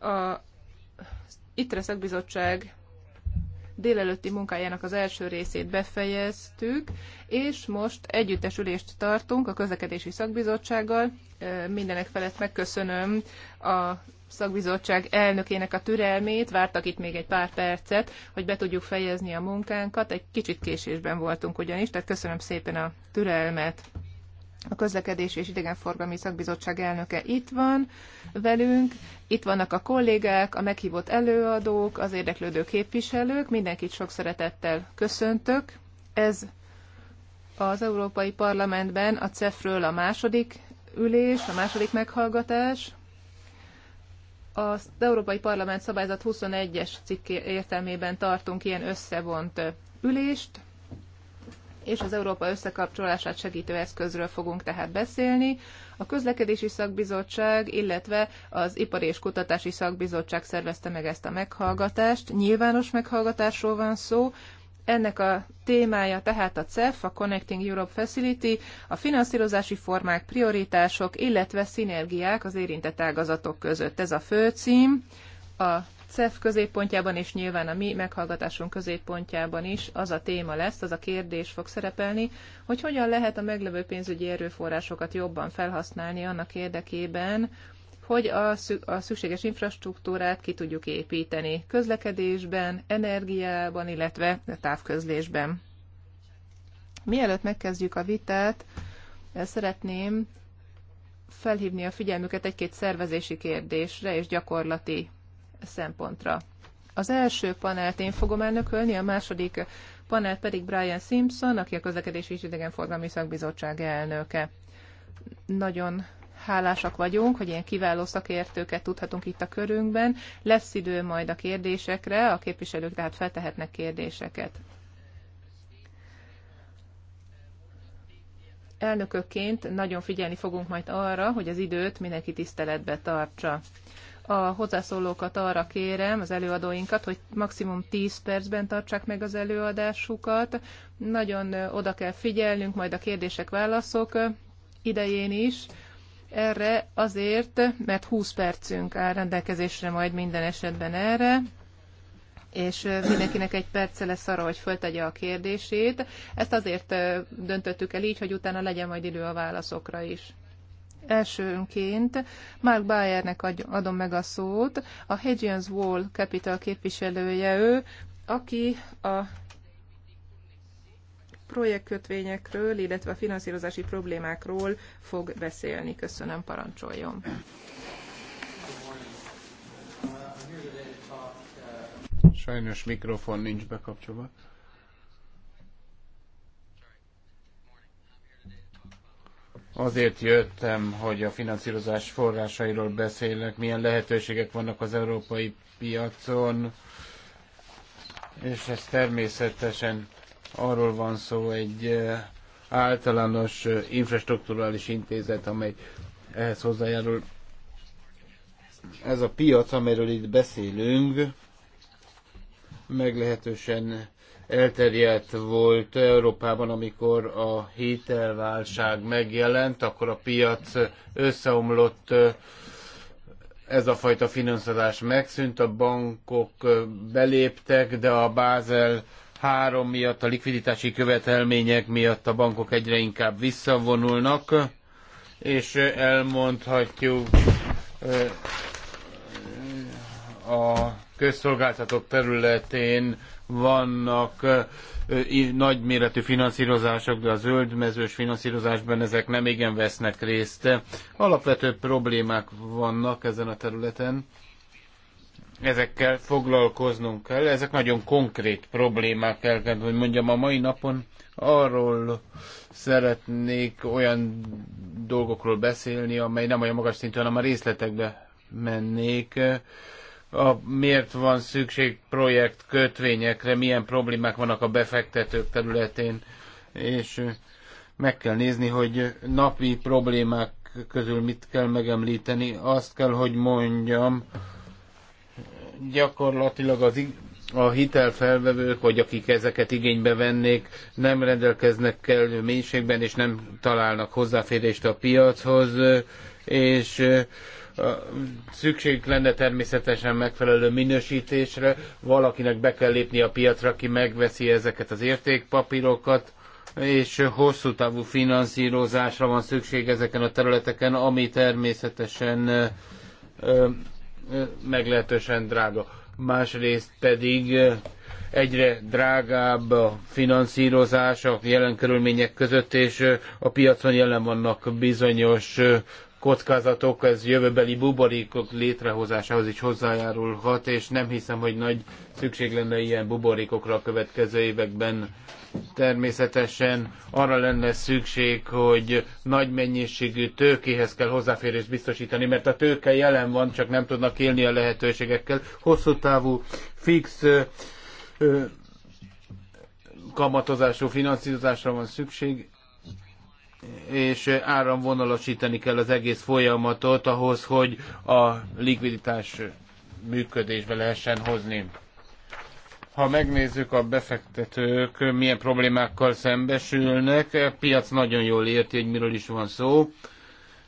A ITRE szakbizottság délelőtti munkájának az első részét befejeztük, és most együttesülést tartunk a közlekedési szakbizottsággal. Mindenek felett megköszönöm a szakbizottság elnökének a türelmét, vártak itt még egy pár percet, hogy be tudjuk fejezni a munkánkat. Egy kicsit késésben voltunk ugyanis, tehát köszönöm szépen a türelmet a közlekedési és idegenforgalmi szakbizottság elnöke itt van velünk, itt vannak a kollégák, a meghívott előadók, az érdeklődő képviselők, mindenkit sok szeretettel köszöntök. Ez az Európai Parlamentben a CEF-ről a második ülés, a második meghallgatás. Az Európai Parlament szabályzat 21-es cikk értelmében tartunk ilyen összevont ülést, és az Európa összekapcsolását segítő eszközről fogunk tehát beszélni. A közlekedési szakbizottság, illetve az ipari és kutatási szakbizottság szervezte meg ezt a meghallgatást. Nyilvános meghallgatásról van szó, ennek a témája tehát a CEF, a Connecting Europe Facility, a finanszírozási formák, prioritások, illetve szinergiák az érintett ágazatok között. Ez a főcím, a CEF középpontjában és nyilván a mi meghallgatásunk középpontjában is az a téma lesz, az a kérdés fog szerepelni, hogy hogyan lehet a meglevő pénzügyi erőforrásokat jobban felhasználni annak érdekében, hogy a szükséges infrastruktúrát ki tudjuk építeni közlekedésben, energiában, illetve távközlésben. Mielőtt megkezdjük a vitát, eh, szeretném felhívni a figyelmüket egy-két szervezési kérdésre és gyakorlati szempontra. Az első panelt én fogom elnökölni, a második panelt pedig Brian Simpson, aki a Közlekedési és Idegenforgalmi Szakbizottság elnöke. Nagyon hálásak vagyunk, hogy ilyen kiváló szakértőket tudhatunk itt a körünkben. Lesz idő majd a kérdésekre, a képviselők tehát feltehetnek kérdéseket. Elnökökként nagyon figyelni fogunk majd arra, hogy az időt mindenki tiszteletbe tartsa a hozzászólókat arra kérem, az előadóinkat, hogy maximum 10 percben tartsák meg az előadásukat. Nagyon oda kell figyelnünk, majd a kérdések-válaszok idején is. Erre azért, mert 20 percünk áll rendelkezésre majd minden esetben erre és mindenkinek egy perce lesz arra, hogy föltegye a kérdését. Ezt azért döntöttük el így, hogy utána legyen majd idő a válaszokra is elsőnként Mark Bayernek adom meg a szót, a Hedgeons Wall Capital képviselője ő, aki a projektkötvényekről, illetve a finanszírozási problémákról fog beszélni. Köszönöm, parancsoljon. Sajnos mikrofon nincs bekapcsolva. Azért jöttem, hogy a finanszírozás forrásairól beszélnek. milyen lehetőségek vannak az európai piacon, és ez természetesen arról van szó egy eh, általános eh, infrastruktúrális intézet, amely ehhez hozzájárul. Ez a piac, amiről itt beszélünk, meglehetősen elterjedt volt Európában, amikor a hitelválság megjelent, akkor a piac összeomlott, ez a fajta finanszírozás megszűnt, a bankok beléptek, de a Bázel három miatt, a likviditási követelmények miatt a bankok egyre inkább visszavonulnak, és elmondhatjuk a közszolgáltatók területén vannak nagyméretű finanszírozások, de a zöldmezős finanszírozásban ezek nem igen vesznek részt. Alapvető problémák vannak ezen a területen. Ezekkel foglalkoznunk kell. Ezek nagyon konkrét problémák, el kell, hogy mondjam, a mai napon arról szeretnék olyan dolgokról beszélni, amely nem olyan magas szintű, hanem a részletekbe mennék a, miért van szükség projekt kötvényekre, milyen problémák vannak a befektetők területén, és meg kell nézni, hogy napi problémák közül mit kell megemlíteni. Azt kell, hogy mondjam, gyakorlatilag az a hitelfelvevők, vagy akik ezeket igénybe vennék, nem rendelkeznek kellő mélységben, és nem találnak hozzáférést a piachoz, és Szükség lenne természetesen megfelelő minősítésre, valakinek be kell lépni a piacra, aki megveszi ezeket az értékpapírokat, és hosszú távú finanszírozásra van szükség ezeken a területeken, ami természetesen meglehetősen drága. Másrészt pedig egyre drágább a finanszírozás a jelen körülmények között, és a piacon jelen vannak bizonyos kockázatok, ez jövőbeli buborékok létrehozásához is hozzájárulhat, és nem hiszem, hogy nagy szükség lenne ilyen buborékokra a következő években. Természetesen arra lenne szükség, hogy nagy mennyiségű tőkéhez kell hozzáférést biztosítani, mert a tőke jelen van, csak nem tudnak élni a lehetőségekkel. Hosszú távú, fix ö, ö, kamatozású finanszírozásra van szükség, és áramvonalasítani kell az egész folyamatot ahhoz, hogy a likviditás működésbe lehessen hozni. Ha megnézzük a befektetők milyen problémákkal szembesülnek, a piac nagyon jól érti, hogy miről is van szó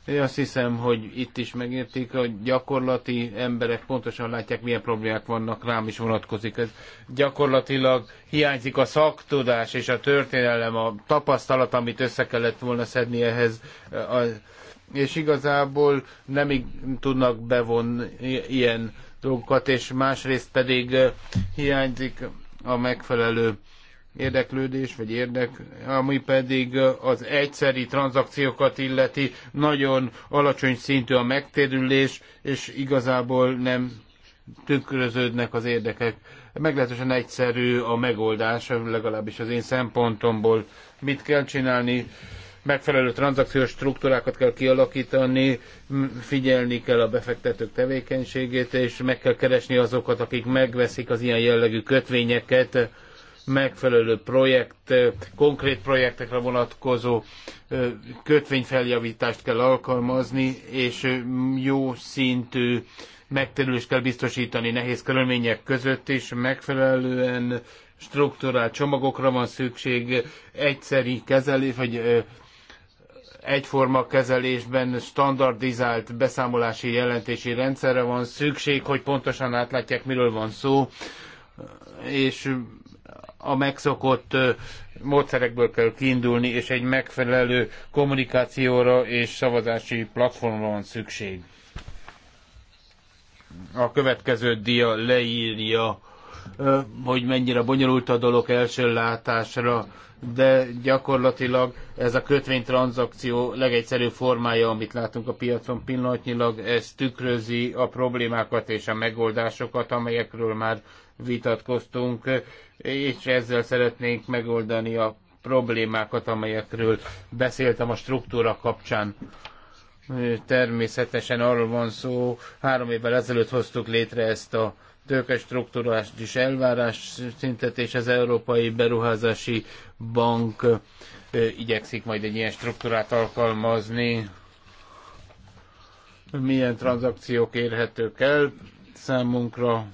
én azt hiszem, hogy itt is megértik, a gyakorlati emberek pontosan látják, milyen problémák vannak, rám is vonatkozik. Ez gyakorlatilag hiányzik a szaktudás és a történelem, a tapasztalat, amit össze kellett volna szedni ehhez. és igazából nem tudnak bevonni ilyen dolgokat, és másrészt pedig eh, hiányzik a megfelelő érdeklődés, vagy érdek, ami pedig az egyszeri tranzakciókat illeti, nagyon alacsony szintű a megtérülés, és igazából nem tükröződnek az érdekek. Meglehetősen egyszerű a megoldás, legalábbis az én szempontomból. Mit kell csinálni? Megfelelő tranzakciós struktúrákat kell kialakítani, figyelni kell a befektetők tevékenységét, és meg kell keresni azokat, akik megveszik az ilyen jellegű kötvényeket, megfelelő projekt, konkrét projektekre vonatkozó kötvényfeljavítást kell alkalmazni, és jó szintű megterülést kell biztosítani nehéz körülmények között is, megfelelően strukturált csomagokra van szükség, egyszeri kezelés, vagy egyforma kezelésben standardizált beszámolási jelentési rendszerre van szükség, hogy pontosan átlátják, miről van szó, és a megszokott módszerekből kell kiindulni, és egy megfelelő kommunikációra és szavazási platformra van szükség. A következő dia leírja, hogy mennyire bonyolult a dolog első látásra, de gyakorlatilag ez a kötvénytranszakció legegyszerűbb formája, amit látunk a piacon pillanatnyilag, ez tükrözi a problémákat és a megoldásokat, amelyekről már vitatkoztunk, és ezzel szeretnénk megoldani a problémákat, amelyekről beszéltem a struktúra kapcsán. Természetesen arról van szó, három évvel ezelőtt hoztuk létre ezt a tőkestruktúrális elvárás szintet, és az Európai Beruházási Bank igyekszik majd egy ilyen struktúrát alkalmazni. Milyen tranzakciók érhetők el számunkra?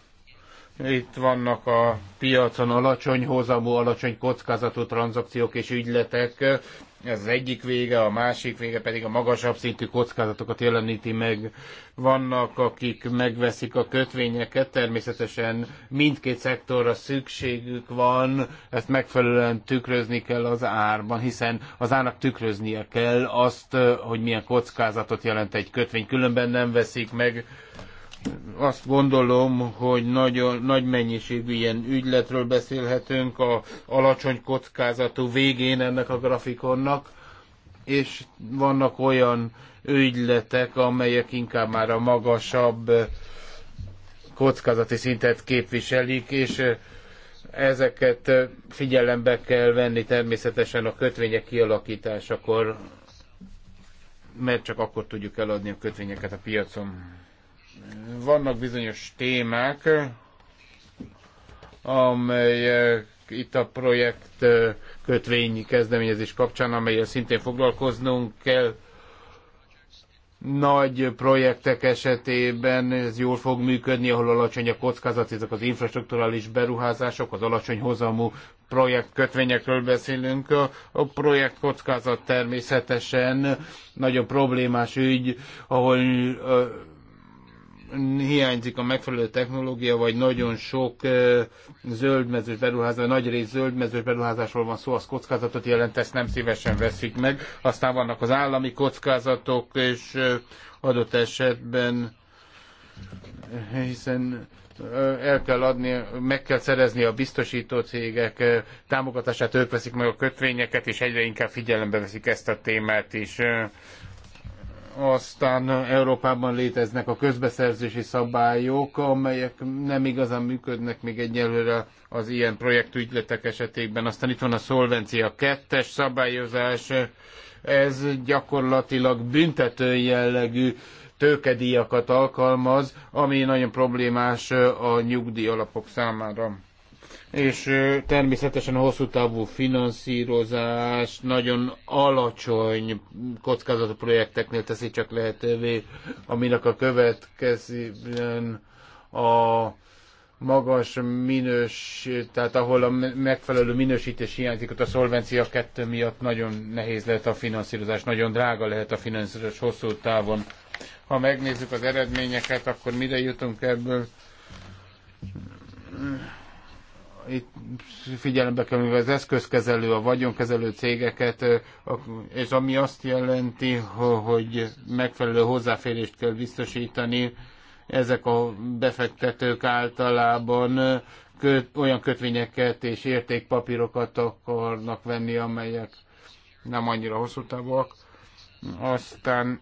Itt vannak a piacon alacsony hozamú, alacsony kockázatú tranzakciók és ügyletek. Ez az egyik vége, a másik vége pedig a magasabb szintű kockázatokat jeleníti meg. Vannak, akik megveszik a kötvényeket, természetesen mindkét szektorra szükségük van, ezt megfelelően tükrözni kell az árban, hiszen az árnak tükröznie kell azt, hogy milyen kockázatot jelent egy kötvény, különben nem veszik meg azt gondolom, hogy nagy, nagy mennyiségű ilyen ügyletről beszélhetünk a alacsony kockázatú végén ennek a grafikonnak, és vannak olyan ügyletek, amelyek inkább már a magasabb kockázati szintet képviselik, és ezeket figyelembe kell venni természetesen a kötvények kialakításakor, mert csak akkor tudjuk eladni a kötvényeket a piacon. Vannak bizonyos témák, amelyek itt a projekt kötvényi kezdeményezés kapcsán, amelyel szintén foglalkoznunk kell. Nagy projektek esetében ez jól fog működni, ahol alacsony a kockázat, ezek az infrastruktúrális beruházások, az alacsony hozamú projekt kötvényekről beszélünk. A projekt kockázat természetesen nagyon problémás ügy, ahol hiányzik a megfelelő technológia, vagy nagyon sok zöldmezős beruházás, nagy rész zöldmezős beruházásról van szó, az kockázatot jelent, ezt nem szívesen veszik meg. Aztán vannak az állami kockázatok, és adott esetben hiszen el kell adni, meg kell szerezni a biztosító cégek támogatását, ők veszik meg a kötvényeket, és egyre inkább figyelembe veszik ezt a témát is. Aztán Európában léteznek a közbeszerzési szabályok, amelyek nem igazán működnek még egyelőre az ilyen projektügyletek esetében. Aztán itt van a szolvencia kettes szabályozás, ez gyakorlatilag büntető jellegű tőkedíjakat alkalmaz, ami nagyon problémás a nyugdíj alapok számára és természetesen a hosszú távú finanszírozás nagyon alacsony kockázatú projekteknél teszi csak lehetővé, aminek a következőben a magas minős, tehát ahol a megfelelő minősítés hiányzik, ott a szolvencia kettő miatt nagyon nehéz lehet a finanszírozás, nagyon drága lehet a finanszírozás hosszú távon. Ha megnézzük az eredményeket, akkor mire jutunk ebből? itt figyelembe kell, az eszközkezelő, a vagyonkezelő cégeket, és ami azt jelenti, hogy megfelelő hozzáférést kell biztosítani, ezek a befektetők általában köt, olyan kötvényeket és értékpapírokat akarnak venni, amelyek nem annyira hosszú távúak. Aztán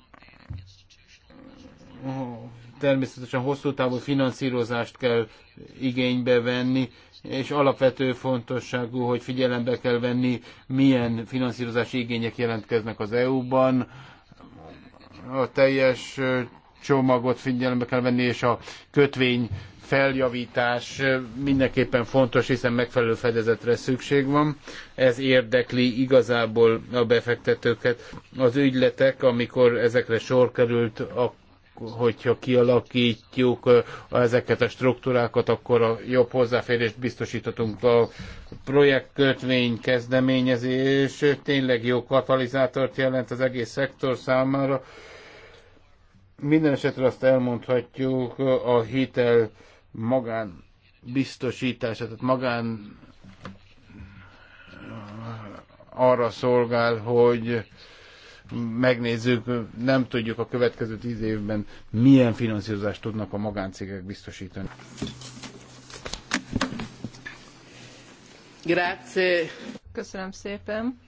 természetesen hosszú távú finanszírozást kell igénybe venni, és alapvető fontosságú, hogy figyelembe kell venni, milyen finanszírozási igények jelentkeznek az EU-ban, a teljes csomagot figyelembe kell venni, és a kötvény feljavítás mindenképpen fontos, hiszen megfelelő fedezetre szükség van. Ez érdekli igazából a befektetőket. Az ügyletek, amikor ezekre sor került, a hogyha kialakítjuk eh, ezeket a struktúrákat, akkor a jobb hozzáférést biztosíthatunk a projektkötvény kezdeményezés. Tényleg jó katalizátort jelent az egész szektor számára. Minden esetre azt elmondhatjuk, eh, a hitel magán biztosítása, tehát magán eh, arra szolgál, hogy megnézzük, nem tudjuk a következő tíz évben milyen finanszírozást tudnak a magáncégek biztosítani. Grazie. Köszönöm szépen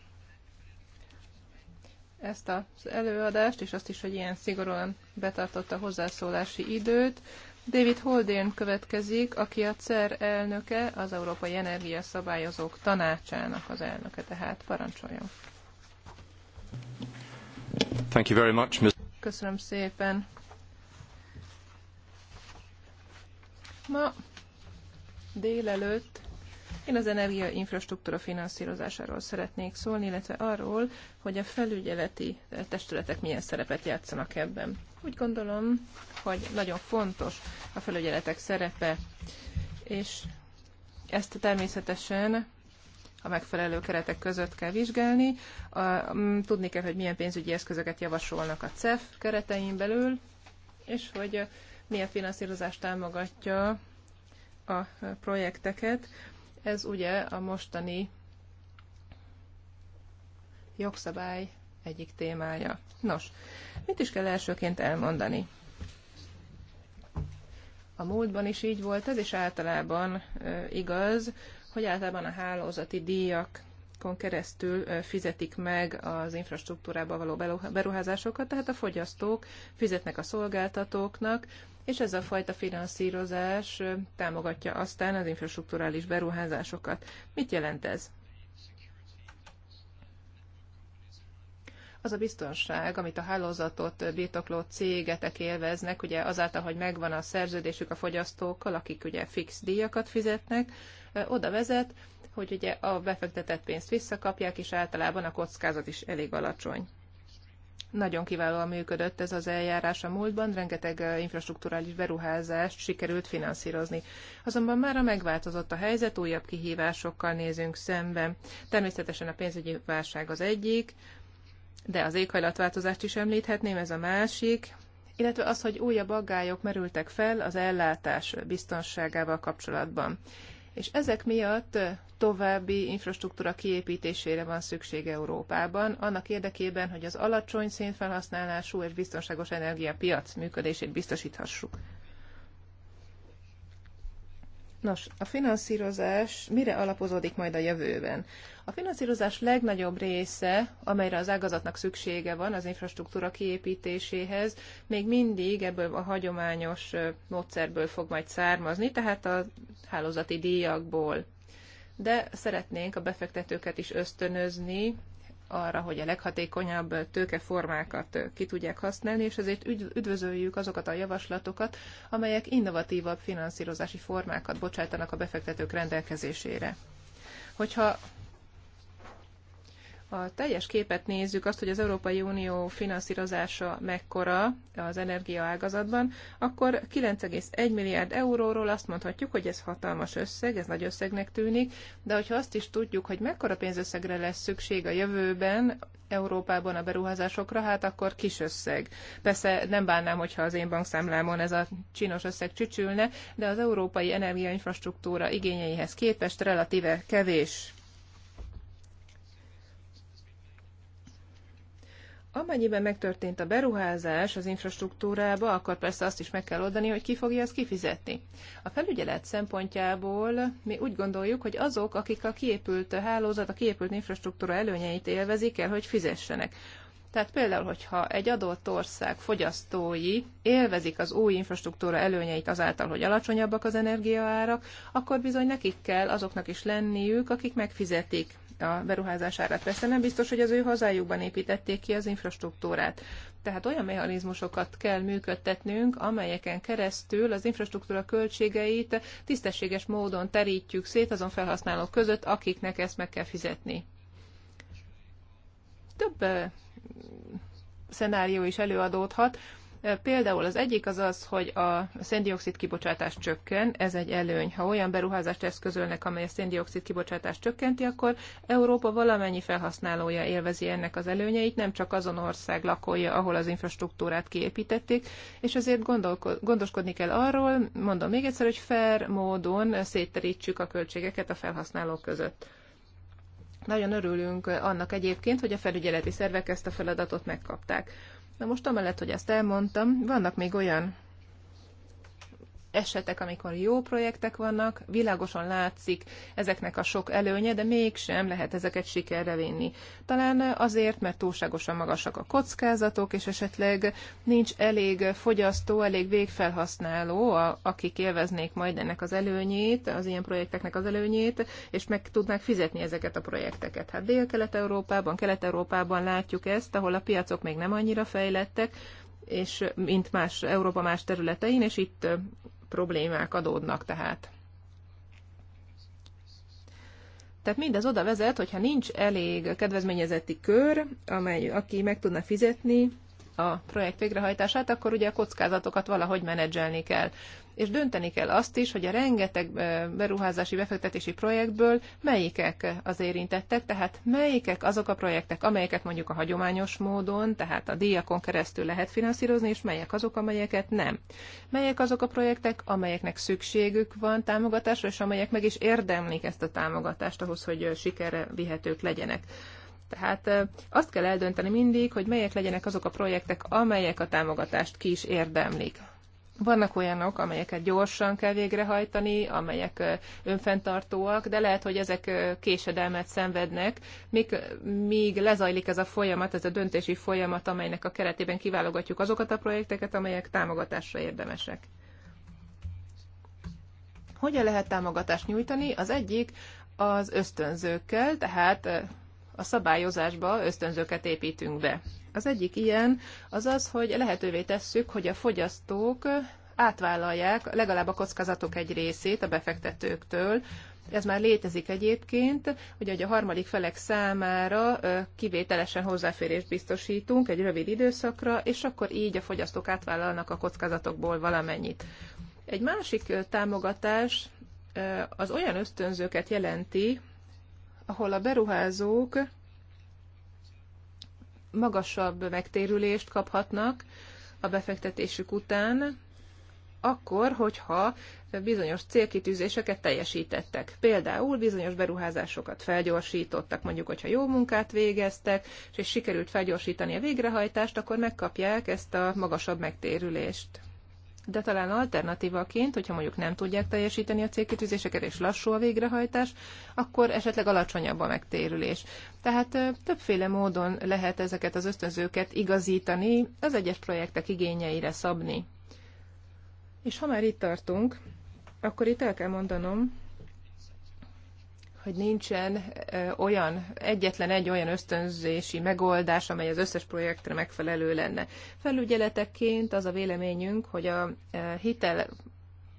ezt az előadást, és azt is, hogy ilyen szigorúan betartotta a hozzászólási időt. David Holden következik, aki a CER elnöke, az Európai Energia Szabályozók Tanácsának az elnöke, tehát parancsoljon. Thank you very much, Ms. Köszönöm szépen. Ma délelőtt én az energiainfrastruktúra finanszírozásáról szeretnék szólni, illetve arról, hogy a felügyeleti testületek milyen szerepet játszanak ebben. Úgy gondolom, hogy nagyon fontos a felügyeletek szerepe, és ezt természetesen a megfelelő keretek között kell vizsgálni. Mm, tudni kell, hogy milyen pénzügyi eszközöket javasolnak a CEF keretein belül, és hogy milyen finanszírozást támogatja a projekteket. Ez ugye a mostani jogszabály egyik témája. Nos, mit is kell elsőként elmondani? A múltban is így volt ez, és általában e, igaz, hogy általában a hálózati díjak keresztül fizetik meg az infrastruktúrába való beruházásokat, tehát a fogyasztók fizetnek a szolgáltatóknak, és ez a fajta finanszírozás támogatja aztán az infrastruktúrális beruházásokat. Mit jelent ez? az a biztonság, amit a hálózatot birtokló cégetek élveznek, ugye azáltal, hogy megvan a szerződésük a fogyasztókkal, akik ugye fix díjakat fizetnek, oda vezet, hogy ugye a befektetett pénzt visszakapják, és általában a kockázat is elég alacsony. Nagyon kiválóan működött ez az eljárás a múltban, rengeteg infrastruktúrális beruházást sikerült finanszírozni. Azonban már a megváltozott a helyzet, újabb kihívásokkal nézünk szembe. Természetesen a pénzügyi válság az egyik, de az éghajlatváltozást is említhetném, ez a másik, illetve az, hogy újabb aggályok merültek fel az ellátás biztonságával kapcsolatban és ezek miatt további infrastruktúra kiépítésére van szükség Európában, annak érdekében, hogy az alacsony szénfelhasználású és biztonságos energiapiac működését biztosíthassuk. Nos, a finanszírozás mire alapozódik majd a jövőben? A finanszírozás legnagyobb része, amelyre az ágazatnak szüksége van az infrastruktúra kiépítéséhez, még mindig ebből a hagyományos módszerből fog majd származni, tehát a hálózati díjakból. De szeretnénk a befektetőket is ösztönözni arra, hogy a leghatékonyabb tőkeformákat ki tudják használni, és ezért üdvözöljük azokat a javaslatokat, amelyek innovatívabb finanszírozási formákat bocsátanak a befektetők rendelkezésére. Hogyha a teljes képet nézzük, azt, hogy az Európai Unió finanszírozása mekkora az energiaágazatban, akkor 9,1 milliárd euróról azt mondhatjuk, hogy ez hatalmas összeg, ez nagy összegnek tűnik, de hogyha azt is tudjuk, hogy mekkora pénzösszegre lesz szükség a jövőben Európában a beruházásokra, hát akkor kis összeg. Persze nem bánnám, hogyha az én bankszámlámon ez a csinos összeg csücsülne, de az európai energiainfrastruktúra igényeihez képest relatíve kevés Amennyiben megtörtént a beruházás az infrastruktúrába, akkor persze azt is meg kell oldani, hogy ki fogja ezt kifizetni. A felügyelet szempontjából mi úgy gondoljuk, hogy azok, akik a kiépült hálózat, a kiépült infrastruktúra előnyeit élvezik el, hogy fizessenek. Tehát például, hogyha egy adott ország fogyasztói élvezik az új infrastruktúra előnyeit azáltal, hogy alacsonyabbak az energiaárak, akkor bizony nekik kell azoknak is lenniük, akik megfizetik a beruházás árát persze nem biztos, hogy az ő hazájukban építették ki az infrastruktúrát. Tehát olyan mechanizmusokat kell működtetnünk, amelyeken keresztül az infrastruktúra költségeit tisztességes módon terítjük szét azon felhasználók között, akiknek ezt meg kell fizetni. Több eh, szenárió is előadódhat Például az egyik az az, hogy a széndiokszid kibocsátás csökken, ez egy előny. Ha olyan beruházást eszközölnek, amely a széndiokszid kibocsátást csökkenti, akkor Európa valamennyi felhasználója élvezi ennek az előnyeit, nem csak azon ország lakója, ahol az infrastruktúrát kiépítették, és ezért gondoskodni kell arról, mondom még egyszer, hogy fair módon szétterítsük a költségeket a felhasználók között. Nagyon örülünk annak egyébként, hogy a felügyeleti szervek ezt a feladatot megkapták. Na most amellett, hogy ezt elmondtam, vannak még olyan esetek, amikor jó projektek vannak, világosan látszik ezeknek a sok előnye, de mégsem lehet ezeket sikerre vinni. Talán azért, mert túlságosan magasak a kockázatok, és esetleg nincs elég fogyasztó, elég végfelhasználó, a, akik élveznék majd ennek az előnyét, az ilyen projekteknek az előnyét, és meg tudnák fizetni ezeket a projekteket. Hát Dél-Kelet-Európában, Kelet-Európában látjuk ezt, ahol a piacok még nem annyira fejlettek, és mint más Európa más területein, és itt problémák adódnak tehát. Tehát mindez oda vezet, hogyha nincs elég kedvezményezetti kör, amely, aki meg tudna fizetni a projekt végrehajtását, akkor ugye a kockázatokat valahogy menedzselni kell. És dönteni kell azt is, hogy a rengeteg beruházási befektetési projektből melyikek az érintettek, tehát melyikek azok a projektek, amelyeket mondjuk a hagyományos módon, tehát a díjakon keresztül lehet finanszírozni, és melyek azok, amelyeket nem. Melyek azok a projektek, amelyeknek szükségük van támogatásra, és amelyek meg is érdemlik ezt a támogatást ahhoz, hogy sikerre vihetők legyenek. Tehát azt kell eldönteni mindig, hogy melyek legyenek azok a projektek, amelyek a támogatást ki is érdemlik. Vannak olyanok, amelyeket gyorsan kell végrehajtani, amelyek önfenntartóak, de lehet, hogy ezek késedelmet szenvednek, míg, míg lezajlik ez a folyamat, ez a döntési folyamat, amelynek a keretében kiválogatjuk azokat a projekteket, amelyek támogatásra érdemesek. Hogyan lehet támogatást nyújtani? Az egyik az ösztönzőkkel, tehát a szabályozásba ösztönzőket építünk be. Az egyik ilyen az az, hogy lehetővé tesszük, hogy a fogyasztók átvállalják legalább a kockázatok egy részét a befektetőktől, ez már létezik egyébként, hogy a harmadik felek számára kivételesen hozzáférést biztosítunk egy rövid időszakra, és akkor így a fogyasztók átvállalnak a kockázatokból valamennyit. Egy másik támogatás az olyan ösztönzőket jelenti, ahol a beruházók magasabb megtérülést kaphatnak a befektetésük után, akkor, hogyha bizonyos célkitűzéseket teljesítettek. Például bizonyos beruházásokat felgyorsítottak, mondjuk, hogyha jó munkát végeztek, és sikerült felgyorsítani a végrehajtást, akkor megkapják ezt a magasabb megtérülést de talán alternatívaként, hogyha mondjuk nem tudják teljesíteni a célkitűzéseket és lassú a végrehajtás, akkor esetleg alacsonyabb a megtérülés. Tehát többféle módon lehet ezeket az ösztönzőket igazítani, az egyes projektek igényeire szabni. És ha már itt tartunk, akkor itt el kell mondanom, hogy nincsen olyan, egyetlen egy olyan ösztönzési megoldás, amely az összes projektre megfelelő lenne. Felügyeleteként az a véleményünk, hogy a hitel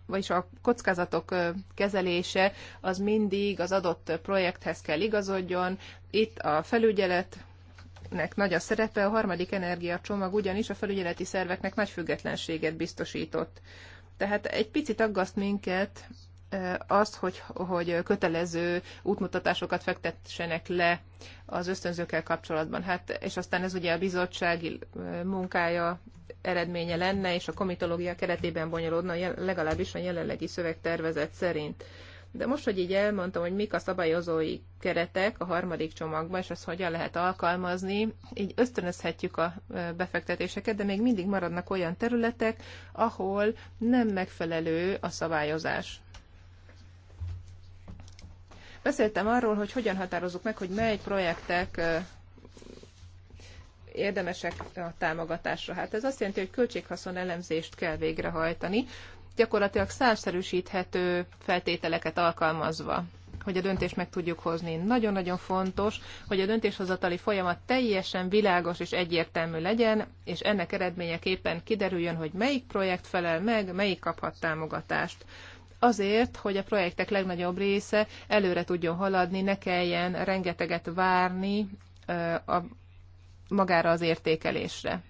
vagyis a kockázatok kezelése az mindig az adott projekthez kell igazodjon. Itt a felügyeletnek nagy a szerepe, a harmadik energiacsomag ugyanis a felügyeleti szerveknek nagy függetlenséget biztosított. Tehát egy picit aggaszt minket azt, hogy, hogy kötelező útmutatásokat fektessenek le az ösztönzőkkel kapcsolatban. Hát, és aztán ez ugye a bizottsági munkája eredménye lenne, és a komitológia keretében bonyolódna, legalábbis a jelenlegi szövegtervezet szerint. De most, hogy így elmondtam, hogy mik a szabályozói keretek a harmadik csomagban, és azt hogyan lehet alkalmazni, így ösztönözhetjük a befektetéseket, de még mindig maradnak olyan területek, ahol nem megfelelő a szabályozás Beszéltem arról, hogy hogyan határozzuk meg, hogy mely projektek érdemesek a támogatásra. Hát ez azt jelenti, hogy költséghaszon elemzést kell végrehajtani, gyakorlatilag szárszerűsíthető feltételeket alkalmazva hogy a döntést meg tudjuk hozni. Nagyon-nagyon fontos, hogy a döntéshozatali folyamat teljesen világos és egyértelmű legyen, és ennek eredményeképpen kiderüljön, hogy melyik projekt felel meg, melyik kaphat támogatást azért, hogy a projektek legnagyobb része előre tudjon haladni, ne kelljen rengeteget várni a, magára az értékelésre.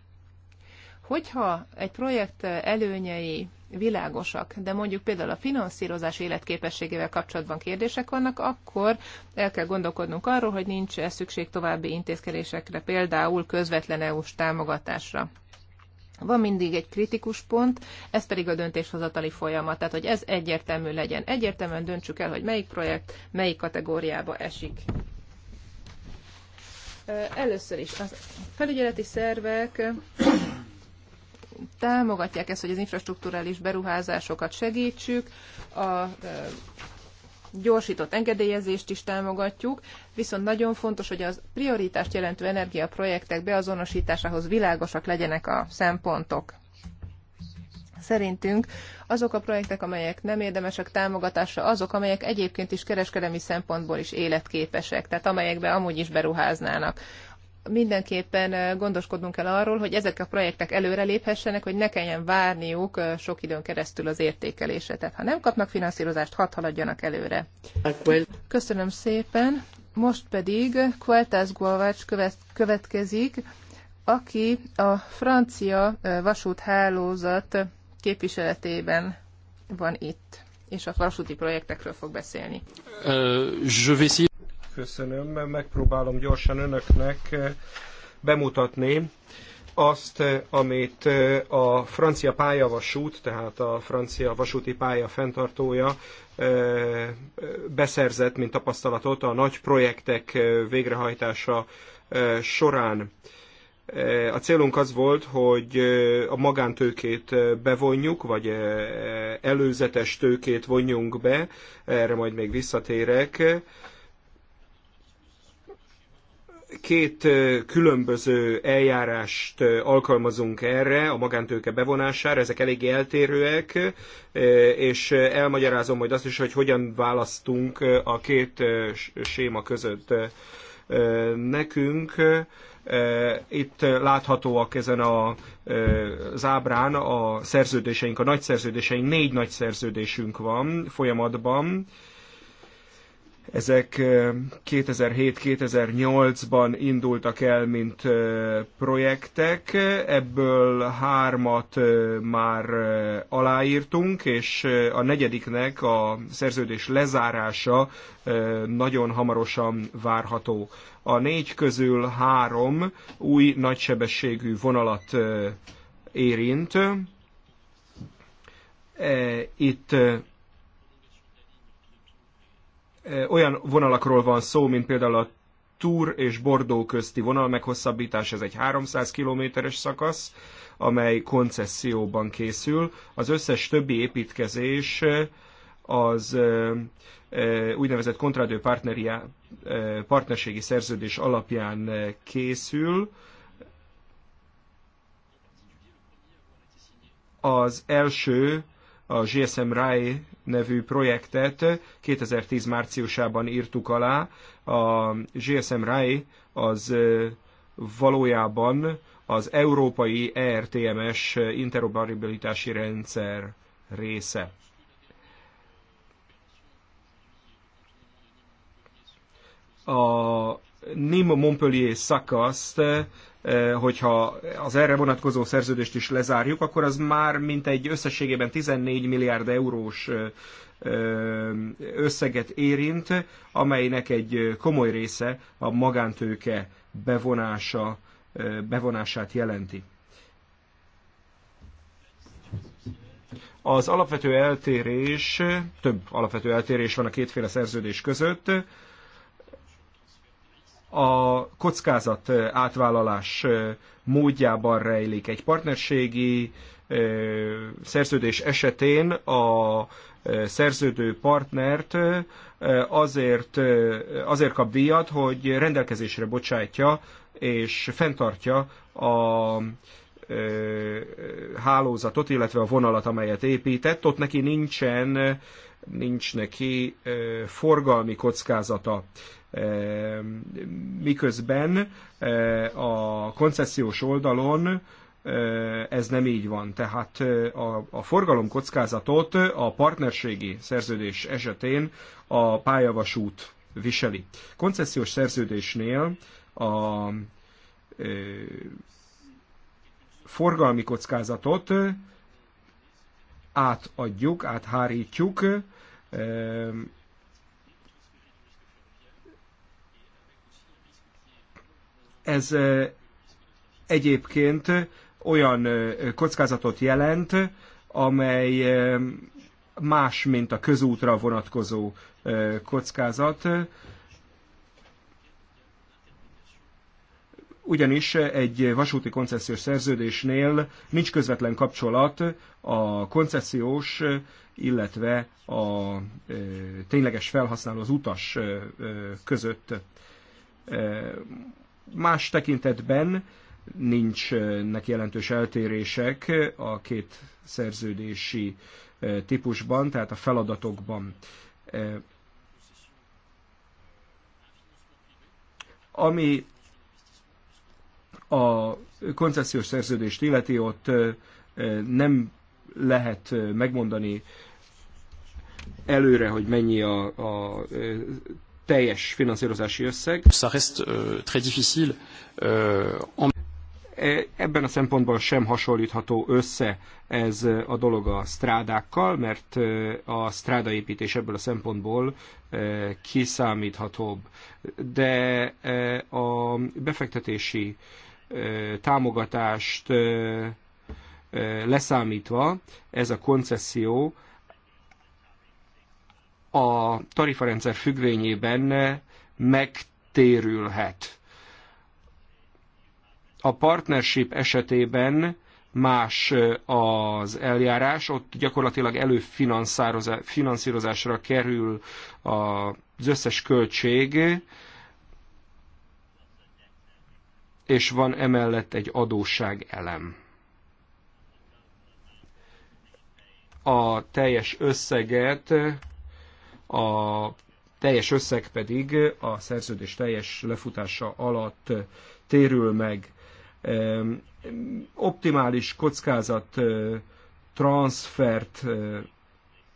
Hogyha egy projekt előnyei világosak, de mondjuk például a finanszírozás életképességével kapcsolatban kérdések vannak, akkor el kell gondolkodnunk arról, hogy nincs -e szükség további intézkedésekre, például közvetlen EU-s támogatásra. Van mindig egy kritikus pont, ez pedig a döntéshozatali folyamat, tehát hogy ez egyértelmű legyen. Egyértelműen döntsük el, hogy melyik projekt melyik kategóriába esik. Először is a felügyeleti szervek támogatják ezt, hogy az infrastruktúrális beruházásokat segítsük, a gyorsított engedélyezést is támogatjuk, viszont nagyon fontos, hogy az prioritást jelentő energiaprojektek beazonosításához világosak legyenek a szempontok. Szerintünk azok a projektek, amelyek nem érdemesek támogatásra, azok, amelyek egyébként is kereskedelmi szempontból is életképesek, tehát amelyekbe amúgy is beruháznának mindenképpen gondoskodnunk kell arról, hogy ezek a projektek előreléphessenek, hogy ne kelljen várniuk sok időn keresztül az értékelésre. Tehát ha nem kapnak finanszírozást, hadd haladjanak előre. Köszönöm szépen. Most pedig Kueltász Guavács következik, aki a francia vasúthálózat képviseletében van itt, és a vasúti projektekről fog beszélni. Uh, köszönöm. Megpróbálom gyorsan önöknek eh, bemutatni azt, eh, amit eh, a francia pályavasút, tehát a francia vasúti pálya fenntartója beszerzett, mint tapasztalatot a nagy projektek végrehajtása során. A célunk az volt, hogy a magántőkét bevonjuk, vagy előzetes tőkét vonjunk be, erre majd még visszatérek, két különböző eljárást alkalmazunk erre, a magántőke bevonására, ezek eléggé eltérőek, és elmagyarázom majd azt is, hogy hogyan választunk a két séma között nekünk. Itt láthatóak ezen a zábrán a szerződéseink, a nagy szerződéseink, négy nagy szerződésünk van folyamatban, ezek 2007-2008-ban indultak el, mint projektek, ebből hármat már aláírtunk, és a negyediknek a szerződés lezárása nagyon hamarosan várható. A négy közül három új nagysebességű vonalat érint. E, itt olyan vonalakról van szó, mint például a Tour és Bordeaux közti vonal meghosszabbítás, ez egy 300 kilométeres szakasz, amely koncesszióban készül. Az összes többi építkezés az úgynevezett kontradő partnerségi szerződés alapján készül. Az első a GSM Rai nevű projektet 2010 márciusában írtuk alá. A GSM RAI az valójában az európai ERTMS interoperabilitási rendszer része. A NIM Montpellier szakaszt Eh, hogyha az erre vonatkozó szerződést is lezárjuk, akkor az már mint egy összességében 14 milliárd eurós eh, eh, összeget érint, amelynek egy komoly része a magántőke bevonása, bevonását jelenti. Az alapvető eltérés, több alapvető eltérés van a kétféle szerződés között, a kockázat átvállalás módjában rejlik. Egy partnerségi szerződés esetén a szerződő partnert azért, azért kap díjat, hogy rendelkezésre bocsátja és fenntartja a hálózatot, illetve a vonalat, amelyet épített, ott neki nincsen, nincs neki forgalmi kockázata. Miközben a koncesziós oldalon ez nem így van. Tehát a, a forgalom kockázatot a partnerségi szerződés esetén a pályavasút viseli. Koncesziós szerződésnél a forgalmi kockázatot átadjuk, áthárítjuk, ez egyébként olyan kockázatot jelent, amely más, mint a közútra vonatkozó kockázat. ugyanis egy vasúti koncesziós szerződésnél nincs közvetlen kapcsolat a koncesziós, illetve a tényleges felhasználó az utas között. Más tekintetben nincsnek jelentős eltérések a két szerződési típusban, tehát a feladatokban. Ami a koncesziós szerződést illeti, ott nem lehet megmondani előre, hogy mennyi a, a teljes finanszírozási összeg. E, ebben a szempontból sem hasonlítható össze ez a dolog a strádákkal, mert a stráda ebből a szempontból kiszámíthatóbb. De a befektetési támogatást leszámítva ez a koncesszió a tarifarendszer függvényében megtérülhet. A partnership esetében más az eljárás, ott gyakorlatilag előfinanszírozásra kerül az összes költség, és van emellett egy adósság elem. A teljes összeget, a teljes összeg pedig a szerződés teljes lefutása alatt térül meg. Optimális kockázat transfert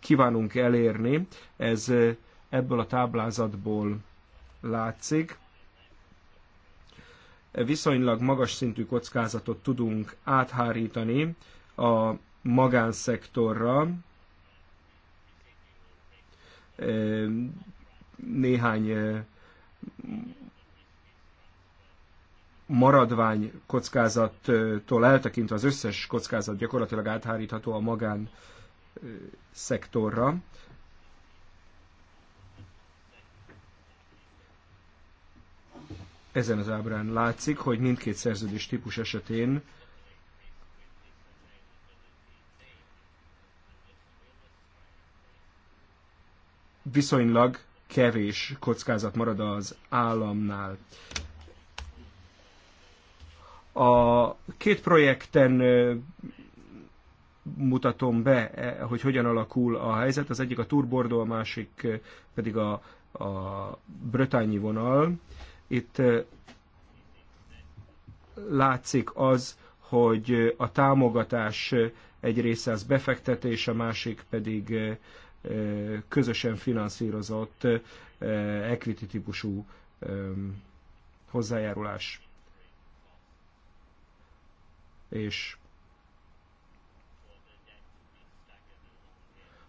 kívánunk elérni, ez ebből a táblázatból látszik viszonylag magas szintű kockázatot tudunk áthárítani a magánszektorra, néhány maradvány kockázattól eltekintve az összes kockázat gyakorlatilag áthárítható a magán szektorra. Ezen az ábrán látszik, hogy mindkét szerződés típus esetén viszonylag kevés kockázat marad az államnál. A két projekten mutatom be, e, hogy hogyan alakul a helyzet. Az egyik a Turbordó, a másik pedig a, a Brötányi vonal. Itt látszik az, hogy a támogatás egy része az befektetés, a másik pedig közösen finanszírozott equity típusú hozzájárulás. És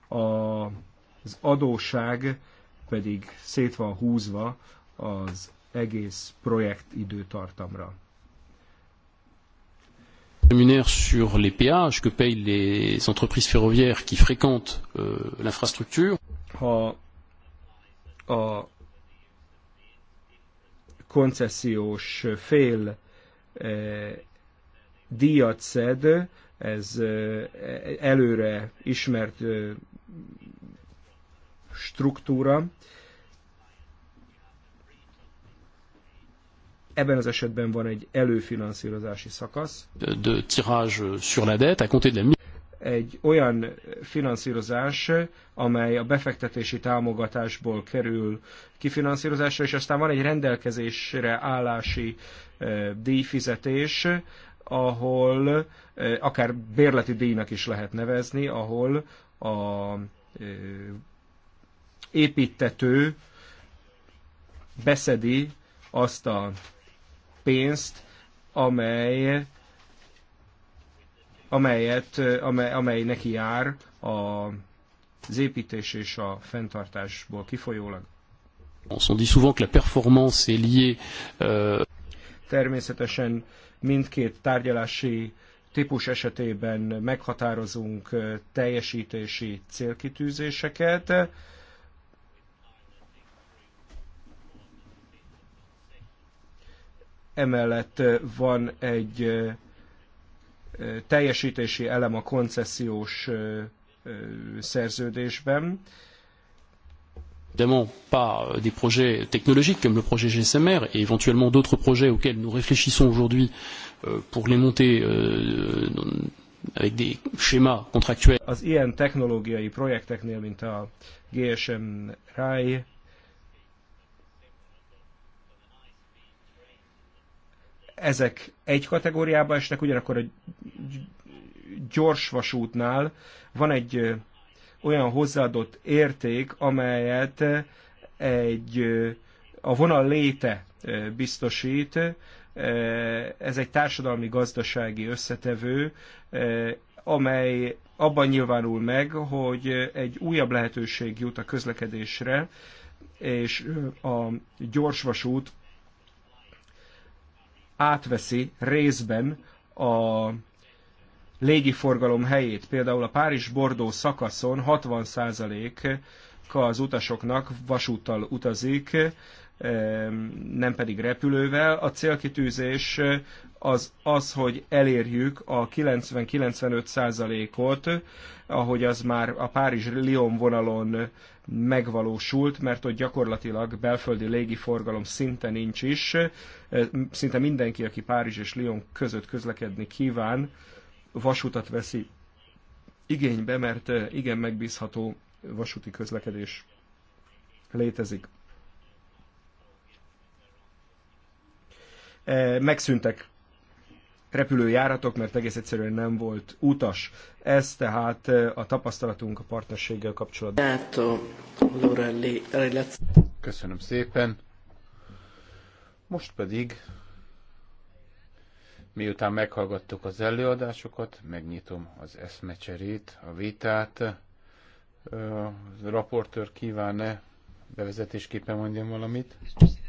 a, az adóság pedig szét van húzva az egész projekt időtartamra. rémunère sur les péages que payent les entreprises ferroviaires qui fréquentent euh, l'infrastructure. Ha a koncesziós fél eh, díjat szed, ez eh, előre ismert eh, struktúra, Ebben az esetben van egy előfinanszírozási szakasz. De, de tirage sur la dette à compter de la egy olyan finanszírozás, amely a befektetési támogatásból kerül kifinanszírozásra, és aztán van egy rendelkezésre állási e, díjfizetés, ahol e, akár bérleti díjnak is lehet nevezni, ahol a e, építető beszedi azt a pénzt, amely, amelyet, amely, amely neki jár a, az építés és a fenntartásból kifolyólag. On dit souvent que la performance est liée. Euh... Természetesen mindkét tárgyalási típus esetében meghatározunk euh, teljesítési célkitűzéseket emellett van egy teljesítési elem a koncesziós szerződésben. Évidemment, pas euh, des projets technologiques comme le projet GSMR et éventuellement d'autres projets auxquels nous réfléchissons aujourd'hui euh, pour les monter euh, avec des schémas contractuels. Az ilyen technológiai projekteknél, mint a GSM RAI, ezek egy kategóriába esnek, ugyanakkor a vasútnál van egy olyan hozzáadott érték, amelyet egy, a vonal léte biztosít, ez egy társadalmi-gazdasági összetevő, amely abban nyilvánul meg, hogy egy újabb lehetőség jut a közlekedésre, és a gyorsvasút átveszi részben a légiforgalom helyét. Például a Párizs-Bordó szakaszon 60% az utasoknak vasúttal utazik, nem pedig repülővel. A célkitűzés az az, hogy elérjük a 90-95 százalékot, ahogy az már a Párizs-Lyon vonalon megvalósult, mert ott gyakorlatilag belföldi légiforgalom szinte nincs is. Szinte mindenki, aki Párizs és Lyon között közlekedni kíván, vasutat veszi igénybe, mert igen megbízható vasúti közlekedés létezik. Eh, megszűntek repülőjáratok, mert egész egyszerűen nem volt utas. Ez tehát eh, a tapasztalatunk a partnerséggel kapcsolatban. Köszönöm szépen. Most pedig, miután meghallgattuk az előadásokat, megnyitom az eszmecserét, a vitát. Eh, a raportőr kíván-e bevezetésképpen mondjam valamit? Köszönöm.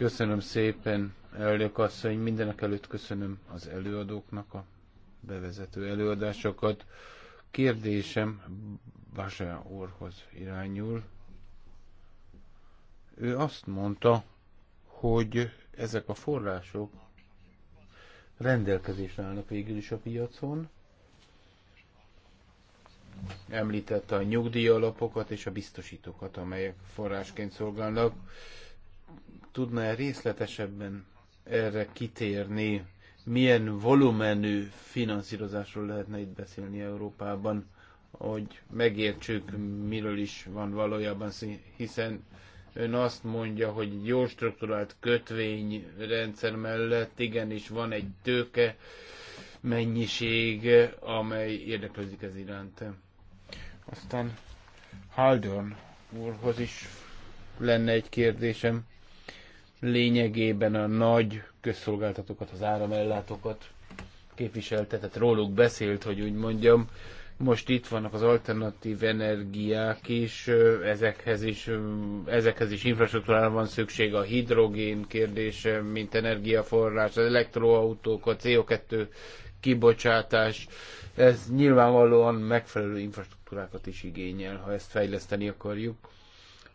Köszönöm szépen, elnök asszony, mindenek előtt köszönöm az előadóknak a bevezető előadásokat. Kérdésem Basá úrhoz irányul. Ő azt mondta, hogy ezek a források rendelkezésre állnak végül is a piacon. Említette a nyugdíjalapokat és a biztosítókat, amelyek forrásként szolgálnak tudná részletesebben erre kitérni, milyen volumenű finanszírozásról lehetne itt beszélni Európában, hogy megértsük, miről is van valójában, hiszen ön azt mondja, hogy jó strukturált kötvényrendszer mellett igenis van egy tőke mennyiség, amely érdeklődik ez iránt. Aztán Haldon úrhoz is lenne egy kérdésem lényegében a nagy közszolgáltatókat, az áramellátókat képviseltetett, róluk beszélt, hogy úgy mondjam. Most itt vannak az alternatív energiák is, ezekhez is, ezekhez is infrastruktúrára van szükség, a hidrogén kérdése, mint energiaforrás, az elektroautók, a CO2 kibocsátás. Ez nyilvánvalóan megfelelő infrastruktúrákat is igényel, ha ezt fejleszteni akarjuk,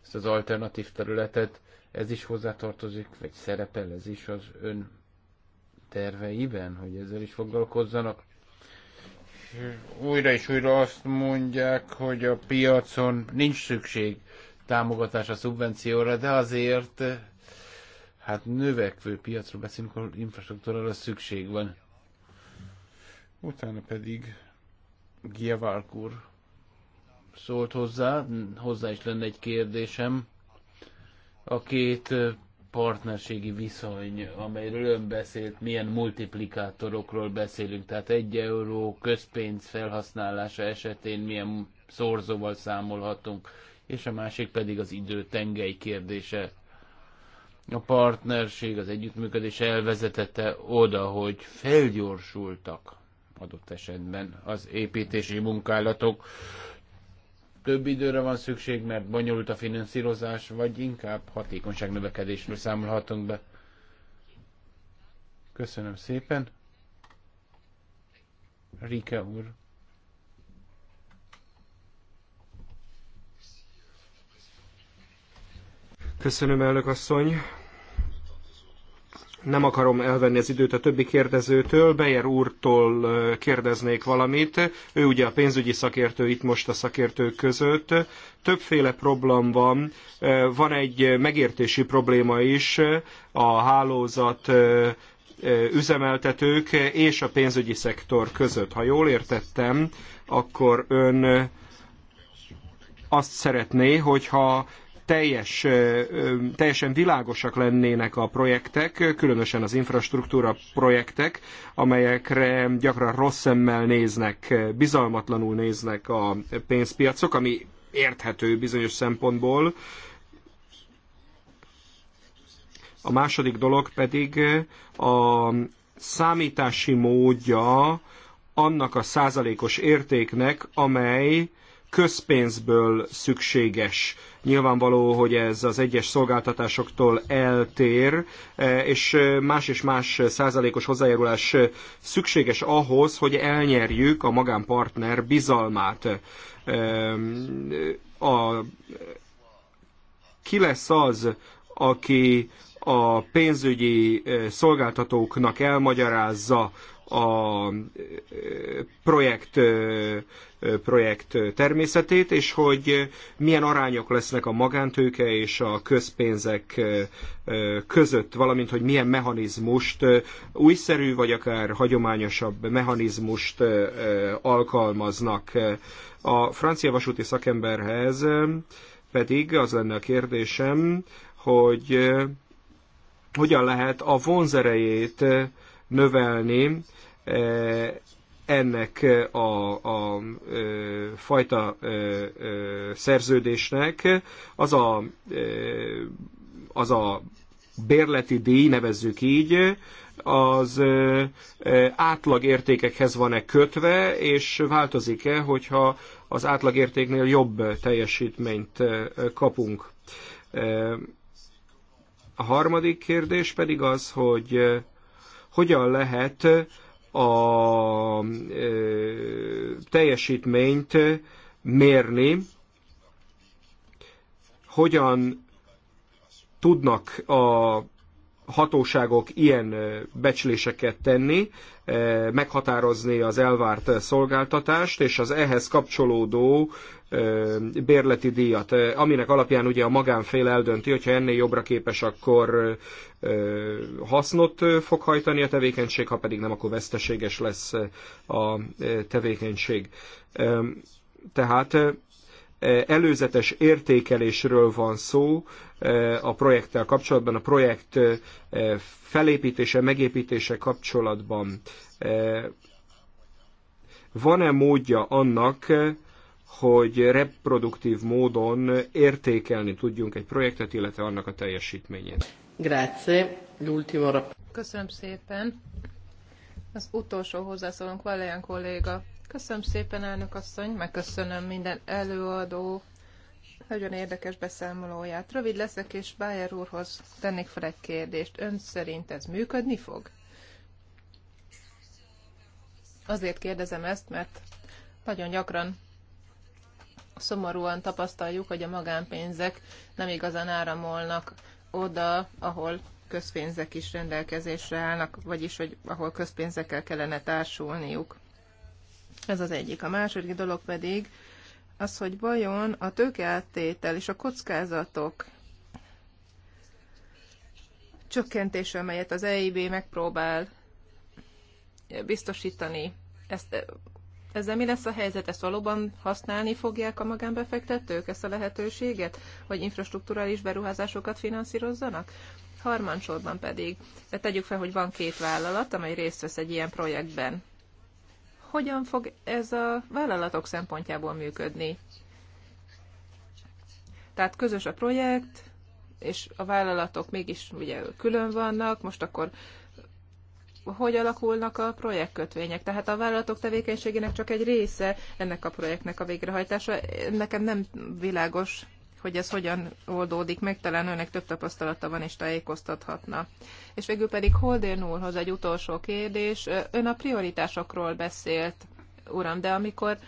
ezt az alternatív területet ez is hozzátartozik, vagy szerepel ez is az ön terveiben, hogy ezzel is foglalkozzanak? újra és újra azt mondják, hogy a piacon nincs szükség támogatásra, szubvencióra, de azért hát növekvő piacról beszélünk, ahol infrastruktúrára szükség van. Utána pedig Giavárk szólt hozzá, hozzá is lenne egy kérdésem a két partnerségi viszony, amelyről ön beszélt, milyen multiplikátorokról beszélünk, tehát egy euró közpénz felhasználása esetén milyen szorzóval számolhatunk, és a másik pedig az idő tengely kérdése. A partnerség, az együttműködés elvezetete oda, hogy felgyorsultak adott esetben az építési munkálatok több időre van szükség, mert bonyolult a finanszírozás, vagy inkább hatékonyság növekedésről számolhatunk be. Köszönöm szépen. Rike úr. Köszönöm, elnök asszony nem akarom elvenni az időt a többi kérdezőtől, Beyer úrtól kérdeznék valamit. Ő ugye a pénzügyi szakértő itt most a szakértők között. Többféle problém van. Van egy megértési probléma is a hálózat üzemeltetők és a pénzügyi szektor között. Ha jól értettem, akkor ön azt szeretné, hogyha teljes, teljesen világosak lennének a projektek, különösen az infrastruktúra projektek, amelyekre gyakran rossz szemmel néznek, bizalmatlanul néznek a pénzpiacok, ami érthető bizonyos szempontból. A második dolog pedig a számítási módja annak a százalékos értéknek, amely közpénzből szükséges. Nyilvánvaló, hogy ez az egyes szolgáltatásoktól eltér, eh, és eh, más és más százalékos hozzájárulás szükséges ahhoz, hogy elnyerjük a magánpartner bizalmát. Eh, a, ki lesz az, aki a pénzügyi szolgáltatóknak elmagyarázza a projekt, projekt természetét, és hogy milyen arányok lesznek a magántőke és a közpénzek között, valamint hogy milyen mechanizmust, újszerű vagy akár hagyományosabb mechanizmust alkalmaznak. A francia vasúti szakemberhez pedig az lenne a kérdésem, hogy hogyan lehet a vonzerejét növelni Eh, ennek eh, a, a ö, eh, fajta ö, ö, szerződésnek az a, ö, az a bérleti díj, nevezzük így, az ö, ö, átlag értékekhez van-e kötve, és változik-e, hogyha az átlagértéknél jobb teljesítményt kapunk. A harmadik kérdés pedig az, hogy hogyan lehet a teljesítményt mérni, hogyan tudnak a hatóságok ilyen becsléseket tenni, meghatározni az elvárt szolgáltatást, és az ehhez kapcsolódó bérleti díjat, aminek alapján ugye a magánfél eldönti, hogyha ennél jobbra képes, akkor hasznot fog hajtani a tevékenység, ha pedig nem, akkor veszteséges lesz a tevékenység. Tehát előzetes értékelésről van szó a projekttel kapcsolatban, a projekt felépítése, megépítése kapcsolatban. Van-e módja annak, hogy reproduktív módon értékelni tudjunk egy projektet, illetve annak a teljesítményét. Grazie. L'ultimo Köszönöm szépen. Az utolsó hozzászólunk Valéan kolléga. Köszönöm szépen, elnök asszony, megköszönöm minden előadó nagyon érdekes beszámolóját. Rövid leszek, és Bájer úrhoz tennék fel egy kérdést. Ön szerint ez működni fog? Azért kérdezem ezt, mert nagyon gyakran szomorúan tapasztaljuk, hogy a magánpénzek nem igazán áramolnak oda, ahol közpénzek is rendelkezésre állnak, vagyis hogy ahol közpénzekkel kellene társulniuk. Ez az egyik. A második dolog pedig az, hogy vajon a tőkeáttétel és a kockázatok csökkentése, amelyet az EIB megpróbál biztosítani, ezt ezzel mi lesz a helyzet? Ezt valóban használni fogják a magánbefektetők, ezt a lehetőséget, hogy infrastruktúrális beruházásokat finanszírozzanak? Harmadsorban pedig, tehát tegyük fel, hogy van két vállalat, amely részt vesz egy ilyen projektben. Hogyan fog ez a vállalatok szempontjából működni? Tehát közös a projekt, és a vállalatok mégis ugye külön vannak, most akkor hogy alakulnak a projektkötvények. Tehát a vállalatok tevékenységének csak egy része ennek a projektnek a végrehajtása. Nekem nem világos, hogy ez hogyan oldódik meg, talán önnek több tapasztalata van és tájékoztathatna. És végül pedig Holdér úrhoz egy utolsó kérdés. Ön a prioritásokról beszélt, uram, de amikor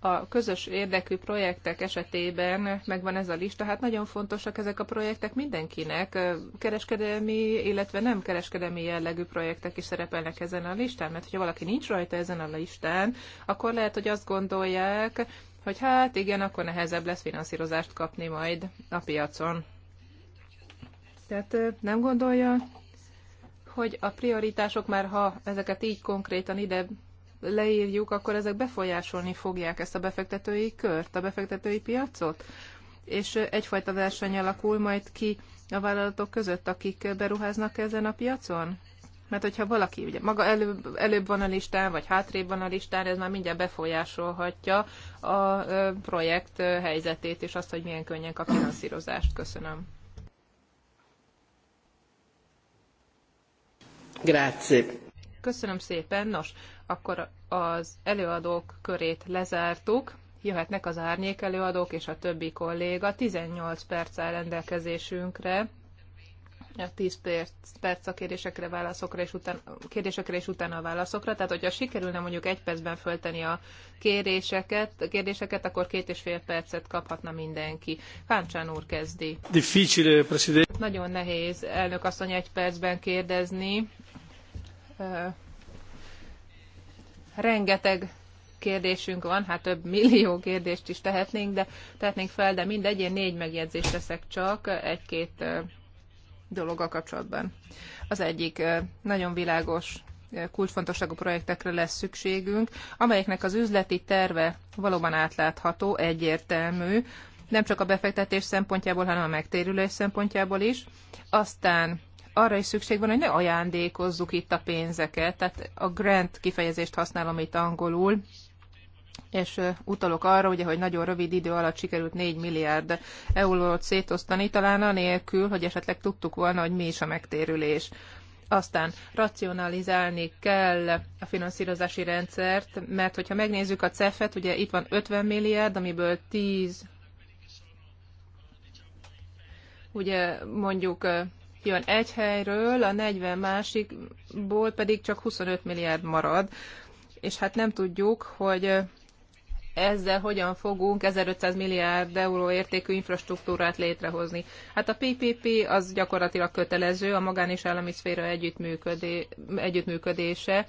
a közös érdekű projektek esetében megvan ez a lista, hát nagyon fontosak ezek a projektek mindenkinek. Kereskedelmi, illetve nem kereskedelmi jellegű projektek is szerepelnek ezen a listán, mert hogyha valaki nincs rajta ezen a listán, akkor lehet, hogy azt gondolják, hogy hát igen, akkor nehezebb lesz finanszírozást kapni majd a piacon. Tehát nem gondolja, hogy a prioritások már, ha ezeket így konkrétan ide leírjuk, akkor ezek befolyásolni fogják ezt a befektetői kört, a befektetői piacot, és egyfajta verseny alakul majd ki a vállalatok között, akik beruháznak ezen a piacon? Mert hogyha valaki ugye maga előbb, előbb van a listán, vagy hátrébb van a listán, ez már mindjárt befolyásolhatja a projekt helyzetét, és azt, hogy milyen könnyen kap finanszírozást. Köszönöm. Grazie. Köszönöm szépen. Nos, akkor az előadók körét lezártuk. Jöhetnek az árnyék előadók és a többi kolléga. 18 perc áll rendelkezésünkre. 10 perc, perc a kérdésekre, válaszokra és utána, kérdésekre és utána a válaszokra. Tehát, hogyha sikerülne mondjuk egy percben fölteni a kérdéseket, a kérdéseket akkor két és fél percet kaphatna mindenki. Fáncsán úr kezdi. Difficile, president. Nagyon nehéz elnök asszony egy percben kérdezni rengeteg kérdésünk van, hát több millió kérdést is tehetnénk, de tehetnénk fel, de mindegy, én négy megjegyzést teszek csak egy-két dolog a kapcsolatban. Az egyik nagyon világos kulcsfontosságú projektekre lesz szükségünk, amelyeknek az üzleti terve valóban átlátható, egyértelmű, nem csak a befektetés szempontjából, hanem a megtérülés szempontjából is. Aztán arra is szükség van, hogy ne ajándékozzuk itt a pénzeket. Tehát a grant kifejezést használom itt angolul, és utalok arra, ugye, hogy nagyon rövid idő alatt sikerült 4 milliárd eurót szétosztani, talán anélkül, hogy esetleg tudtuk volna, hogy mi is a megtérülés. Aztán racionalizálni kell a finanszírozási rendszert, mert hogyha megnézzük a CEF-et, ugye itt van 50 milliárd, amiből 10 ugye mondjuk jön egy helyről, a 40 másikból pedig csak 25 milliárd marad, és hát nem tudjuk, hogy ezzel hogyan fogunk 1500 milliárd euró értékű infrastruktúrát létrehozni. Hát a PPP az gyakorlatilag kötelező, a magán és állami szféra együttműködé, együttműködése,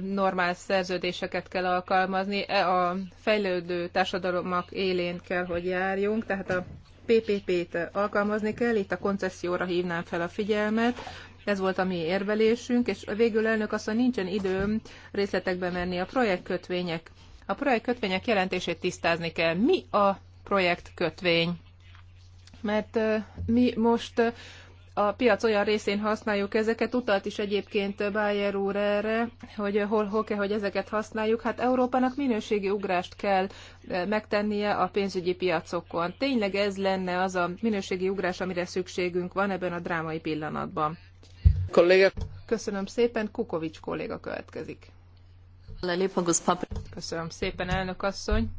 normál szerződéseket kell alkalmazni, e, a fejlődő társadalomnak élén kell, hogy járjunk, tehát a PPP-t alkalmazni kell, itt a koncesszióra hívnám fel a figyelmet, ez volt a mi érvelésünk, és végül elnök azt mondja, nincsen időm részletekbe menni a projektkötvények. A projektkötvények jelentését tisztázni kell. Mi a projektkötvény? Mert mi most a piac olyan részén használjuk ezeket, utalt is egyébként Bayer úr erre, hogy hol, hol kell, hogy ezeket használjuk. Hát Európának minőségi ugrást kell e, megtennie a pénzügyi piacokon. Tényleg ez lenne az a minőségi ugrás, amire szükségünk van ebben a drámai pillanatban. Kolléga. Köszönöm szépen, Kukovics kolléga következik. Köszönöm szépen, elnök asszony.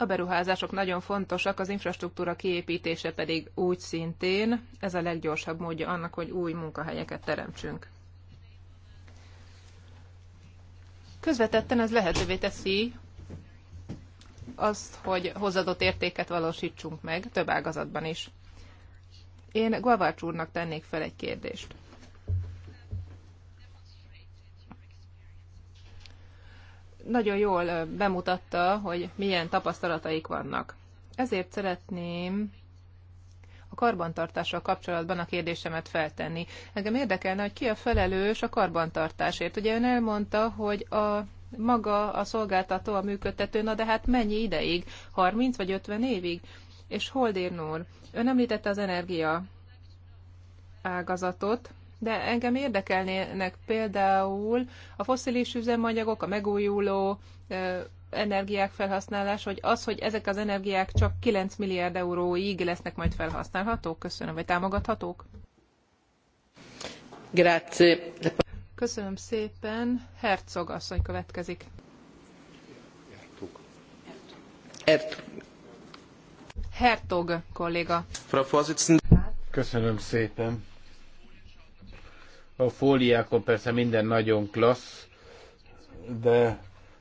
A beruházások nagyon fontosak, az infrastruktúra kiépítése pedig úgy szintén, ez a leggyorsabb módja annak, hogy új munkahelyeket teremtsünk. Közvetetten ez lehetővé teszi azt, hogy hozadott értéket valósítsunk meg több ágazatban is. Én Gavarcs úrnak tennék fel egy kérdést. nagyon jól bemutatta, hogy milyen tapasztalataik vannak. Ezért szeretném a karbantartással kapcsolatban a kérdésemet feltenni. Engem érdekelne, hogy ki a felelős a karbantartásért. Ugye ön elmondta, hogy a maga a szolgáltató, a működtető, na de hát mennyi ideig? 30 vagy 50 évig? És Holdér Nór, ön említette az energia ágazatot, de engem érdekelnének például a foszilis üzemanyagok, a megújuló energiák felhasználás, hogy az, hogy ezek az energiák csak 9 milliárd euróig lesznek majd felhasználhatók, köszönöm, vagy támogathatók? Grazie. Köszönöm szépen. Herzog asszony következik. Hertog. Hertog kolléga. Frau Köszönöm szépen. A fóliákon persze minden nagyon klassz, de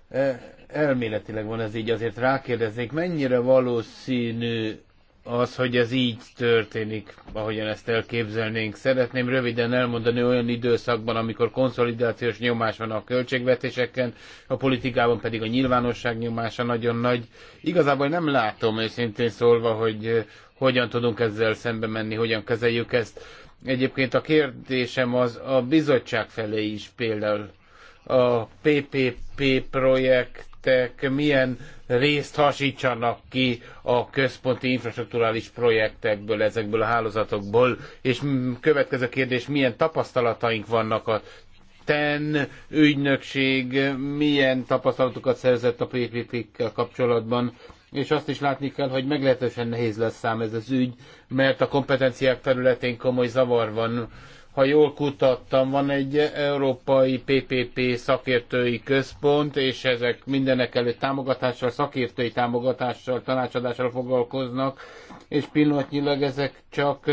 e, elméletileg van ez így, azért rákérdeznék, mennyire valószínű az, hogy ez így történik, ahogyan ezt elképzelnénk. Szeretném röviden elmondani olyan időszakban, amikor konszolidációs nyomás van a költségvetéseken, a politikában pedig a nyilvánosság nyomása nagyon nagy. Igazából nem látom őszintén szólva, hogy hogyan tudunk ezzel szembe menni, hogyan kezeljük ezt. Egyébként a kérdésem az a bizottság felé is például a PPP projektek milyen részt hasítsanak ki a központi infrastruktúrális projektekből, ezekből a hálózatokból, és következő kérdés, milyen tapasztalataink vannak a TEN ügynökség milyen tapasztalatokat szerzett a PPP-kkel kapcsolatban, és azt is látni kell, hogy meglehetősen nehéz lesz szám ez az ügy, mert a kompetenciák területén komoly zavar van. Ha jól kutattam, van egy európai PPP szakértői központ, és ezek mindenek előtt támogatással, szakértői támogatással, tanácsadással foglalkoznak, és pillanatnyilag ezek csak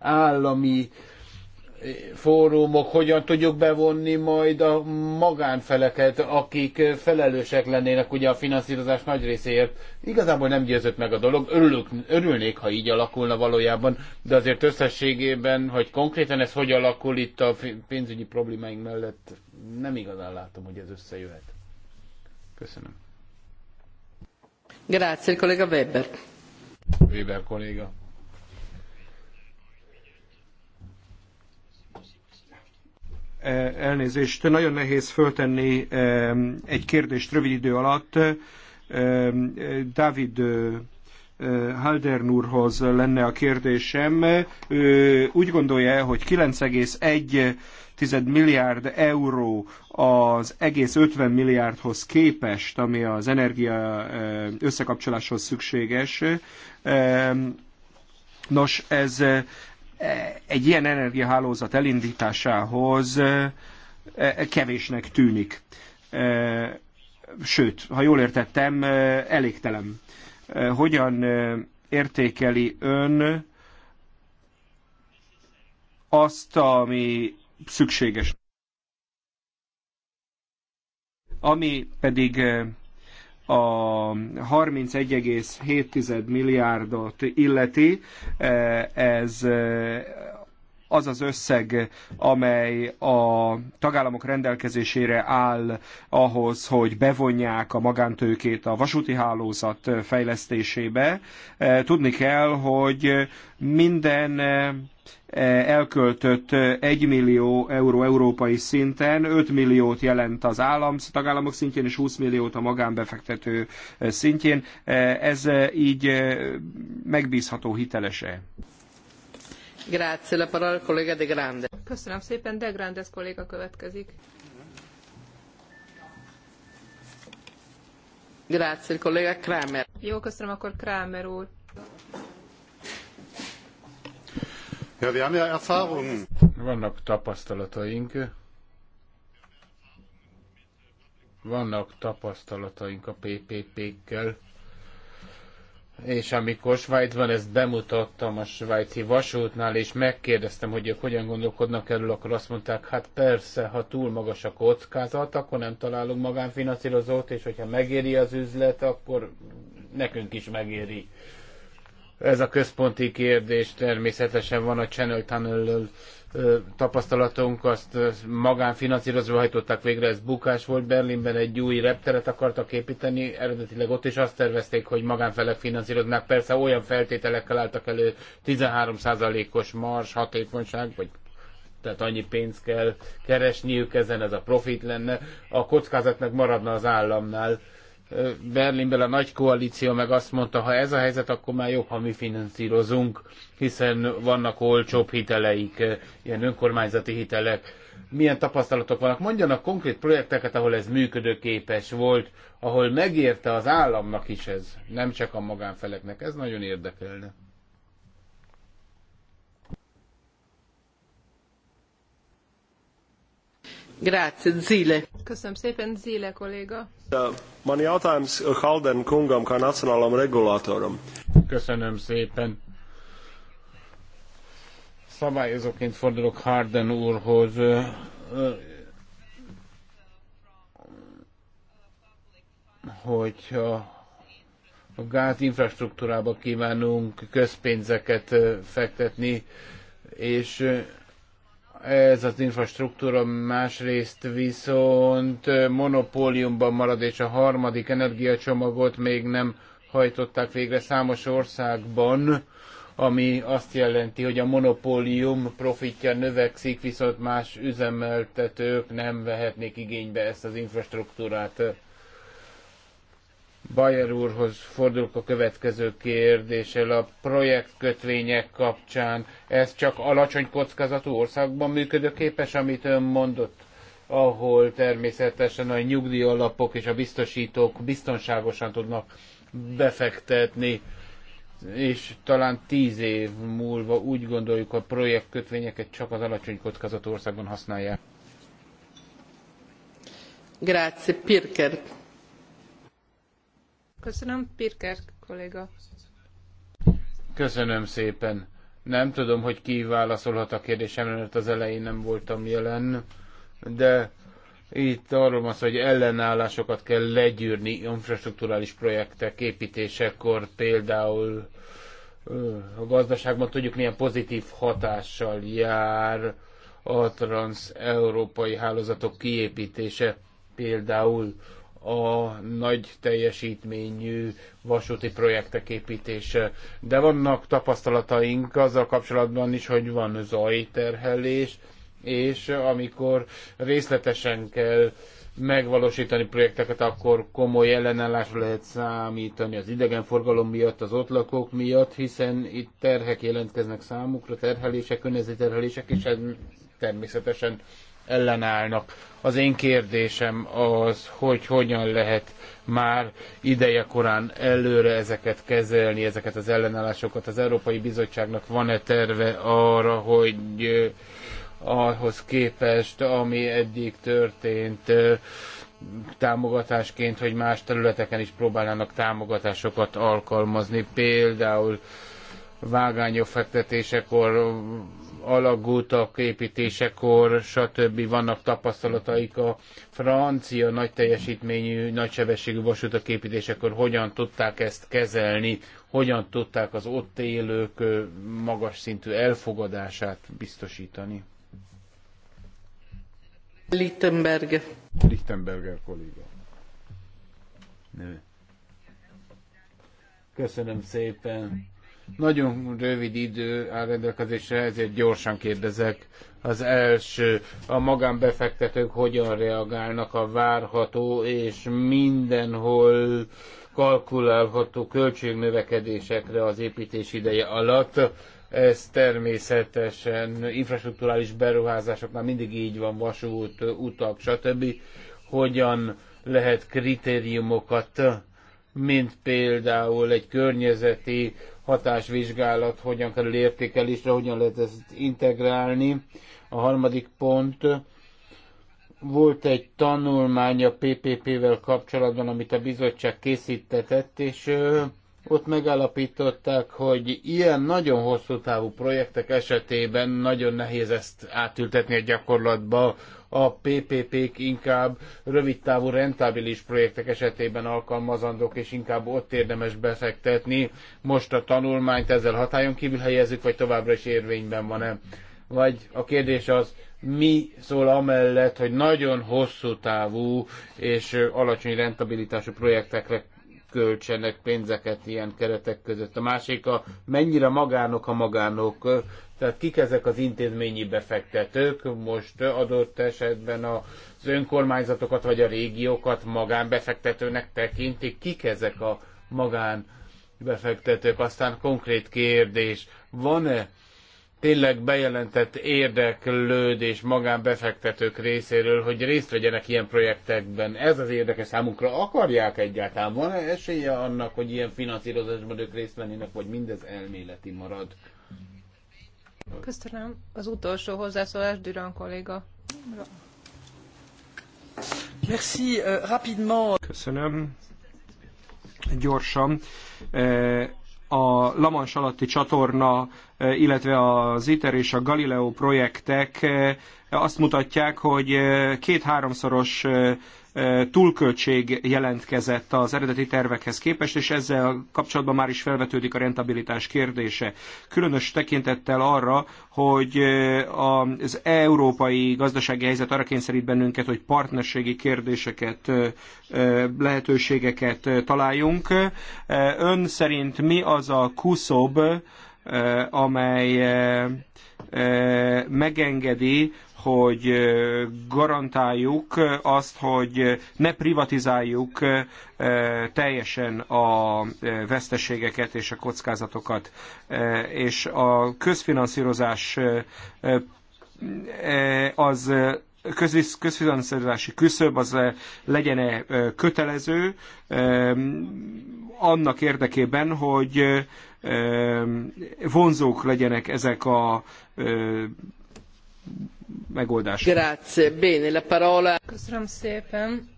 állami uh, fórumok, hogyan tudjuk bevonni majd a magánfeleket, akik felelősek lennének ugye a finanszírozás nagy részéért. Igazából nem győzött meg a dolog, Örülök, örülnék, ha így alakulna valójában, de azért összességében, hogy konkrétan ez hogy alakul itt a pénzügyi problémáink mellett, nem igazán látom, hogy ez összejöhet. Köszönöm. Grazie, kollega Weber. Weber kolléga. E, elnézést, nagyon nehéz föltenni e, egy kérdést rövid idő alatt. E, David Haldern úrhoz lenne a kérdésem. Ő úgy gondolja, hogy 9,1 milliárd euró az egész 50 milliárdhoz képest, ami az energia összekapcsoláshoz szükséges. Nos, ez egy ilyen energiahálózat elindításához kevésnek tűnik. Sőt, ha jól értettem, elégtelem. Hogyan értékeli ön azt, ami szükséges? Ami pedig a 31,7 milliárdot illeti, e, ez e, az az összeg, amely a tagállamok rendelkezésére áll ahhoz, hogy bevonják a magántőkét a vasúti hálózat fejlesztésébe. E, tudni kell, hogy minden elköltött 1 millió euró európai szinten, 5 milliót jelent az állam, tagállamok szintjén, és 20 milliót a magánbefektető szintjén. Ez így megbízható, hiteles-e? Grazie, la parola collega De Grande. Köszönöm szépen, De Grandes kolléga következik. Grazie, kollega Kramer. Jó, köszönöm, akkor Kramer úr. Ja, wir haben ja Erfahrungen. Vannak tapasztalataink. Vannak tapasztalataink a PPP-kkel. És amikor Svájcban ezt bemutattam a svájci vasútnál, és megkérdeztem, hogy ők hogyan gondolkodnak erről, akkor azt mondták, hát persze, ha túl magas a kockázat, akkor nem találunk magánfinanszírozót, és hogyha megéri az üzlet, akkor nekünk is megéri ez a központi kérdés természetesen van a Channel tunnel tapasztalatunk, azt magánfinanszírozva hajtották végre, ez bukás volt. Berlinben egy új repteret akartak építeni, eredetileg ott is azt tervezték, hogy magánfelek finanszíroznák. Persze olyan feltételekkel álltak elő, 13%-os mars, hatékonyság, vagy tehát annyi pénzt kell keresniük ezen, ez a profit lenne. A kockázatnak maradna az államnál Berlinben a nagy koalíció meg azt mondta, ha ez a helyzet, akkor már jobb, ha mi finanszírozunk, hiszen vannak olcsóbb hiteleik, ilyen önkormányzati hitelek. Milyen tapasztalatok vannak? Mondjanak konkrét projekteket, ahol ez működőképes volt, ahol megérte az államnak is ez, nem csak a magánfeleknek. Ez nagyon érdekelne. Grazie, Zile. Köszönöm szépen, Zile kolléga. Man jautājums Halden kungam, kā nacionālam regulātoram. Köszönöm szépen. Szabályozóként fordulok Harden úrhoz. Hogyha a gáz infrastruktúrába kívánunk közpénzeket fektetni, és ez az infrastruktúra, másrészt viszont monopóliumban marad, és a harmadik energiacsomagot még nem hajtották végre számos országban, ami azt jelenti, hogy a monopólium profitja növekszik, viszont más üzemeltetők nem vehetnék igénybe ezt az infrastruktúrát. Bayer úrhoz fordulok a következő kérdéssel a projektkötvények kapcsán. Ez csak alacsony kockázatú országban működőképes, amit ön mondott, ahol természetesen a nyugdíjalapok és a biztosítók biztonságosan tudnak befektetni, és talán tíz év múlva úgy gondoljuk, a projektkötvényeket csak az alacsony kockázatú országban használják. Grazie, Pirker. Köszönöm, Pirker kolléga. Köszönöm szépen. Nem tudom, hogy ki válaszolhat a kérdésemre, mert az elején nem voltam jelen, de itt arról van szó, hogy ellenállásokat kell legyűrni infrastruktúrális projektek építésekor, például a gazdaságban tudjuk, milyen pozitív hatással jár a transz-európai hálózatok kiépítése, például a nagy teljesítményű vasúti projektek építése. De vannak tapasztalataink azzal kapcsolatban is, hogy van zajterhelés, és amikor részletesen kell megvalósítani projekteket, akkor komoly ellenállásra lehet számítani az idegenforgalom miatt, az ott lakók miatt, hiszen itt terhek jelentkeznek számukra, terhelések, környezeti terhelések, és ez természetesen ellenállnak. Az én kérdésem az, hogy hogyan lehet már ideje korán előre ezeket kezelni, ezeket az ellenállásokat. Az Európai Bizottságnak van-e terve arra, hogy ahhoz képest, ami eddig történt, támogatásként, hogy más területeken is próbálnának támogatásokat alkalmazni, például vágányok fektetésekor alagútak építésekor, stb. vannak tapasztalataik a francia nagy teljesítményű, nagysebességű vasútak építésekor, hogyan tudták ezt kezelni, hogyan tudták az ott élők magas szintű elfogadását biztosítani. Lichtenberg. Lichtenberger kolléga. Nő. Köszönöm szépen. Nagyon rövid idő áll rendelkezésre, ezért gyorsan kérdezek. Az első, a magánbefektetők hogyan reagálnak a várható és mindenhol kalkulálható költségnövekedésekre az építés ideje alatt. Ez természetesen infrastruktúrális beruházásoknál mindig így van, vasút, utak, stb. Hogyan lehet kritériumokat mint például egy környezeti hatásvizsgálat, hogyan kerül értékelésre, hogyan lehet ezt integrálni. A harmadik pont, volt egy tanulmány a PPP-vel kapcsolatban, amit a bizottság készítetett, és ott megállapították, hogy ilyen nagyon hosszú távú projektek esetében nagyon nehéz ezt átültetni a gyakorlatba a PPP-k inkább rövidtávú rentábilis projektek esetében alkalmazandók, és inkább ott érdemes befektetni. Most a tanulmányt ezzel hatályon kívül helyezzük, vagy továbbra is érvényben van-e? Vagy a kérdés az, mi szól amellett, hogy nagyon hosszú távú és alacsony rentabilitású projektekre költsenek pénzeket ilyen keretek között. A másik a mennyire magánok a magánok. Tehát kik ezek az intézményi befektetők, most adott esetben az önkormányzatokat vagy a régiókat magánbefektetőnek tekintik, kik ezek a magánbefektetők? Aztán konkrét kérdés, van-e tényleg bejelentett érdeklődés magánbefektetők részéről, hogy részt vegyenek ilyen projektekben. Ez az érdekes számunkra. Akarják egyáltalán? Van-e esélye annak, hogy ilyen finanszírozásban ők részt vennének, vagy mindez elméleti marad? Köszönöm. Az utolsó hozzászólás Düran kolléga. Merci, uh, rapidement. Köszönöm. Gyorsan. Eh, a Lamans alatti csatorna, eh, illetve az ITER és a Galileo projektek eh, azt mutatják, hogy két-háromszoros túlköltség jelentkezett az eredeti tervekhez képest, és ezzel kapcsolatban már is felvetődik a rentabilitás kérdése. Különös tekintettel arra, hogy az európai gazdasági helyzet arra kényszerít bennünket, hogy partnerségi kérdéseket, lehetőségeket találjunk. Ön szerint mi az a kuszob, amely megengedi, hogy garantáljuk azt, hogy ne privatizáljuk teljesen a veszteségeket és a kockázatokat. És a közfinanszírozás az közfinanszírozási küszöb az legyen -e kötelező annak érdekében, hogy vonzók legyenek ezek a megoldás. Grazie, bene, la parola. Köszönöm szépen.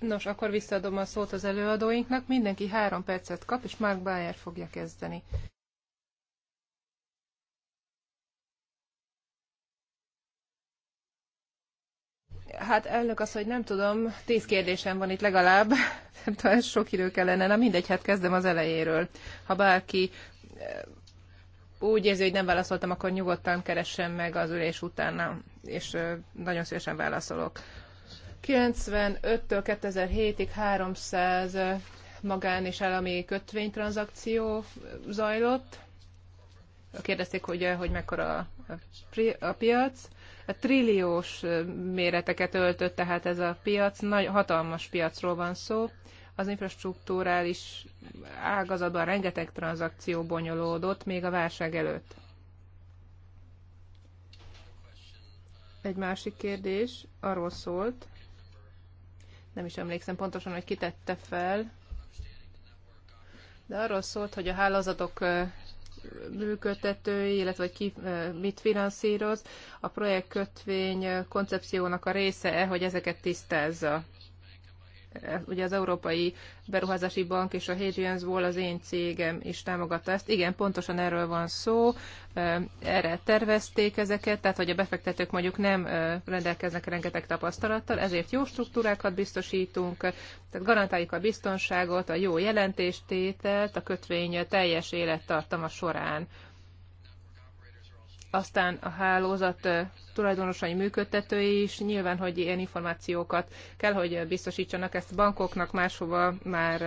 Nos, akkor visszaadom a szót az előadóinknak. Mindenki három percet kap, és Mark Bayer fogja kezdeni. Hát elnök az, hogy nem tudom, tíz kérdésem van itt legalább, nem tudom, ez sok idő kellene, na mindegy, hát kezdem az elejéről. Ha bárki úgy érzi, hogy nem válaszoltam, akkor nyugodtan keressen meg az ülés utána, és nagyon szívesen válaszolok. 95-től 2007-ig 300 magán és állami kötvénytranzakció zajlott. Kérdezték, hogy, hogy mekkora a piac. A trilliós méreteket öltött tehát ez a piac, nagy, hatalmas piacról van szó az infrastruktúrális ágazatban rengeteg tranzakció bonyolódott még a válság előtt. Egy másik kérdés arról szólt, nem is emlékszem pontosan, hogy kitette fel, de arról szólt, hogy a hálózatok működtetői, illetve hogy ki mit finanszíroz, a projekt kötvény koncepciónak a része-e, hogy ezeket tisztázza ugye az Európai Beruházási Bank és a Hadrian's Wall az én cégem is támogatta ezt. Igen, pontosan erről van szó, erre tervezték ezeket, tehát hogy a befektetők mondjuk nem rendelkeznek rengeteg tapasztalattal, ezért jó struktúrákat biztosítunk, tehát garantáljuk a biztonságot, a jó jelentéstételt, a kötvény teljes élettartama során aztán a hálózat tulajdonosai működtetői is nyilván, hogy ilyen információkat kell, hogy biztosítsanak ezt a bankoknak, máshova már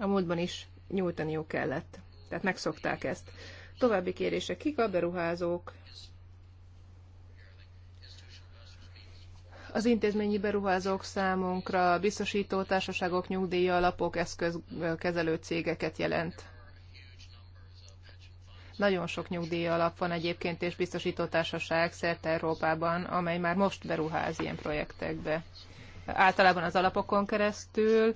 a múltban is nyújtaniuk kellett. Tehát megszokták ezt. További kérése, kik a beruházók? Az intézményi beruházók számunkra biztosító társaságok, nyugdíja alapok, eszközkezelő cégeket jelent nagyon sok nyugdíj alap van egyébként és társaság szerte Európában, amely már most beruház ilyen projektekbe általában az alapokon keresztül,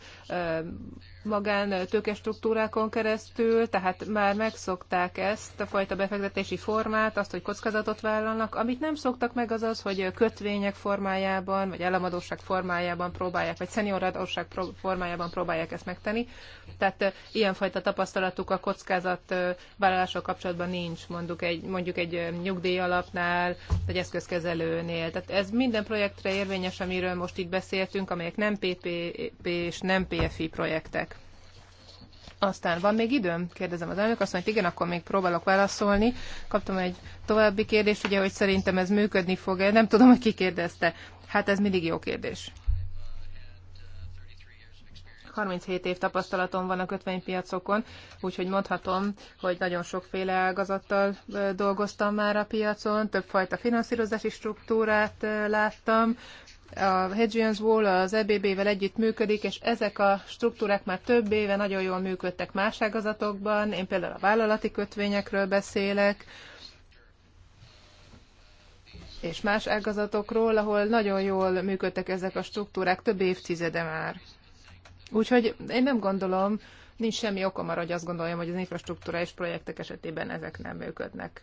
magán tőkestruktúrákon keresztül, tehát már megszokták ezt a fajta befektetési formát, azt, hogy kockázatot vállalnak. Amit nem szoktak meg az az, hogy kötvények formájában, vagy államadóság formájában próbálják, vagy szenioradóság formájában próbálják ezt megtenni. Tehát ilyenfajta tapasztalatuk a kockázat vállalások kapcsolatban nincs, mondjuk egy, mondjuk egy nyugdíjalapnál, vagy eszközkezelőnél. Tehát ez minden projektre érvényes, amiről most itt beszéltünk, amelyek nem PPP és nem PFI projektek. Aztán van még időm? Kérdezem az elnök azt, mondja, igen, akkor még próbálok válaszolni. Kaptam egy további kérdést, ugye, hogy szerintem ez működni fog-e. Nem tudom, hogy ki kérdezte. Hát ez mindig jó kérdés. 37 év tapasztalatom van a kötvénypiacokon, úgyhogy mondhatom, hogy nagyon sokféle ágazattal dolgoztam már a piacon, többfajta finanszírozási struktúrát láttam, a Hedgeons Wall az EBB-vel együtt működik, és ezek a struktúrák már több éve nagyon jól működtek más ágazatokban. Én például a vállalati kötvényekről beszélek, és más ágazatokról, ahol nagyon jól működtek ezek a struktúrák több évtizede már. Úgyhogy én nem gondolom, nincs semmi okom arra, hogy azt gondoljam, hogy az és projektek esetében ezek nem működnek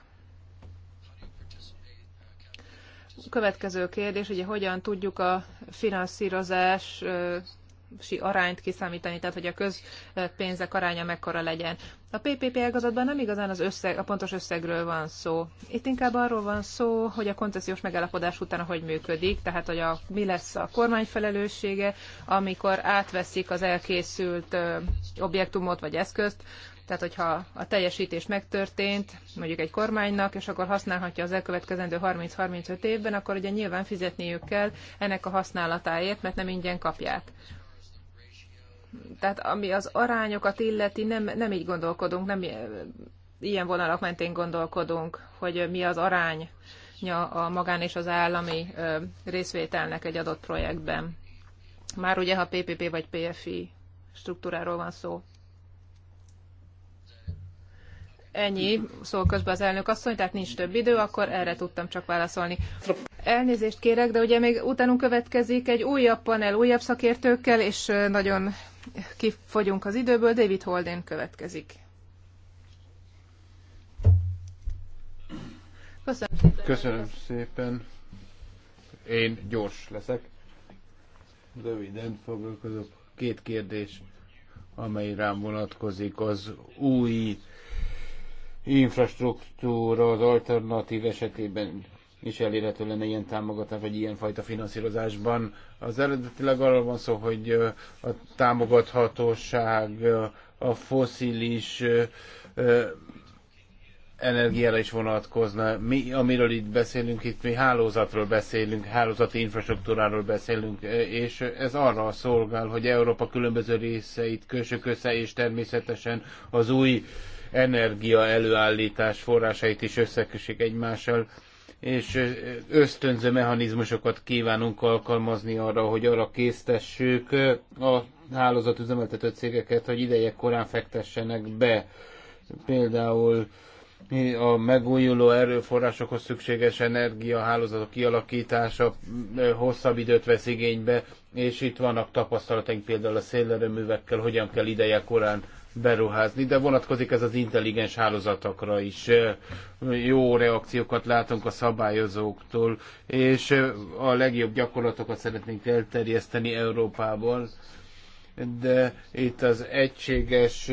következő kérdés, ugye hogyan tudjuk a finanszírozás arányt kiszámítani, tehát hogy a közpénzek aránya mekkora legyen. A PPP ágazatban nem igazán az összeg, a pontos összegről van szó. Itt inkább arról van szó, hogy a koncesziós megállapodás után, hogy működik, tehát hogy a, mi lesz a kormány felelőssége, amikor átveszik az elkészült ö, objektumot vagy eszközt, tehát, hogyha a teljesítés megtörtént, mondjuk egy kormánynak, és akkor használhatja az elkövetkezendő 30-35 évben, akkor ugye nyilván fizetniük kell ennek a használatáért, mert nem ingyen kapják. Tehát ami az arányokat illeti, nem, nem így gondolkodunk, nem ilyen vonalak mentén gondolkodunk, hogy mi az arány a magán és az állami részvételnek egy adott projektben. Már ugye, ha PPP vagy PFI struktúráról van szó. Ennyi, szól közben az elnök asszony, tehát nincs több idő, akkor erre tudtam csak válaszolni. Elnézést kérek, de ugye még utánunk következik egy újabb panel, újabb szakértőkkel, és nagyon kifogyunk az időből. David Holden következik. Köszönöm szépen. Köszönöm szépen. Én gyors leszek. Röviden foglalkozok. Két kérdés, amely rám vonatkozik, az új infrastruktúra az alternatív esetében is elérhető lenne ilyen támogatás, vagy ilyenfajta finanszírozásban. Az eredetileg arról van szó, hogy a támogathatóság a foszilis energiára is vonatkozna. Mi, amiről itt beszélünk, itt mi hálózatról beszélünk, hálózati infrastruktúráról beszélünk, és ez arra szolgál, hogy Európa különböző részeit kössük össze, és természetesen az új uh, energia előállítás forrásait is összekösik egymással, és ösztönző mechanizmusokat kívánunk alkalmazni arra, hogy arra késztessük a hálózat üzemeltető cégeket, hogy ideje korán fektessenek be. Például a megújuló erőforrásokhoz szükséges energiahálózatok kialakítása hosszabb időt vesz igénybe, és itt vannak tapasztalataink például a szélerőművekkel, hogyan kell ideje korán beruházni, de vonatkozik ez az intelligens hálózatokra is. Jó reakciókat látunk a szabályozóktól, és a legjobb gyakorlatokat szeretnénk elterjeszteni Európában, de itt az egységes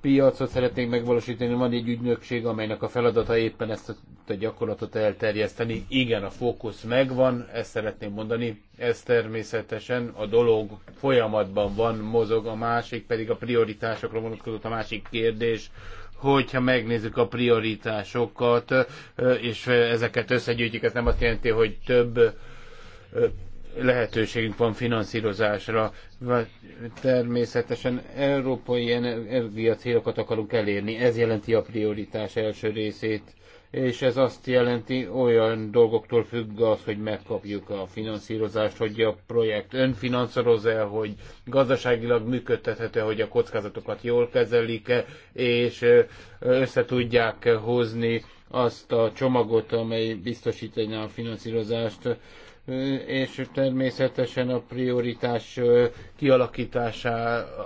piacot szeretnénk megvalósítani, van egy ügynökség, amelynek a feladata éppen ezt a gyakorlatot elterjeszteni. Igen, a fókusz megvan, ezt szeretném mondani, ez természetesen a dolog folyamatban van, mozog, a másik pedig a prioritásokra vonatkozott a másik kérdés, hogyha megnézzük a prioritásokat, és ezeket összegyűjtjük, ez nem azt jelenti, hogy több lehetőségünk van finanszírozásra. Természetesen európai energiacélokat akarunk elérni, ez jelenti a prioritás első részét, és ez azt jelenti, olyan dolgoktól függ az, hogy megkapjuk a finanszírozást, hogy a projekt önfinanszíroz-e, hogy gazdaságilag működtethető, hogy a kockázatokat jól kezelik-e, és összetudják hozni azt a csomagot, amely biztosítja a finanszírozást és természetesen a prioritás kialakítása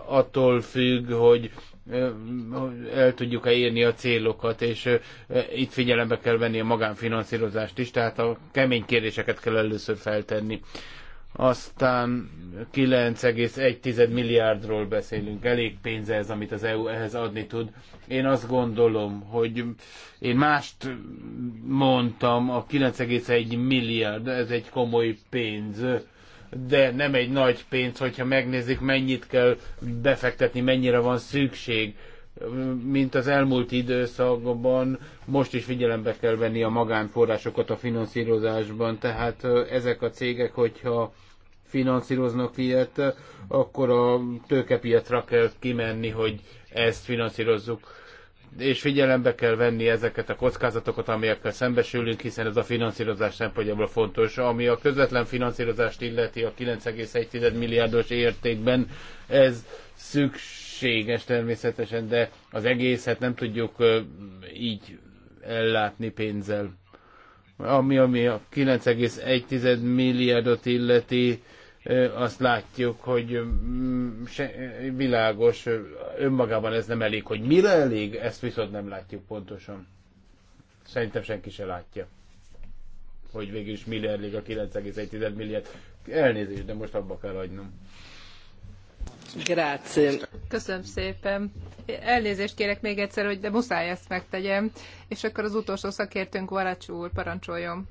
attól függ, hogy el tudjuk-e érni a célokat, és itt figyelembe kell venni a magánfinanszírozást is, tehát a kemény kérdéseket kell először feltenni aztán 9,1 milliárdról beszélünk, elég pénz ez, amit az EU ehhez adni tud. Én azt gondolom, hogy én mást mondtam, a 9,1 milliárd, ez egy komoly pénz, de nem egy nagy pénz, hogyha megnézik, mennyit kell befektetni, mennyire van szükség mint az elmúlt időszakban, most is figyelembe kell venni a magánforrásokat a finanszírozásban, tehát ezek a cégek, hogyha finanszíroznak ilyet, akkor a tőkepiacra kell kimenni, hogy ezt finanszírozzuk és figyelembe kell venni ezeket a kockázatokat, amelyekkel szembesülünk, hiszen ez a finanszírozás szempontjából fontos. Ami a közvetlen finanszírozást illeti a 9,1 milliárdos értékben, ez szüks szükséges természetesen, de az egészet nem tudjuk így ellátni pénzzel. Ami, ami a 9,1 milliárdot illeti, azt látjuk, hogy világos, önmagában ez nem elég. Hogy mire elég, ezt viszont nem látjuk pontosan. Szerintem senki se látja, hogy végül is mire elég a 9,1 milliárd. Elnézést, de most abba kell hagynom. Köszönöm szépen. Elnézést kérek még egyszer, hogy de muszáj ezt megtegyem. És akkor az utolsó szakértőnk Varács úr, parancsoljon.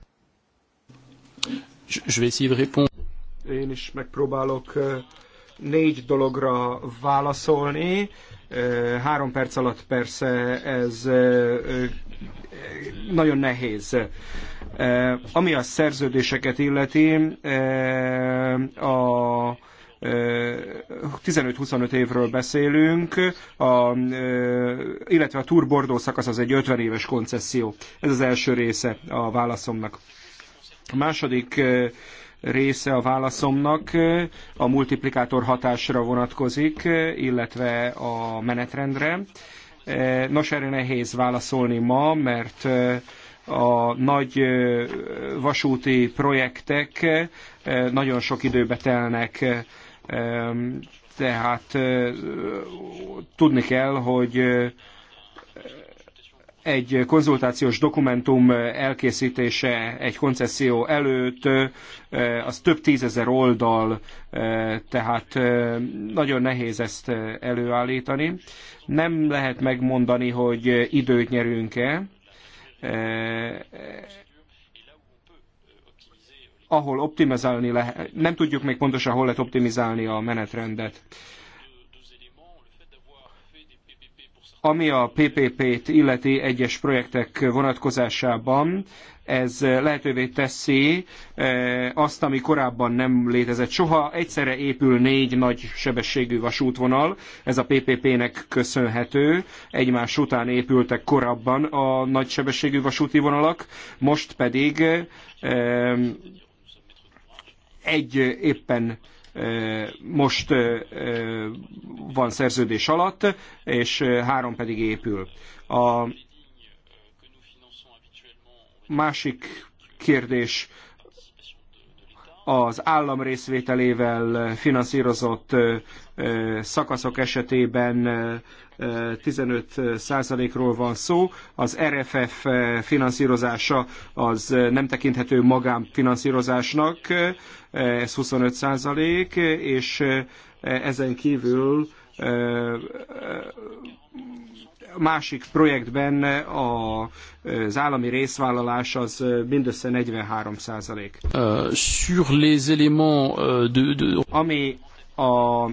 Én is megpróbálok négy dologra válaszolni. Három perc alatt persze ez nagyon nehéz. Ami a szerződéseket illeti, a 15-25 évről beszélünk, a, illetve a Tour Bordeaux szakasz az egy 50 éves koncesszió. Ez az első része a válaszomnak. A második része a válaszomnak a multiplikátor hatásra vonatkozik, illetve a menetrendre. Nos, erre nehéz válaszolni ma, mert a nagy vasúti projektek nagyon sok időbe telnek tehát tudni kell, hogy egy konzultációs dokumentum elkészítése egy koncesszió előtt, az több tízezer oldal, tehát nagyon nehéz ezt előállítani. Nem lehet megmondani, hogy időt nyerünk-e, ahol optimizálni lehet, nem tudjuk még pontosan, hol lehet optimizálni a menetrendet. Ami a PPP-t illeti egyes projektek vonatkozásában, ez lehetővé teszi e, azt, ami korábban nem létezett soha. Egyszerre épül négy nagy sebességű vasútvonal, ez a PPP-nek köszönhető. Egymás után épültek korábban a nagy sebességű vasúti vonalak, most pedig e, egy éppen most van szerződés alatt, és három pedig épül. A másik kérdés az állam részvételével finanszírozott szakaszok esetében 15%-ról van szó. Az RFF finanszírozása az nem tekinthető magánfinanszírozásnak, ez 25%, és ezen kívül másik projektben a, az állami részvállalás az mindössze 43 százalék. Uh, sur les éléments de, de... Ami a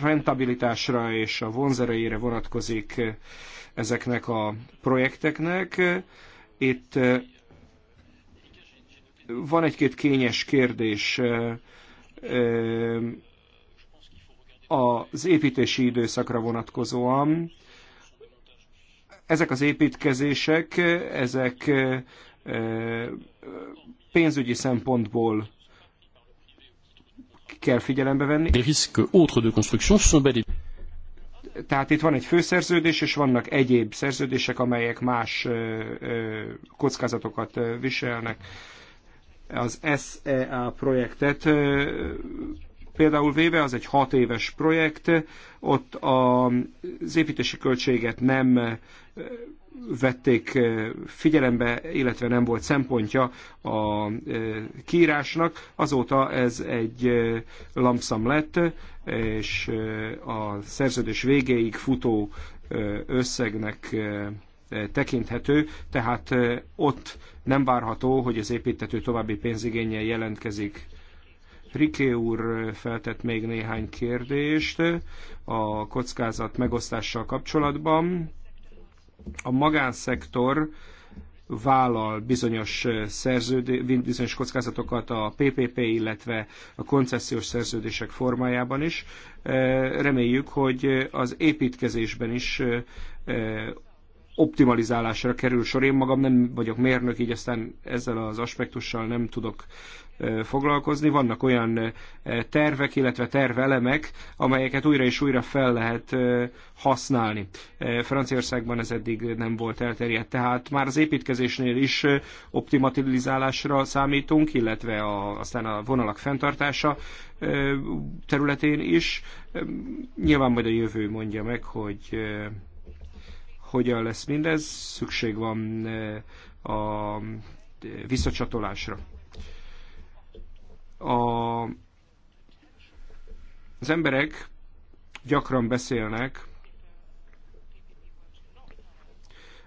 rentabilitásra és a vonzerejére vonatkozik ezeknek a projekteknek. Itt eh, van egy-két kényes kérdés eh, eh, az építési időszakra vonatkozóan. Ezek az építkezések, ezek pénzügyi szempontból kell figyelembe venni. Les risques autres de construction sont bel et tehát itt van egy főszerződés, és vannak egyéb szerződések, amelyek más ö, ö, kockázatokat viselnek. Az SEA projektet ö, például véve az egy hat éves projekt, ott a, az építési költséget nem vették eh, figyelembe, illetve nem volt szempontja a eh, kiírásnak. Azóta ez egy eh, lamszam lett, és a szerződés végéig futó összegnek tekinthető, tehát ott nem várható, hogy az építető további pénzigénye jelentkezik. Riké úr feltett még néhány kérdést a kockázat megosztással kapcsolatban a magánszektor vállal bizonyos, eh, szerződé, bizonyos kockázatokat a PPP, illetve a koncesziós szerződések formájában is. Eh, reméljük, hogy eh, az építkezésben is optimalizálásra kerül sor. Én magam nem vagyok mérnök, így aztán ezzel az aspektussal nem tudok foglalkozni. Vannak olyan tervek, illetve tervelemek, amelyeket újra és újra fel lehet használni. Franciaországban ez eddig nem volt elterjedt, tehát már az építkezésnél is optimalizálásra számítunk, illetve a, aztán a vonalak fenntartása területén is. Nyilván majd a jövő mondja meg, hogy hogyan lesz mindez, szükség van eh, a eh, visszacsatolásra. A, az emberek gyakran beszélnek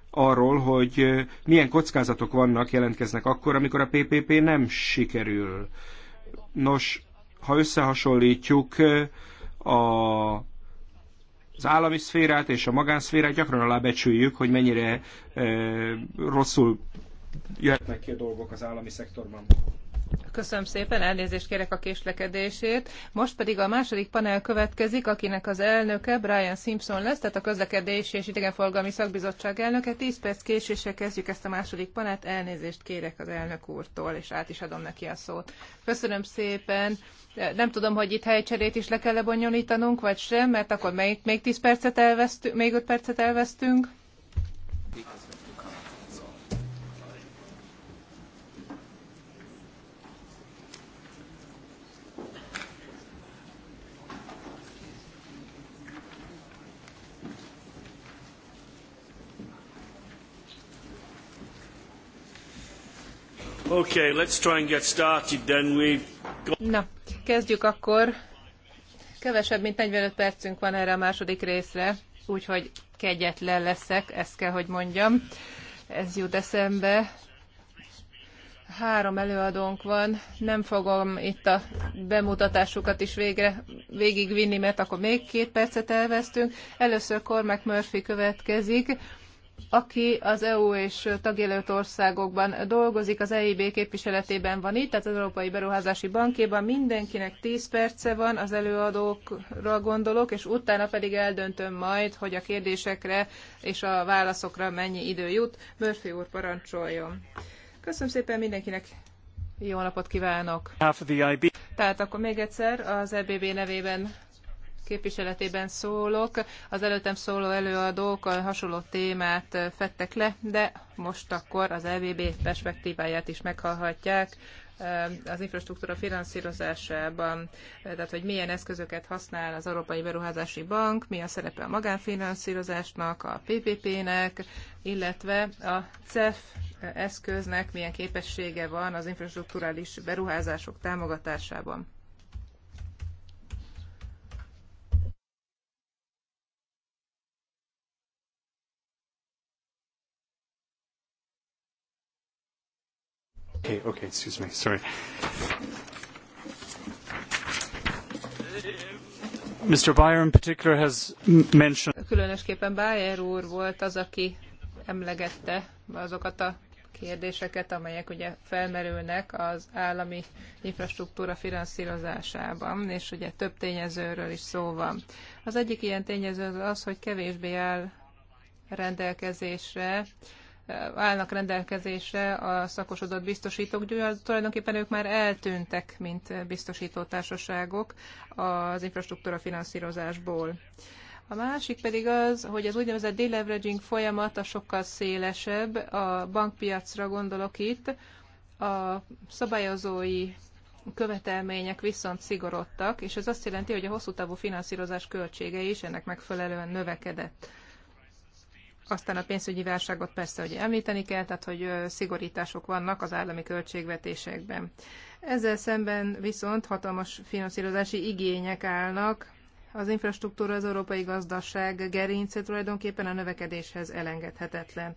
arról, hogy eh, milyen kockázatok vannak, jelentkeznek akkor, amikor a PPP nem sikerül. Nos, ha összehasonlítjuk a az állami szférát és a magánszférát gyakran alábecsüljük, hogy mennyire rosszul jöhetnek ki a dolgok az állami szektorban. Köszönöm szépen, elnézést kérek a késlekedésért Most pedig a második panel következik, akinek az elnöke Brian Simpson lesz, tehát a közlekedési és idegenforgalmi szakbizottság elnöke. 10 perc késéssel kezdjük ezt a második panelt, elnézést kérek az elnök úrtól, és át is adom neki a szót. Köszönöm szépen. Nem tudom, hogy itt helycserét is le kell -e bonyolítanunk, vagy sem, mert akkor még, még 10 percet elvesztünk, még 5 percet elvesztünk. Köszönöm. Okay, let's try and get started then. We've got... Na, kezdjük akkor. Kevesebb, mint 45 percünk van erre a második részre, úgyhogy kegyetlen leszek, ezt kell, hogy mondjam. Ez jut eszembe. Három előadónk van, nem fogom itt a bemutatásukat is végre végigvinni, mert akkor még két percet elvesztünk. Először Cormac Murphy következik, aki az EU és tagjelölt országokban dolgozik, az EIB képviseletében van itt, tehát az Európai Beruházási Bankéban mindenkinek 10 perce van, az előadókra gondolok, és utána pedig eldöntöm majd, hogy a kérdésekre és a válaszokra mennyi idő jut. Murphy úr parancsoljon. Köszönöm szépen mindenkinek, jó napot kívánok! Tehát akkor még egyszer az EBB nevében képviseletében szólok. Az előttem szóló előadók a hasonló témát eh, fettek le, de most akkor az EVB perspektíváját is meghallhatják eh, az infrastruktúra finanszírozásában, eh, tehát hogy milyen eszközöket használ az Európai Beruházási Bank, mi a szerepe a magánfinanszírozásnak, a PPP-nek, illetve a CEF eszköznek milyen képessége van az infrastruktúrális beruházások támogatásában. Okay, okay, excuse me, sorry. Mr. Bayer in particular has mentioned... Különösképpen Bayer úr volt az, aki emlegette azokat a kérdéseket, amelyek ugye felmerülnek az állami infrastruktúra finanszírozásában, és ugye több tényezőről is szó van. Az egyik ilyen tényező az az, hogy kevésbé áll rendelkezésre állnak rendelkezésre a szakosodott biztosítók, tulajdonképpen ők már eltűntek, mint biztosítótársaságok az infrastruktúra finanszírozásból. A másik pedig az, hogy az úgynevezett deleveraging folyamata sokkal szélesebb, a bankpiacra gondolok itt, a szabályozói követelmények viszont szigorodtak, és ez azt jelenti, hogy a hosszú távú finanszírozás költsége is ennek megfelelően növekedett. Aztán a pénzügyi válságot persze, hogy említeni kell, tehát hogy szigorítások vannak az állami költségvetésekben. Ezzel szemben viszont hatalmas finanszírozási igények állnak, az infrastruktúra az európai gazdaság gerince tulajdonképpen a növekedéshez elengedhetetlen.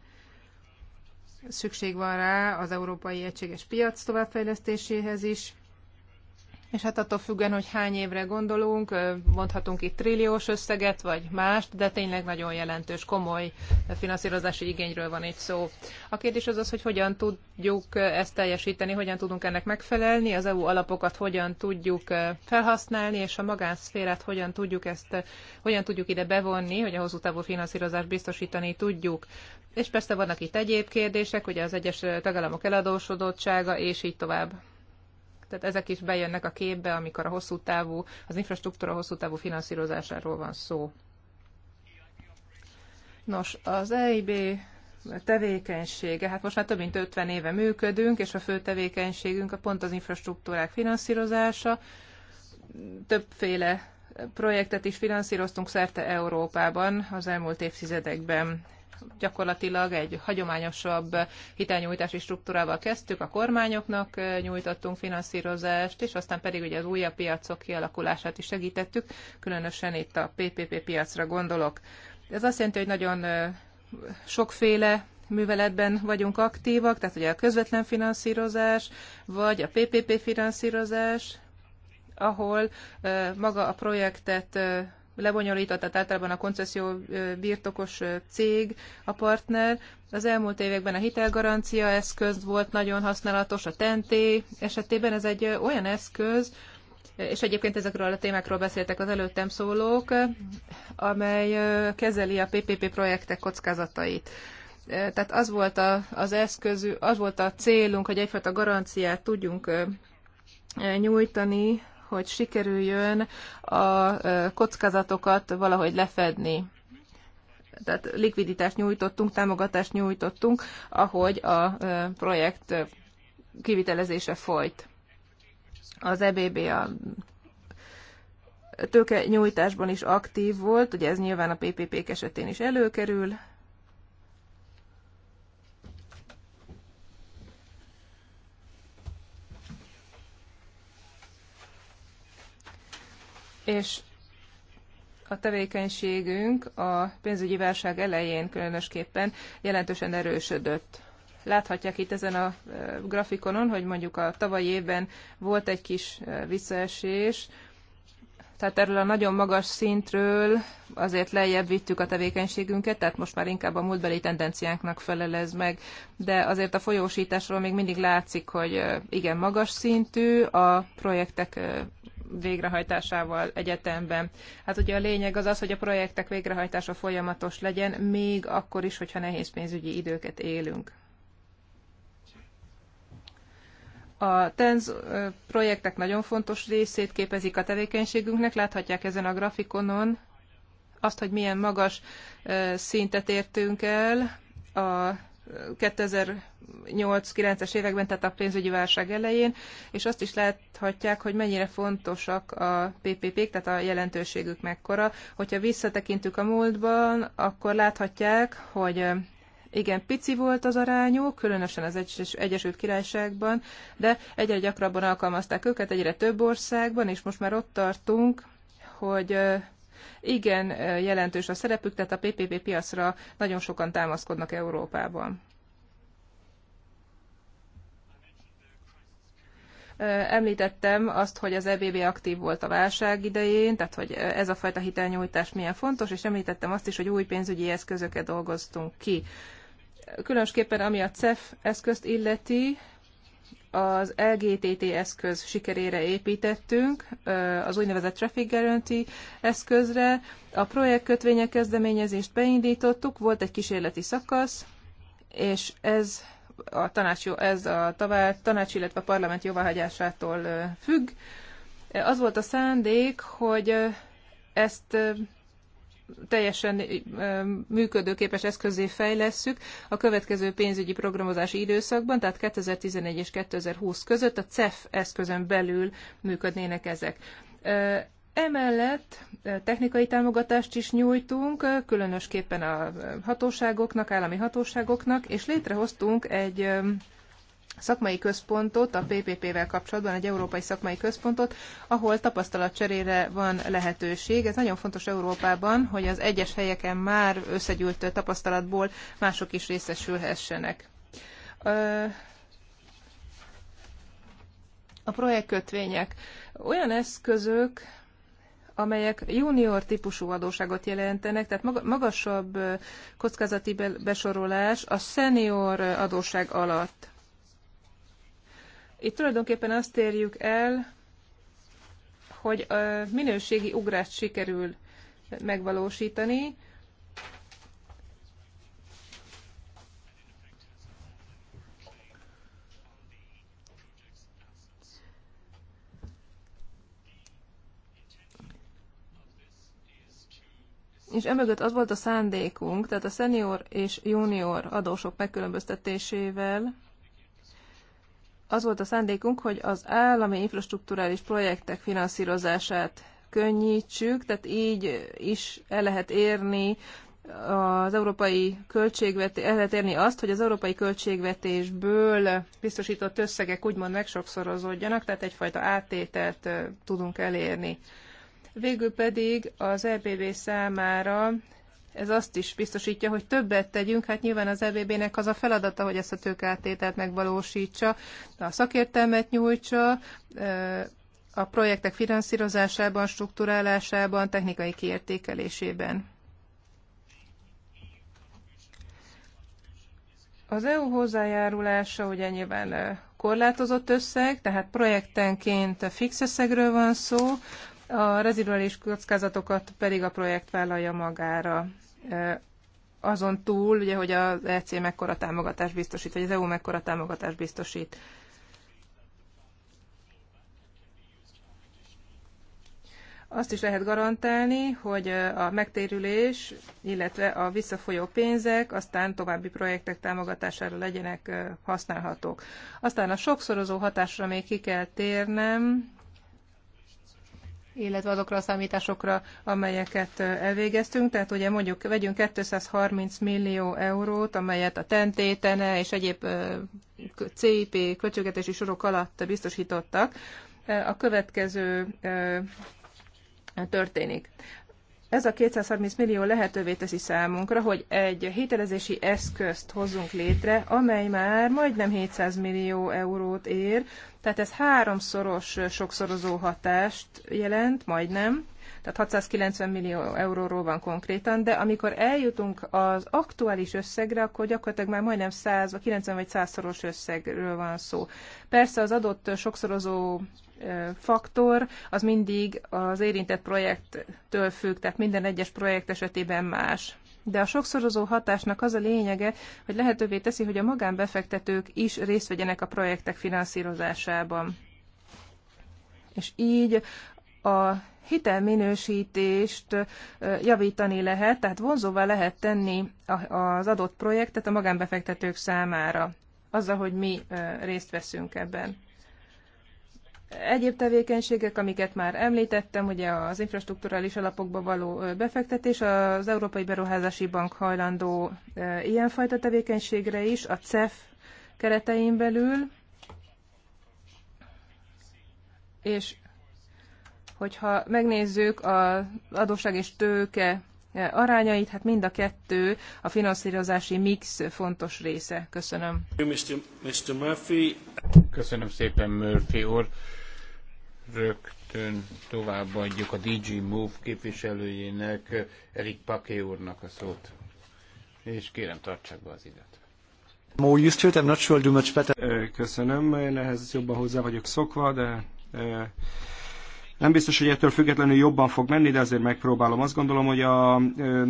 Szükség van rá az európai egységes piac továbbfejlesztéséhez is, és hát attól függően, hogy hány évre gondolunk, mondhatunk itt trilliós összeget, vagy mást, de tényleg nagyon jelentős, komoly finanszírozási igényről van itt szó. A kérdés az az, hogy hogyan tudjuk ezt teljesíteni, hogyan tudunk ennek megfelelni, az EU alapokat hogyan tudjuk felhasználni, és a magánszférát hogyan tudjuk ezt, hogyan tudjuk ide bevonni, hogy a hosszú távú finanszírozást biztosítani tudjuk. És persze vannak itt egyéb kérdések, ugye az egyes tagállamok eladósodottsága, és így tovább. Tehát ezek is bejönnek a képbe, amikor a hosszú távú, az infrastruktúra hosszú távú finanszírozásáról van szó. Nos, az EIB tevékenysége, hát most már több mint 50 éve működünk, és a fő tevékenységünk a pont az infrastruktúrák finanszírozása. Többféle projektet is finanszíroztunk szerte Európában az elmúlt évtizedekben gyakorlatilag egy hagyományosabb hitelnyújtási struktúrával kezdtük, a kormányoknak nyújtottunk finanszírozást, és aztán pedig ugye az újabb piacok kialakulását is segítettük, különösen itt a PPP piacra gondolok. Ez azt jelenti, hogy nagyon sokféle műveletben vagyunk aktívak, tehát ugye a közvetlen finanszírozás, vagy a PPP finanszírozás, ahol maga a projektet lebonyolított, tehát általában a koncesszió birtokos cég a partner. Az elmúlt években a hitelgarancia eszköz volt nagyon használatos, a TNT esetében ez egy olyan eszköz, és egyébként ezekről a témákról beszéltek az előttem szólók, amely kezeli a PPP projektek kockázatait. Tehát az volt a, az eszközű, az volt a célunk, hogy egyfajta garanciát tudjunk nyújtani hogy sikerüljön a kockázatokat valahogy lefedni tehát likviditást nyújtottunk, támogatást nyújtottunk, ahogy a projekt kivitelezése folyt. Az EBB a tőke nyújtásban is aktív volt, ugye ez nyilván a PPP-k esetén is előkerül, és a tevékenységünk a pénzügyi válság elején különösképpen jelentősen erősödött. Láthatják itt ezen a e, grafikonon, hogy mondjuk a tavalyi évben volt egy kis e, visszaesés, tehát erről a nagyon magas szintről azért lejjebb vittük a tevékenységünket, tehát most már inkább a múltbeli tendenciánknak felelez meg, de azért a folyósításról még mindig látszik, hogy e, igen, magas szintű, a projektek végrehajtásával egyetemben. Hát ugye a lényeg az az, hogy a projektek végrehajtása folyamatos legyen, még akkor is, hogyha nehéz pénzügyi időket élünk. A TENZ projektek nagyon fontos részét képezik a tevékenységünknek. Láthatják ezen a grafikonon azt, hogy milyen magas szintet értünk el a 2008-9-es években, tehát a pénzügyi válság elején, és azt is láthatják, hogy mennyire fontosak a PPP-k, tehát a jelentőségük mekkora. Hogyha visszatekintünk a múltban, akkor láthatják, hogy igen, pici volt az arányuk, különösen az Egyesült Királyságban, de egyre gyakrabban alkalmazták őket egyre több országban, és most már ott tartunk, hogy igen jelentős a szerepük, tehát a PPP piacra nagyon sokan támaszkodnak Európában. Említettem azt, hogy az EBB aktív volt a válság idején, tehát hogy ez a fajta hitelnyújtás milyen fontos, és említettem azt is, hogy új pénzügyi eszközöket dolgoztunk ki. Különösképpen ami a CEF eszközt illeti, az LGTT eszköz sikerére építettünk, az úgynevezett Traffic Guarantee eszközre. A kötvények kezdeményezést beindítottuk, volt egy kísérleti szakasz, és ez a tanács, ez a tanács, illetve a parlament jóváhagyásától függ. Az volt a szándék, hogy ezt teljesen működőképes eszközé fejlesszük a következő pénzügyi programozási időszakban, tehát 2011 és 2020 között a CEF eszközön belül működnének ezek. Emellett technikai támogatást is nyújtunk, különösképpen a hatóságoknak, állami hatóságoknak, és létrehoztunk egy szakmai központot, a PPP-vel kapcsolatban egy európai szakmai központot, ahol tapasztalatcserére van lehetőség. Ez nagyon fontos Európában, hogy az egyes helyeken már összegyűlt tapasztalatból mások is részesülhessenek. A projektkötvények olyan eszközök, amelyek junior típusú adóságot jelentenek, tehát magasabb kockázati besorolás a senior adóság alatt itt tulajdonképpen azt érjük el, hogy a minőségi ugrást sikerül megvalósítani, és emögött az volt a szándékunk, tehát a szenior és junior adósok megkülönböztetésével az volt a szándékunk, hogy az állami infrastruktúrális projektek finanszírozását könnyítsük, tehát így is el lehet érni az európai költségvetés, el lehet érni azt, hogy az európai költségvetésből biztosított összegek úgymond megsokszorozódjanak, tehát egyfajta áttételt tudunk elérni. Végül pedig az EBB számára ez azt is biztosítja, hogy többet tegyünk. Hát nyilván az EBB-nek az a feladata, hogy ezt a tőkátételt megvalósítsa, a szakértelmet nyújtsa, a projektek finanszírozásában, strukturálásában, technikai kiértékelésében. Az EU hozzájárulása ugye nyilván korlátozott összeg, tehát projektenként fix összegről van szó, a rezidualis kockázatokat pedig a projekt vállalja magára. Azon túl, ugye, hogy az EC mekkora támogatást biztosít, vagy az EU mekkora támogatást biztosít. Azt is lehet garantálni, hogy a megtérülés, illetve a visszafolyó pénzek aztán további projektek támogatására legyenek használhatók. Aztán a sokszorozó hatásra még ki kell térnem, illetve azokra a számításokra, amelyeket elvégeztünk. Tehát ugye mondjuk vegyünk 230 millió eurót, amelyet a tentétene és egyéb CIP költségvetési sorok alatt biztosítottak. A következő történik. Ez a 230 millió lehetővé teszi számunkra, hogy egy hitelezési eszközt hozzunk létre, amely már majdnem 700 millió eurót ér, tehát ez háromszoros sokszorozó hatást jelent, majdnem, tehát 690 millió euróról van konkrétan, de amikor eljutunk az aktuális összegre, akkor gyakorlatilag már majdnem 100, 90 vagy 100-szoros összegről van szó. Persze az adott sokszorozó faktor az mindig az érintett projekttől függ, tehát minden egyes projekt esetében más de a sokszorozó hatásnak az a lényege, hogy lehetővé teszi, hogy a magánbefektetők is részt vegyenek a projektek finanszírozásában. És így a hitelminősítést javítani lehet, tehát vonzóvá lehet tenni az adott projektet a magánbefektetők számára, azzal, hogy mi részt veszünk ebben egyéb tevékenységek, amiket már említettem, ugye az infrastruktúrális alapokba való befektetés, az Európai Beruházási Bank hajlandó ilyenfajta tevékenységre is, a CEF keretein belül, és hogyha megnézzük az adósság és tőke arányait, hát mind a kettő a finanszírozási mix fontos része. Köszönöm. Mr. Murphy. Köszönöm szépen, Murphy úr rögtön továbbadjuk a DG Move képviselőjének, Erik Paké úrnak a szót. És kérem, tartsák be az időt. More used to it, I'm not sure I'll do much better. Köszönöm, én ehhez jobban hozzá vagyok szokva, de nem biztos, hogy ettől függetlenül jobban fog menni, de azért megpróbálom. Azt gondolom, hogy a,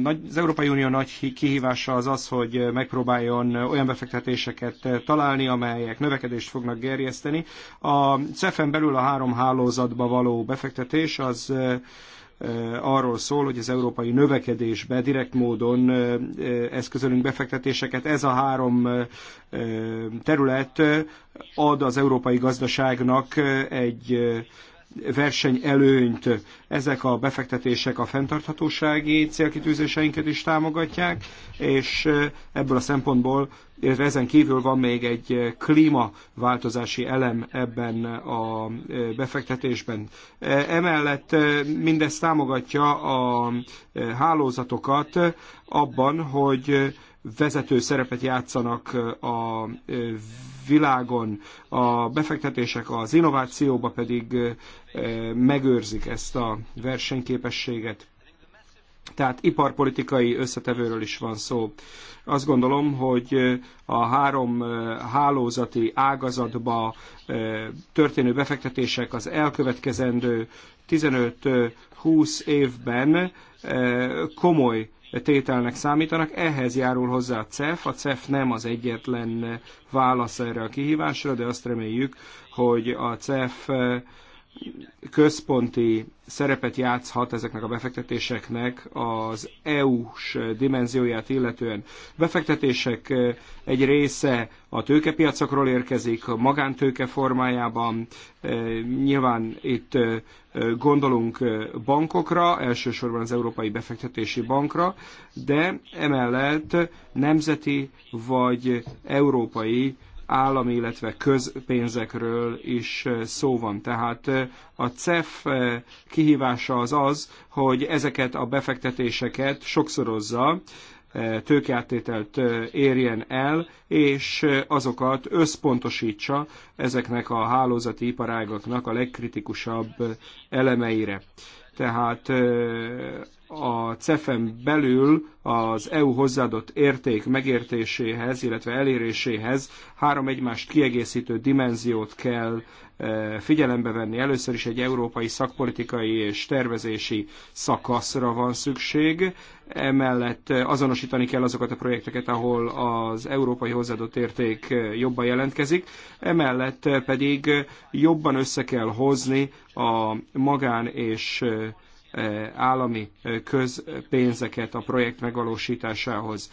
az Európai Unió nagy kihívása az az, hogy megpróbáljon olyan befektetéseket találni, amelyek növekedést fognak gerjeszteni. A CEF-en belül a három hálózatba való befektetés az arról szól, hogy az európai növekedésbe direkt módon eszközölünk befektetéseket. Ez a három terület ad az európai gazdaságnak egy versenyelőnyt. Ezek a befektetések a fenntarthatósági célkitűzéseinket is támogatják, és ebből a szempontból, illetve ezen kívül van még egy klímaváltozási elem ebben a befektetésben. E, emellett mindezt támogatja a hálózatokat abban, hogy vezető szerepet játszanak a világon, a befektetések az innovációba pedig megőrzik ezt a versenyképességet. Tehát iparpolitikai összetevőről is van szó. Azt gondolom, hogy a három hálózati ágazatba történő befektetések az elkövetkezendő 15-20 évben komoly tételnek számítanak. Ehhez járul hozzá a CEF. A CEF nem az egyetlen válasz erre a kihívásra, de azt reméljük, hogy a CEF központi szerepet játszhat ezeknek a befektetéseknek az EU-s dimenzióját illetően. Befektetések eh, egy része a tőkepiacokról érkezik, a magántőke formájában. Eh, nyilván itt eh, gondolunk bankokra, elsősorban az Európai Befektetési Bankra, de emellett nemzeti vagy európai állami, illetve közpénzekről is eh, szó van. Tehát eh, a CEF eh, kihívása az az, hogy ezeket a befektetéseket sokszorozza, tőkeáttételt érjen el, és azokat összpontosítsa ezeknek a hálózati iparágoknak a legkritikusabb elemeire. Tehát a CEFEN belül az EU hozzáadott érték megértéséhez, illetve eléréséhez három egymást kiegészítő dimenziót kell e, figyelembe venni. Először is egy európai szakpolitikai és tervezési szakaszra van szükség, emellett azonosítani kell azokat a projekteket, ahol az európai hozzáadott érték jobban jelentkezik, emellett pedig jobban össze kell hozni a magán és állami közpénzeket a projekt megvalósításához.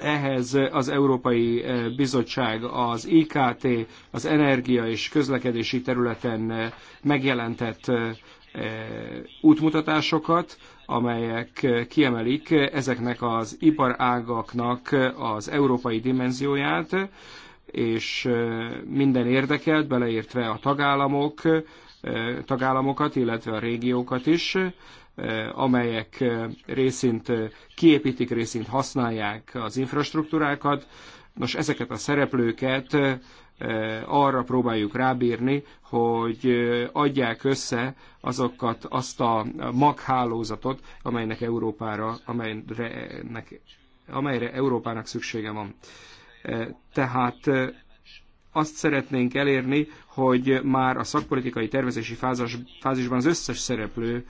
Ehhez az Európai Bizottság az IKT, az energia és közlekedési területen megjelentett útmutatásokat, amelyek kiemelik ezeknek az iparágaknak az európai dimenzióját, és minden érdekelt, beleértve a tagállamok, tagállamokat, illetve a régiókat is, amelyek részint kiépítik, részint használják az infrastruktúrákat. Nos, ezeket a szereplőket arra próbáljuk rábírni, hogy adják össze azokat, azt a maghálózatot, amelynek Európára, amelynek, amelyre Európának szüksége van. Tehát azt szeretnénk elérni, hogy már a szakpolitikai tervezési fázas, fázisban az összes szereplő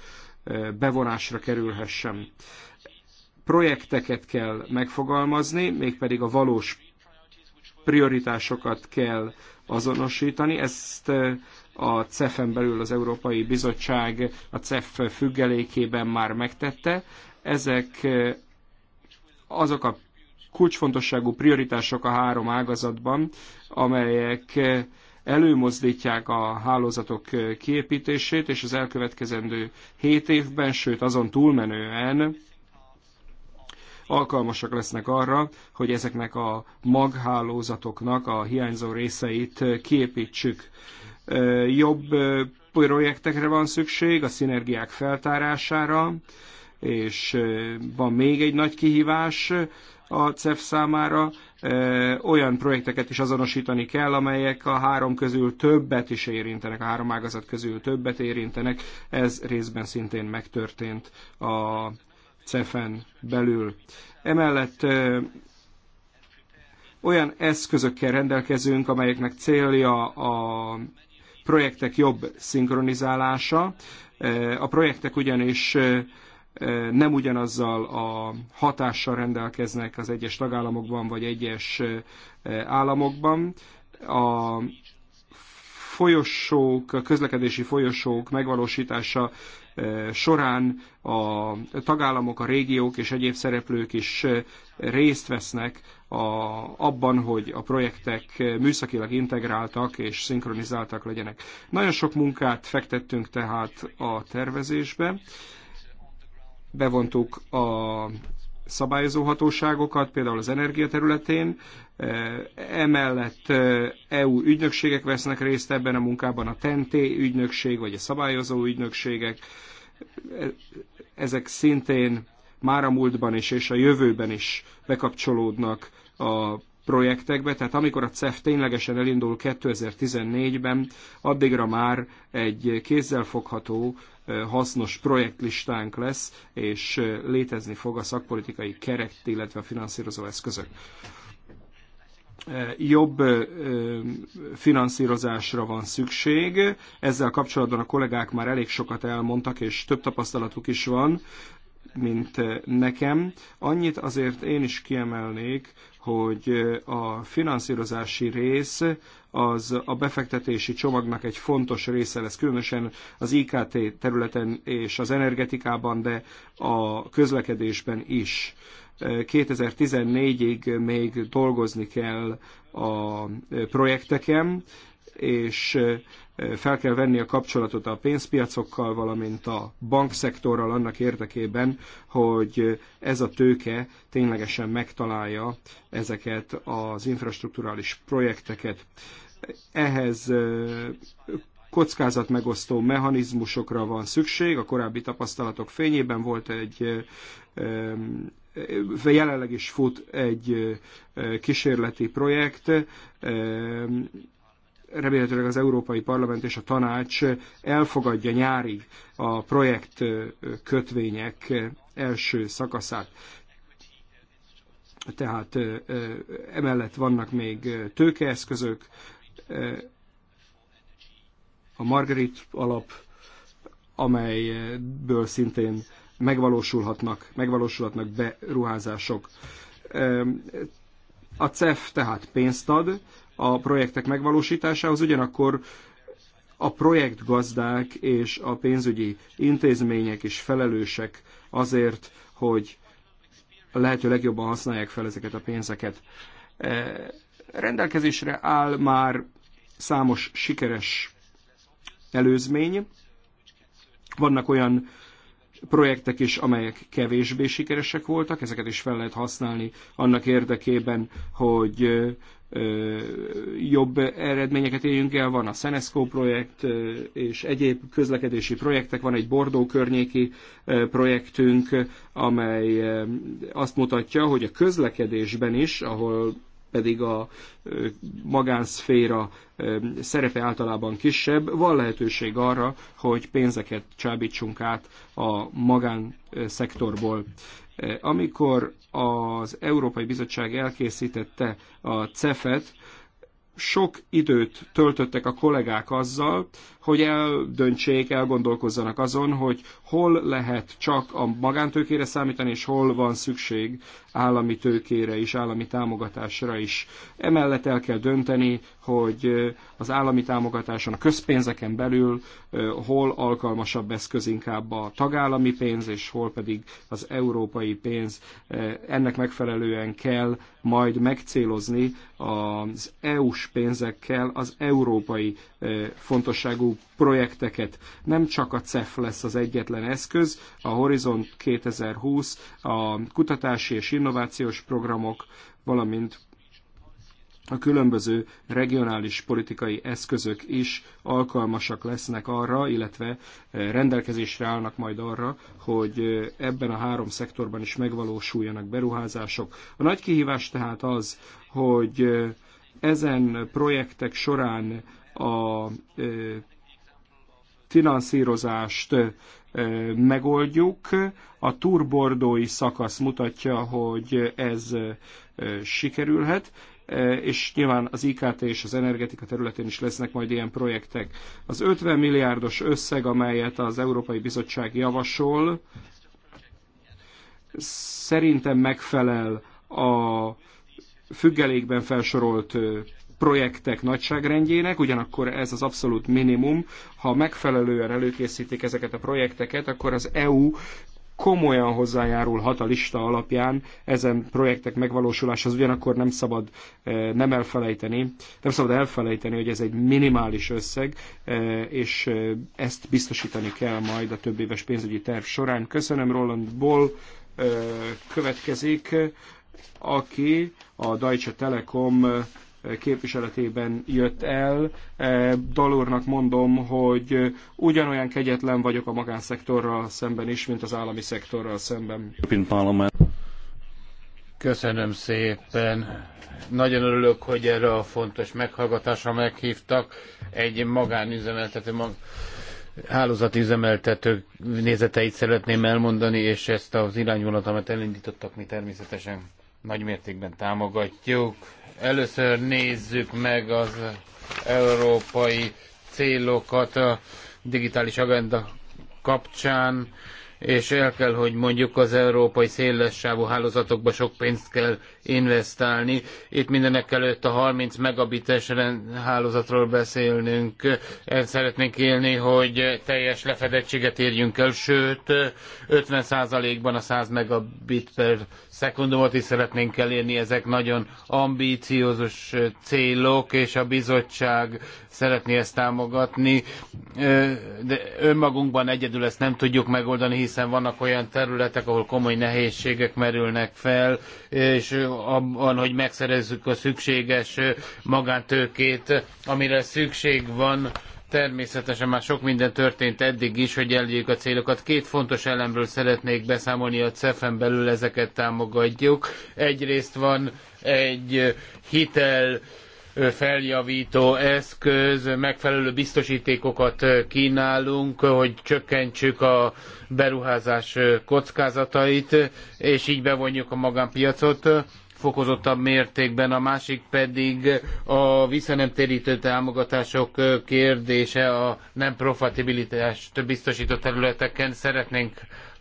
bevonásra kerülhessen. Projekteket kell megfogalmazni, mégpedig a valós prioritásokat kell azonosítani. Ezt a cef belül az Európai Bizottság a CEF függelékében már megtette. Ezek azok a kulcsfontosságú prioritások a három ágazatban, amelyek előmozdítják a hálózatok kiépítését, és az elkövetkezendő hét évben, sőt azon túlmenően alkalmasak lesznek arra, hogy ezeknek a maghálózatoknak a hiányzó részeit kiépítsük. Jobb projektekre van szükség, a szinergiák feltárására, és van még egy nagy kihívás, a CEF számára, olyan projekteket is azonosítani kell, amelyek a három közül többet is érintenek, a három ágazat közül többet érintenek. Ez részben szintén megtörtént a CEF-en belül. Emellett olyan eszközökkel rendelkezünk, amelyeknek célja a projektek jobb szinkronizálása. A projektek ugyanis nem ugyanazzal a hatással rendelkeznek az egyes tagállamokban vagy egyes államokban. A folyosók, a közlekedési folyosók megvalósítása során a tagállamok, a régiók és egyéb szereplők is részt vesznek a, abban, hogy a projektek műszakilag integráltak és szinkronizáltak legyenek. Nagyon sok munkát fektettünk tehát a tervezésbe bevontuk a szabályozó hatóságokat, például az energia területén. Eh, emellett eh, EU ügynökségek vesznek részt ebben a munkában, a TNT e ügynökség, vagy a szabályozó ügynökségek. Eh, ezek szintén már a múltban is, és a jövőben is bekapcsolódnak a projektekbe, tehát amikor a CEF ténylegesen elindul 2014-ben, addigra már egy kézzelfogható hasznos projektlistánk lesz, és létezni fog a szakpolitikai keret, illetve a finanszírozó eszközök jobb finanszírozásra van szükség. Ezzel kapcsolatban a kollégák már elég sokat elmondtak, és több tapasztalatuk is van mint eh, nekem. Annyit azért én is kiemelnék, hogy eh, a finanszírozási rész az a befektetési csomagnak egy fontos része lesz, különösen az IKT területen és az energetikában, de a közlekedésben is. 2014-ig eh, még dolgozni kell a projekteken, és fel kell venni a kapcsolatot a pénzpiacokkal, valamint a bankszektorral annak érdekében, hogy ez a tőke ténylegesen megtalálja ezeket az infrastruktúrális projekteket. Ehhez kockázatmegosztó mechanizmusokra van szükség. A korábbi tapasztalatok fényében volt egy jelenleg is fut egy kísérleti projekt, remélhetőleg az Európai Parlament és a Tanács elfogadja nyárig a projekt kötvények első szakaszát. Tehát emellett vannak még tőkeeszközök, a Margarit alap, amelyből szintén megvalósulhatnak, megvalósulhatnak beruházások. A CEF tehát pénzt ad, a projektek megvalósításához, ugyanakkor a projektgazdák és a pénzügyi intézmények is felelősek azért, hogy lehető legjobban használják fel ezeket a pénzeket. E, rendelkezésre áll már számos sikeres előzmény. Vannak olyan projektek is, amelyek kevésbé sikeresek voltak, ezeket is fel lehet használni annak érdekében, hogy jobb eredményeket éljünk el. Van a Szenesco projekt és egyéb közlekedési projektek, van egy Bordó környéki projektünk, amely azt mutatja, hogy a közlekedésben is, ahol pedig a magánszféra szerepe általában kisebb, van lehetőség arra, hogy pénzeket csábítsunk át a magánszektorból. Amikor az Európai Bizottság elkészítette a CEFET, sok időt töltöttek a kollégák azzal, hogy eldöntsék, elgondolkozzanak azon, hogy hol lehet csak a magántőkére számítani, és hol van szükség állami tőkére is, állami támogatásra is. Emellett el kell dönteni, hogy az állami támogatáson, a közpénzeken belül hol alkalmasabb eszköz inkább a tagállami pénz, és hol pedig az európai pénz. Ennek megfelelően kell majd megcélozni az EU-s pénzekkel az európai eh, fontosságú projekteket. Nem csak a CEF lesz az egyetlen eszköz, a Horizon 2020, a kutatási és innovációs programok, valamint a különböző regionális politikai eszközök is alkalmasak lesznek arra, illetve eh, rendelkezésre állnak majd arra, hogy eh, ebben a három szektorban is megvalósuljanak beruházások. A nagy kihívás tehát az, hogy eh, ezen projektek során a finanszírozást megoldjuk. A turbordói szakasz mutatja, hogy ez sikerülhet, és nyilván az IKT és az energetika területén is lesznek majd ilyen projektek. Az 50 milliárdos összeg, amelyet az Európai Bizottság javasol, szerintem megfelel a függelékben felsorolt projektek nagyságrendjének, ugyanakkor ez az abszolút minimum. Ha megfelelően előkészítik ezeket a projekteket, akkor az EU komolyan hozzájárulhat a lista alapján ezen projektek megvalósuláshoz, ugyanakkor nem szabad eh, nem elfelejteni, nem szabad elfelejteni, hogy ez egy minimális összeg, eh, és eh, ezt biztosítani kell majd a több éves pénzügyi terv során. Köszönöm Roland Boll, következik, aki a Deutsche Telekom képviseletében jött el. E, Dalurnak mondom, hogy ugyanolyan kegyetlen vagyok a magánszektorral szemben is, mint az állami szektorral szemben. Köszönöm szépen. Nagyon örülök, hogy erre a fontos meghallgatásra meghívtak. Egy magánüzemeltető, mag hálózati üzemeltető nézeteit szeretném elmondani, és ezt az irányvonalat, amit elindítottak mi természetesen nagy mértékben támogatjuk. Először nézzük meg az európai célokat a digitális agenda kapcsán és el kell, hogy mondjuk az európai szélessávú hálózatokba sok pénzt kell investálni. Itt mindenek előtt a 30 megabites hálózatról beszélnünk. El szeretnénk élni, hogy teljes lefedettséget érjünk el, sőt 50%-ban a 100 megabit per szekundumot is szeretnénk elérni. Ezek nagyon ambíciózus célok, és a bizottság szeretné ezt támogatni, de önmagunkban egyedül ezt nem tudjuk megoldani, hiszen vannak olyan területek, ahol komoly nehézségek merülnek fel, és abban, hogy megszerezzük a szükséges magántőkét, amire szükség van, Természetesen már sok minden történt eddig is, hogy elérjük a célokat. Két fontos elemről szeretnék beszámolni a CEF-en belül, ezeket támogatjuk. Egyrészt van egy hitel feljavító eszköz, megfelelő biztosítékokat kínálunk, hogy csökkentsük a beruházás kockázatait, és így bevonjuk a magánpiacot fokozottabb mértékben, a másik pedig a visszanemtérítő támogatások kérdése a nem profitabilitást biztosító területeken. Szeretnénk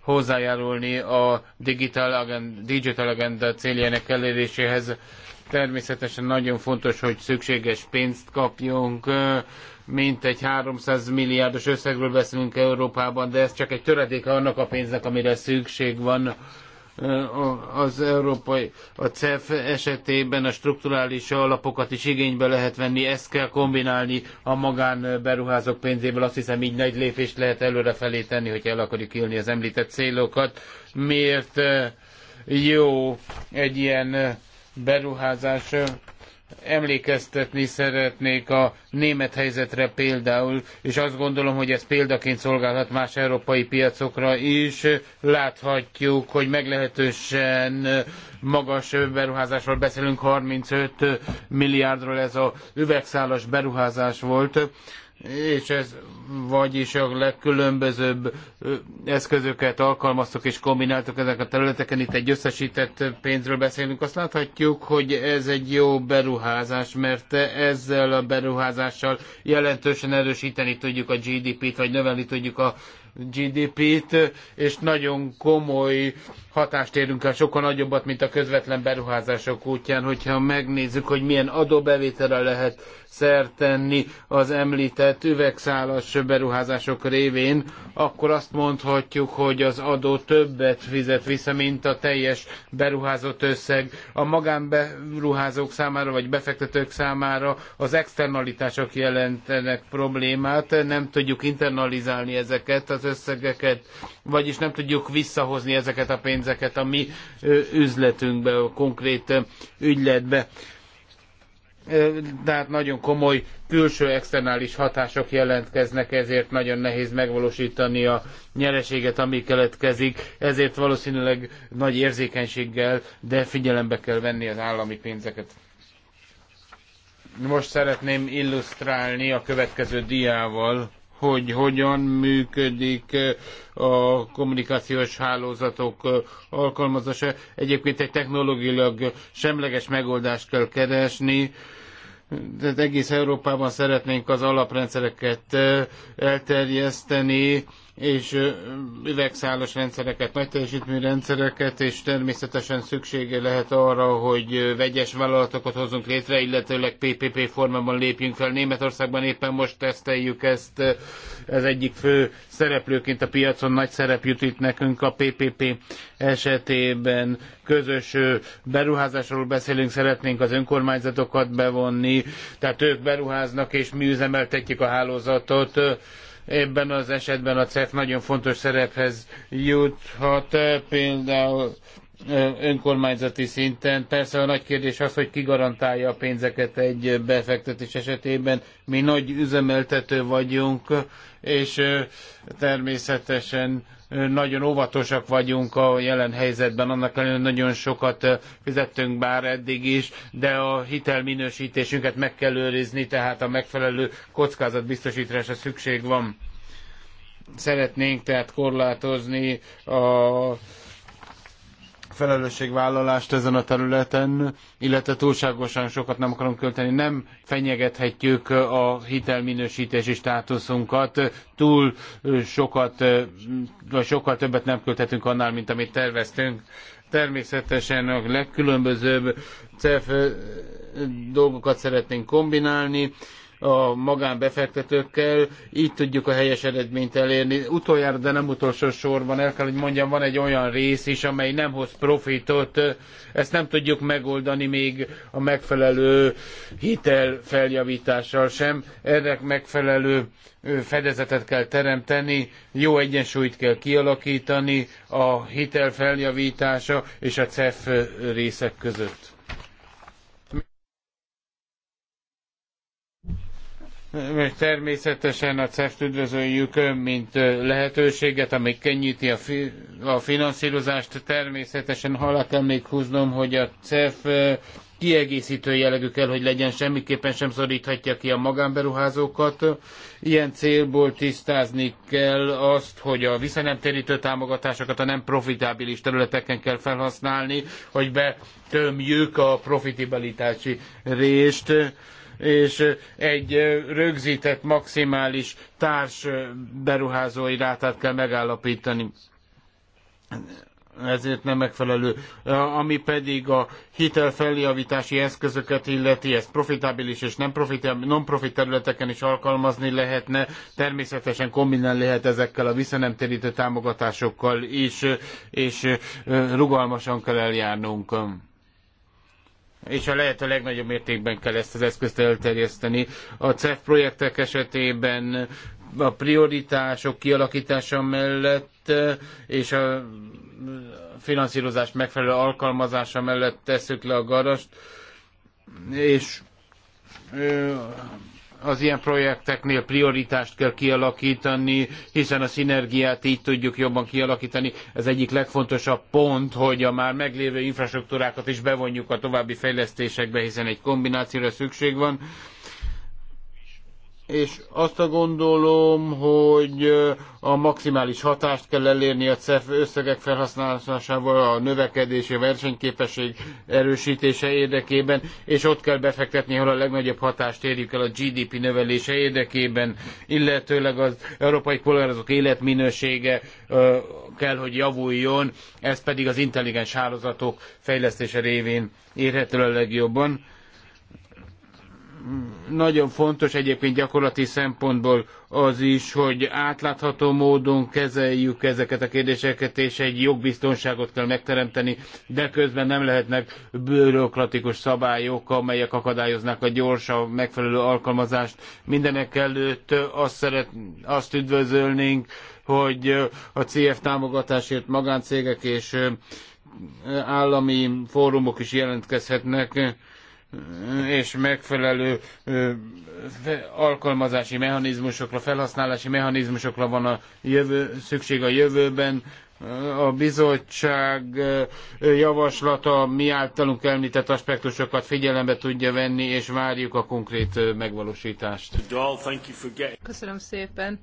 hozzájárulni a digital agenda, digital agenda céljának eléréséhez. Természetesen nagyon fontos, hogy szükséges pénzt kapjunk, mint egy 300 milliárdos összegről beszélünk Európában, de ez csak egy töredéke annak a pénznek, amire szükség van az európai, a CEF esetében a strukturális alapokat is igénybe lehet venni, ezt kell kombinálni a magánberuházók pénzével, azt hiszem így nagy lépést lehet előrefelé tenni, hogy el akarjuk élni az említett célokat. Miért jó egy ilyen beruházás emlékeztetni szeretnék a német helyzetre például, és azt gondolom, hogy ez példaként szolgálhat más európai piacokra is. Láthatjuk, hogy meglehetősen magas beruházásról beszélünk, 35 milliárdról ez a üvegszálas beruházás volt és ez vagyis a legkülönbözőbb eszközöket alkalmaztok és kombináltok ezek a területeken, itt egy összesített pénzről beszélünk, azt láthatjuk, hogy ez egy jó beruházás, mert ezzel a beruházással jelentősen erősíteni tudjuk a GDP-t, vagy növelni tudjuk a GDP-t, és nagyon komoly hatást érünk el, sokkal nagyobbat, mint a közvetlen beruházások útján, hogyha megnézzük, hogy milyen adóbevételre lehet szertenni az említett üvegszálas beruházások révén, akkor azt mondhatjuk, hogy az adó többet fizet vissza, mint a teljes beruházott összeg. A magánberuházók számára, vagy befektetők számára az externalitások jelentenek problémát, nem tudjuk internalizálni ezeket az összegeket, vagyis nem tudjuk visszahozni ezeket a pénzeket a mi üzletünkbe, a konkrét ügyletbe. Tehát nagyon komoly külső externális hatások jelentkeznek, ezért nagyon nehéz megvalósítani a nyereséget, ami keletkezik, ezért valószínűleg nagy érzékenységgel, de figyelembe kell venni az állami pénzeket. Most szeretném illusztrálni a következő diával hogy hogyan működik eh, a kommunikációs hálózatok eh, alkalmazása. Egyébként egy technológilag semleges megoldást kell keresni, tehát egész Európában szeretnénk az alaprendszereket eh, elterjeszteni, és üvegszálas rendszereket, nagy teljesítmű rendszereket, és természetesen szüksége lehet arra, hogy vegyes vállalatokat hozzunk létre, illetőleg PPP formában lépjünk fel. Németországban éppen most teszteljük ezt, ez egyik fő szereplőként a piacon nagy szerep jut itt nekünk a PPP esetében. Közös beruházásról beszélünk, szeretnénk az önkormányzatokat bevonni, tehát ők beruháznak és mi üzemeltetjük a hálózatot Ebben az esetben a CEF nagyon fontos szerephez juthat, eh, például eh, önkormányzati szinten. Persze a nagy kérdés az, hogy ki garantálja a pénzeket egy befektetés esetében. Mi nagy üzemeltető vagyunk, és eh, természetesen nagyon óvatosak vagyunk a jelen helyzetben, annak ellenére nagyon sokat fizettünk bár eddig is, de a hitelminősítésünket meg kell őrizni, tehát a megfelelő kockázatbiztosításra szükség van szeretnénk tehát korlátozni a felelősségvállalást ezen a területen, illetve túlságosan sokat nem akarunk költeni. Nem fenyegethetjük a hitelminősítési státuszunkat, túl sokat, vagy sokkal többet nem költhetünk annál, mint amit terveztünk. Természetesen a legkülönbözőbb CEF dolgokat szeretnénk kombinálni, a magánbefektetőkkel, így tudjuk a helyes eredményt elérni. Utoljára, de nem utolsó sorban el kell, hogy mondjam, van egy olyan rész is, amely nem hoz profitot, ezt nem tudjuk megoldani még a megfelelő hitel feljavítással sem. Erre megfelelő fedezetet kell teremteni, jó egyensúlyt kell kialakítani a hitel feljavítása és a CEF részek között. Természetesen a CEF-t üdvözöljük, mint lehetőséget, ami könnyíti a, fi- a finanszírozást. Természetesen halak még húznom, hogy a CEF kiegészítő jellegű kell, hogy legyen, semmiképpen sem szoríthatja ki a magánberuházókat. Ilyen célból tisztázni kell azt, hogy a visszanemtérítő támogatásokat a nem profitábilis területeken kell felhasználni, hogy betömjük a profitabilitási részt és egy rögzített maximális társ beruházói rátát kell megállapítani ezért nem megfelelő. Ami pedig a hitelfeljavítási eszközöket illeti, ez profitabilis és nem profit, non-profit területeken is alkalmazni lehetne, természetesen kombinálni lehet ezekkel a visszanemtérítő támogatásokkal is, és rugalmasan kell eljárnunk és a lehető legnagyobb mértékben kell ezt az eszközt elterjeszteni. A CEF projektek esetében a prioritások kialakítása mellett és a finanszírozás megfelelő alkalmazása mellett tesszük le a garast, és az ilyen projekteknél prioritást kell kialakítani, hiszen a szinergiát így tudjuk jobban kialakítani. Ez egyik legfontosabb pont, hogy a már meglévő infrastruktúrákat is bevonjuk a további fejlesztésekbe, hiszen egy kombinációra szükség van és azt a gondolom, hogy a maximális hatást kell elérni a CEF összegek felhasználásával, a növekedési a versenyképesség erősítése érdekében, és ott kell befektetni, ahol a legnagyobb hatást érjük el a GDP növelése érdekében, illetőleg az európai polgározók életminősége kell, hogy javuljon, ez pedig az intelligens hálózatok fejlesztése révén érhető a legjobban nagyon fontos egyébként gyakorlati szempontból az is, hogy átlátható módon kezeljük ezeket a kérdéseket, és egy jogbiztonságot kell megteremteni, de közben nem lehetnek bürokratikus szabályok, amelyek akadályoznak a gyors, a megfelelő alkalmazást. Mindenek előtt azt, szeret, azt üdvözölnénk, hogy a CF támogatásért magáncégek és állami fórumok is jelentkezhetnek és megfelelő alkalmazási mechanizmusokra, felhasználási mechanizmusokra van a jövő, szükség a jövőben. A bizottság javaslata mi általunk említett aspektusokat figyelembe tudja venni, és várjuk a konkrét megvalósítást. Köszönöm szépen.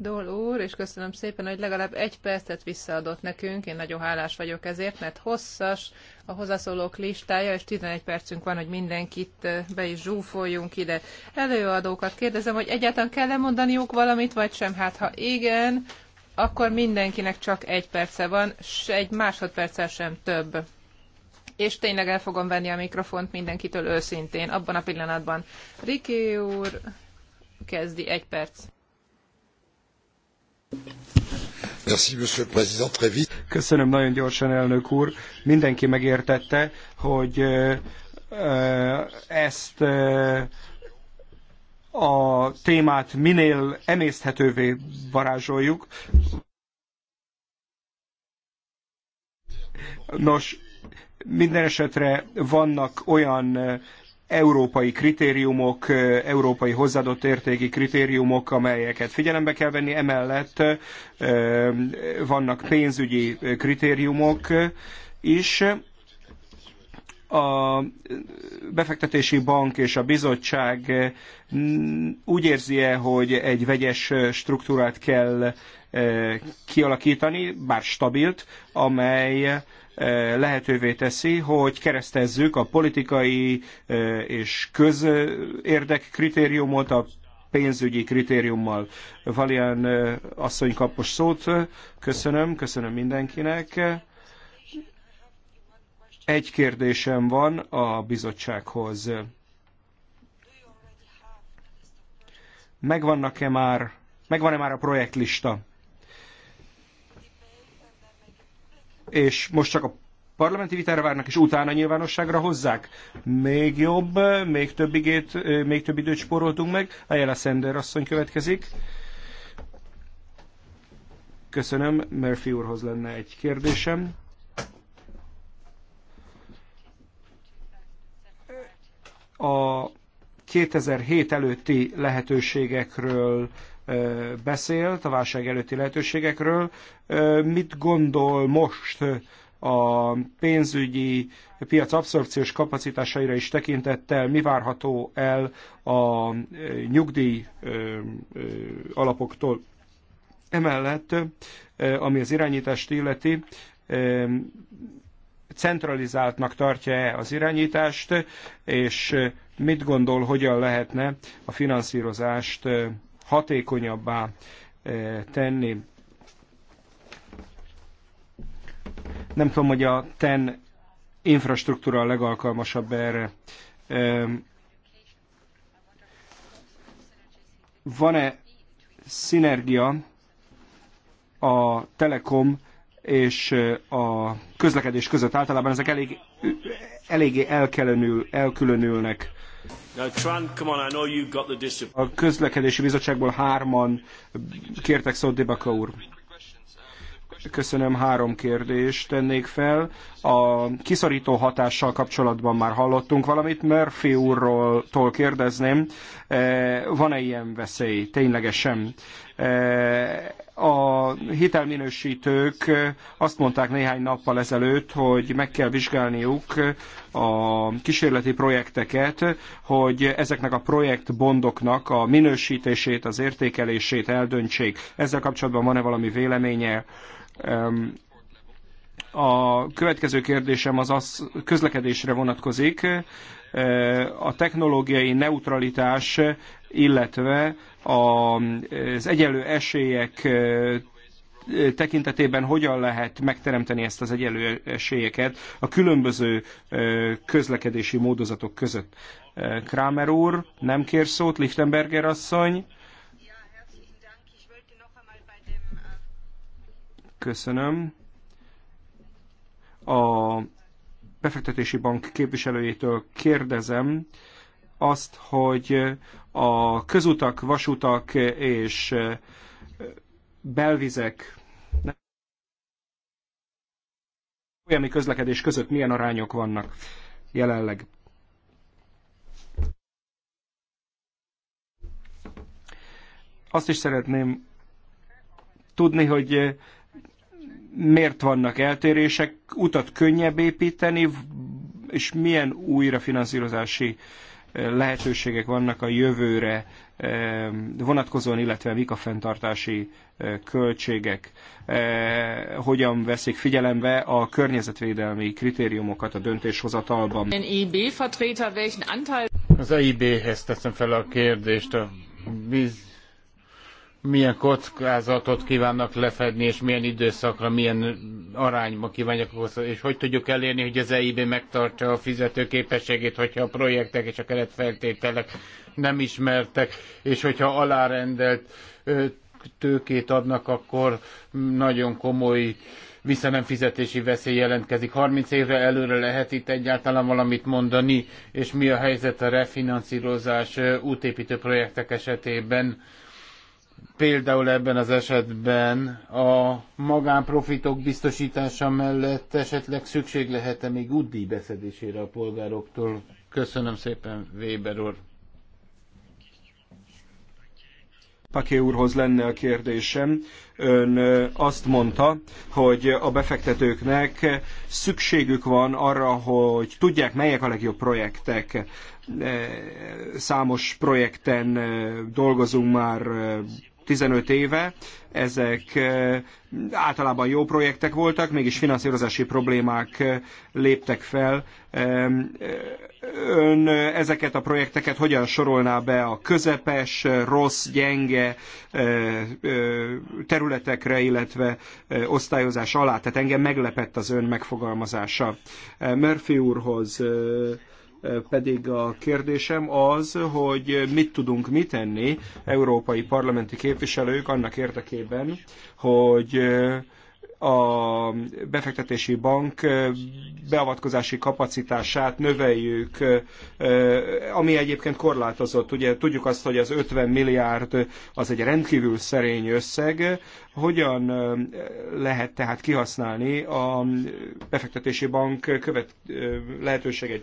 Dol úr, és köszönöm szépen, hogy legalább egy percet visszaadott nekünk. Én nagyon hálás vagyok ezért, mert hosszas a hozzászólók listája, és 11 percünk van, hogy mindenkit eh, be is zsúfoljunk ide. Előadókat kérdezem, hogy egyáltalán kell-e mondaniuk valamit, vagy sem? Hát ha igen, akkor mindenkinek csak egy perce van, s egy másodperccel sem több. És tényleg el fogom venni a mikrofont mindenkitől őszintén, abban a pillanatban. Riki úr kezdi, egy perc. Köszönöm nagyon gyorsan, elnök úr. Mindenki megértette, hogy ezt a témát minél emészthetővé varázsoljuk. Nos, minden esetre vannak olyan európai kritériumok, európai hozzáadott értéki kritériumok, amelyeket figyelembe kell venni, emellett vannak pénzügyi kritériumok is, a befektetési bank és a bizottság úgy érzi-e, hogy egy vegyes struktúrát kell kialakítani, bár stabilt, amely lehetővé teszi, hogy keresztezzük a politikai és közérdek kritériumot a pénzügyi kritériummal. Valian asszony kap most szót. Köszönöm, köszönöm mindenkinek. Egy kérdésem van a bizottsághoz. Megvannak-e már, megvan-e már a projektlista? és most csak a parlamenti vitára várnak, és utána nyilvánosságra hozzák. Még jobb, még több, igét, még több időt spóroltunk meg. Ayala Sender asszony következik. Köszönöm, Murphy úrhoz lenne egy kérdésem. A 2007 előtti lehetőségekről beszélt a válság előtti lehetőségekről. Mit gondol most a pénzügyi piac abszorpciós kapacitásaira is tekintettel mi várható el a nyugdíj alapoktól? Emellett, ami az irányítást illeti, centralizáltnak tartja-e az irányítást, és mit gondol, hogyan lehetne a finanszírozást hatékonyabbá eh, tenni. Nem tudom, hogy a TEN infrastruktúra a legalkalmasabb erre. Van-e szinergia a Telekom és eh, a közlekedés között általában ezek elég, eléggé elkülönülnek. A közlekedési bizottságból hárman kértek szót, Debaka úr. Köszönöm, három kérdést tennék fel. A kiszorító hatással kapcsolatban már hallottunk valamit, Murphy úrról kérdezném. Eh, van-e ilyen veszély? Ténylegesen. Eh, a hitelminősítők eh, azt mondták néhány nappal ezelőtt, hogy meg kell vizsgálniuk a kísérleti projekteket, hogy ezeknek a projektbondoknak a minősítését, az értékelését eldöntsék. Ezzel kapcsolatban van-e valami véleménye? A következő kérdésem az az közlekedésre vonatkozik. Eh, a technológiai neutralitás, illetve az egyenlő esélyek eh, tekintetében hogyan lehet megteremteni ezt az egyenlő esélyeket a különböző eh, közlekedési módozatok között. Kramer úr, nem kér szót, Lichtenberger asszony. Köszönöm. A befektetési bank képviselőjétől kérdezem azt, hogy a közutak, vasutak és belvizek folyami közlekedés között milyen arányok vannak jelenleg. Azt is szeretném tudni, hogy miért vannak eltérések, utat könnyebb építeni, és milyen újrafinanszírozási eh, lehetőségek vannak a jövőre eh, vonatkozóan, illetve mik a fenntartási eh, költségek, hogyan veszik figyelembe a környezetvédelmi kritériumokat a döntéshozatalban. E Az EIB-hez teszem fel a kérdést, a biz milyen kockázatot kívánnak lefedni, és milyen időszakra, milyen arányba kívánják, és hogy tudjuk elérni, hogy az EIB megtartsa a fizetőképességét, hogyha a projektek és a keretfeltételek nem ismertek, és hogyha alárendelt tőkét adnak, akkor nagyon komoly vissza fizetési veszély jelentkezik. 30 évre előre lehet itt egyáltalán valamit mondani, és mi a helyzet a refinanszírozás útépítő projektek esetében például ebben az esetben a magánprofitok biztosítása mellett esetleg szükség lehet-e még útdíj beszedésére a polgároktól? Köszönöm szépen, Weber úr. Paké úrhoz lenne a kérdésem. Ön azt mondta, hogy a befektetőknek szükségük van arra, hogy tudják, melyek a legjobb projektek. Számos projekten dolgozunk már 15 éve. Ezek eh, általában jó projektek voltak, mégis finanszírozási problémák eh, léptek fel. Eh, ön ezeket a projekteket hogyan sorolná be a közepes, rossz, gyenge területekre, illetve osztályozás alá? Tehát engem meglepett az ön megfogalmazása. Murphy úrhoz pedig a kérdésem az, hogy mit tudunk mi tenni, európai parlamenti képviselők annak érdekében, hogy a befektetési bank beavatkozási kapacitását növeljük, ami egyébként korlátozott. Ugye tudjuk azt, hogy az 50 milliárd az egy rendkívül szerény összeg. Hogyan lehet tehát kihasználni a befektetési bank követ lehetőségeit?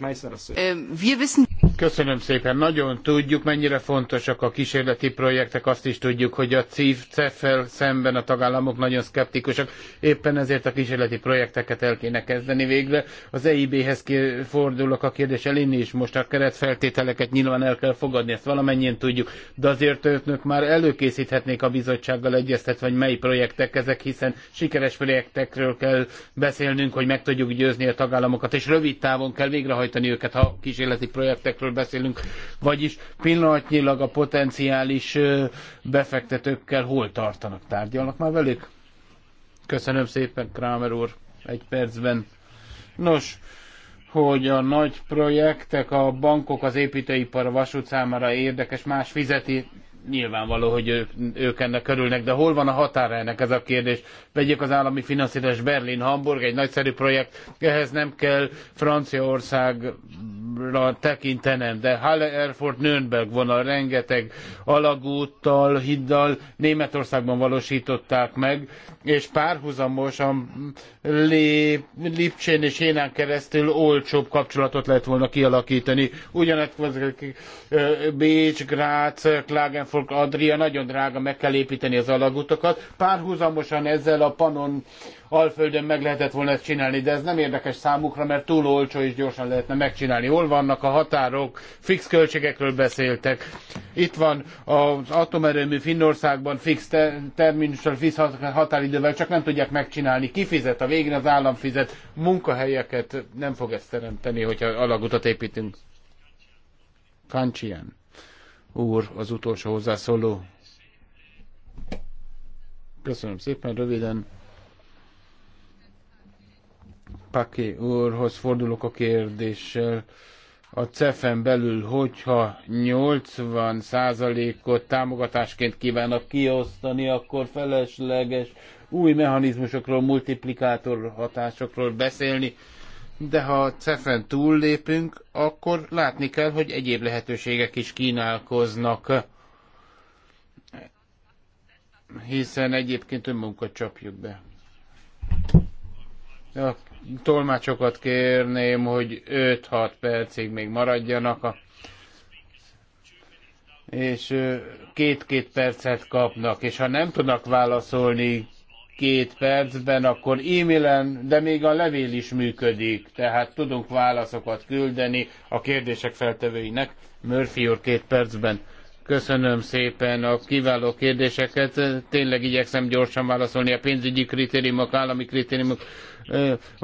Köszönöm szépen. Nagyon tudjuk, mennyire fontosak a kísérleti projektek. Azt is tudjuk, hogy a CIF, CEF-fel szemben a tagállamok nagyon szkeptikusak Éppen ezért a kísérleti projekteket el kéne kezdeni végre. Az EIB-hez fordulok a kérdéssel, én is most a keretfeltételeket nyilván el kell fogadni, ezt valamennyien tudjuk, de azért önök már előkészíthetnék a bizottsággal egyeztetve, hogy mely projektek ezek, hiszen sikeres projektekről kell beszélnünk, hogy meg tudjuk győzni a tagállamokat, és rövid távon kell végrehajtani őket, ha kísérleti projektekről beszélünk, vagyis pillanatnyilag a potenciális befektetőkkel hol tartanak, tárgyalnak már velük? Köszönöm szépen, Kramer úr, egy percben. Nos, hogy a nagy projektek, a bankok, az építőipar, a vasút számára érdekes, más fizeti nyilvánvaló, hogy ők, ők ennek örülnek, de hol van a határa ennek ez a kérdés? Vegyük az állami finanszírozás Berlin-Hamburg, egy nagyszerű projekt, ehhez nem kell Franciaországra tekintenem, de Halle Erfurt Nürnberg vonal rengeteg alagúttal, hiddal Németországban valósították meg, és párhuzamosan Lé, Lipcsén és Jénán keresztül olcsóbb kapcsolatot lehet volna kialakítani. Ugyanezt Bécs, Grác, Klagenfurt, Norfolk Adria nagyon drága, meg kell építeni az alagutakat. Párhuzamosan ezzel a Panon Alföldön meg lehetett volna ezt csinálni, de ez nem érdekes számukra, mert túl olcsó és gyorsan lehetne megcsinálni. Hol vannak a határok, fix költségekről beszéltek. Itt van az atomerőmű Finnországban fix terminussal, fix határidővel, csak nem tudják megcsinálni. Ki fizet? A végén az állam fizet. Munkahelyeket nem fog ezt teremteni, hogyha alagutat építünk. Kancsian úr, az utolsó hozzászóló. Köszönöm szépen, röviden. Paki úrhoz fordulok a kérdéssel. A CEFEN belül, hogyha 80%-ot támogatásként kívánnak kiosztani, akkor felesleges új mechanizmusokról, multiplikátor hatásokról beszélni de ha a CEFREN túllépünk, akkor látni kell, hogy egyéb lehetőségek is kínálkoznak, hiszen egyébként önmunkat csapjuk be. A tolmácsokat kérném, hogy 5-6 percig még maradjanak, a, és két-két percet kapnak, és ha nem tudnak válaszolni két percben, akkor e-mailen, de még a levél is működik, tehát tudunk válaszokat küldeni a kérdések feltevőinek. Murphy úr két percben. Köszönöm szépen a kiváló kérdéseket. Tényleg igyekszem gyorsan válaszolni a pénzügyi kritériumok, állami kritériumok,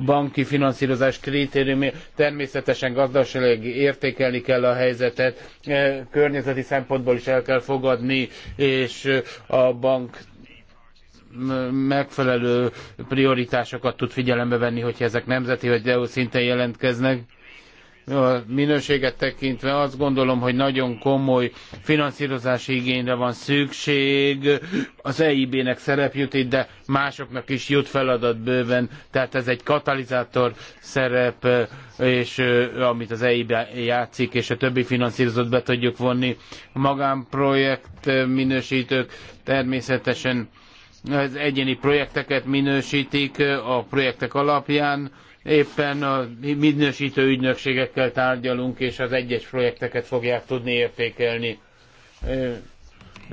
banki finanszírozás kritériumi. Természetesen gazdaságilag értékelni kell a helyzetet, környezeti szempontból is el kell fogadni, és a bank megfelelő prioritásokat tud figyelembe venni, hogyha ezek nemzeti vagy EU szinten jelentkeznek. A minőséget tekintve azt gondolom, hogy nagyon komoly finanszírozási igényre van szükség. Az EIB-nek szerep jut itt, de másoknak is jut feladat bőven. Tehát ez egy katalizátor szerep, és amit az EIB játszik, és a többi finanszírozót be tudjuk vonni. A magánprojekt minősítők természetesen az egyéni projekteket minősítik a projektek alapján, éppen a minősítő ügynökségekkel tárgyalunk, és az egyes projekteket fogják tudni értékelni.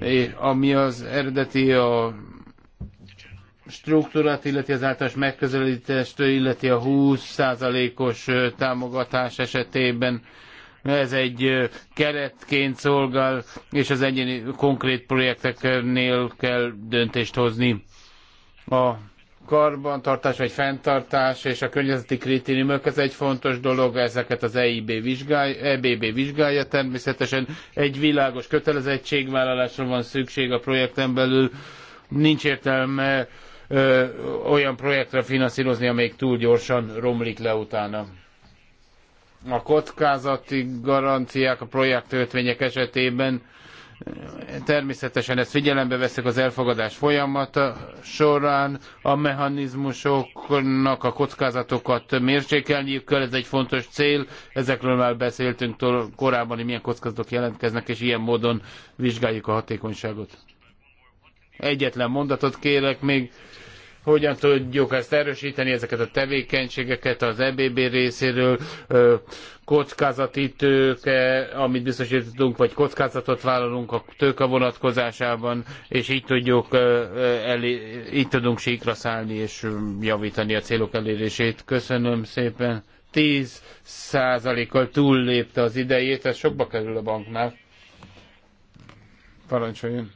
És ami az eredeti a struktúrát, illeti az általános megközelítést, illeti a 20%-os támogatás esetében ez egy keretként szolgál, és az egyéni konkrét projekteknél kell döntést hozni. A karbantartás vagy fenntartás és a környezeti kritériumok, ez egy fontos dolog, ezeket az EIB vizsgálja, EBB vizsgálja természetesen. Egy világos kötelezettségvállalásra van szükség a projekten belül, nincs értelme ö, olyan projektre finanszírozni, amelyik túl gyorsan romlik le utána a kockázati garanciák a projektöltvények esetében természetesen ezt figyelembe veszek az elfogadás folyamata során, a mechanizmusoknak a kockázatokat mérsékelniük kell, ez egy fontos cél, ezekről már beszéltünk korábban, hogy milyen kockázatok jelentkeznek, és ilyen módon vizsgáljuk a hatékonyságot. Egyetlen mondatot kérek még, hogyan tudjuk ezt erősíteni, ezeket a tevékenységeket az EBB részéről, kockázati amit biztosítunk, vagy kockázatot vállalunk a tőke vonatkozásában, és így, tudjuk, elé, így tudunk síkra szállni és javítani a célok elérését. Köszönöm szépen. 10 százalékkal túllépte az idejét, ez sokba kerül a banknál. Parancsoljon.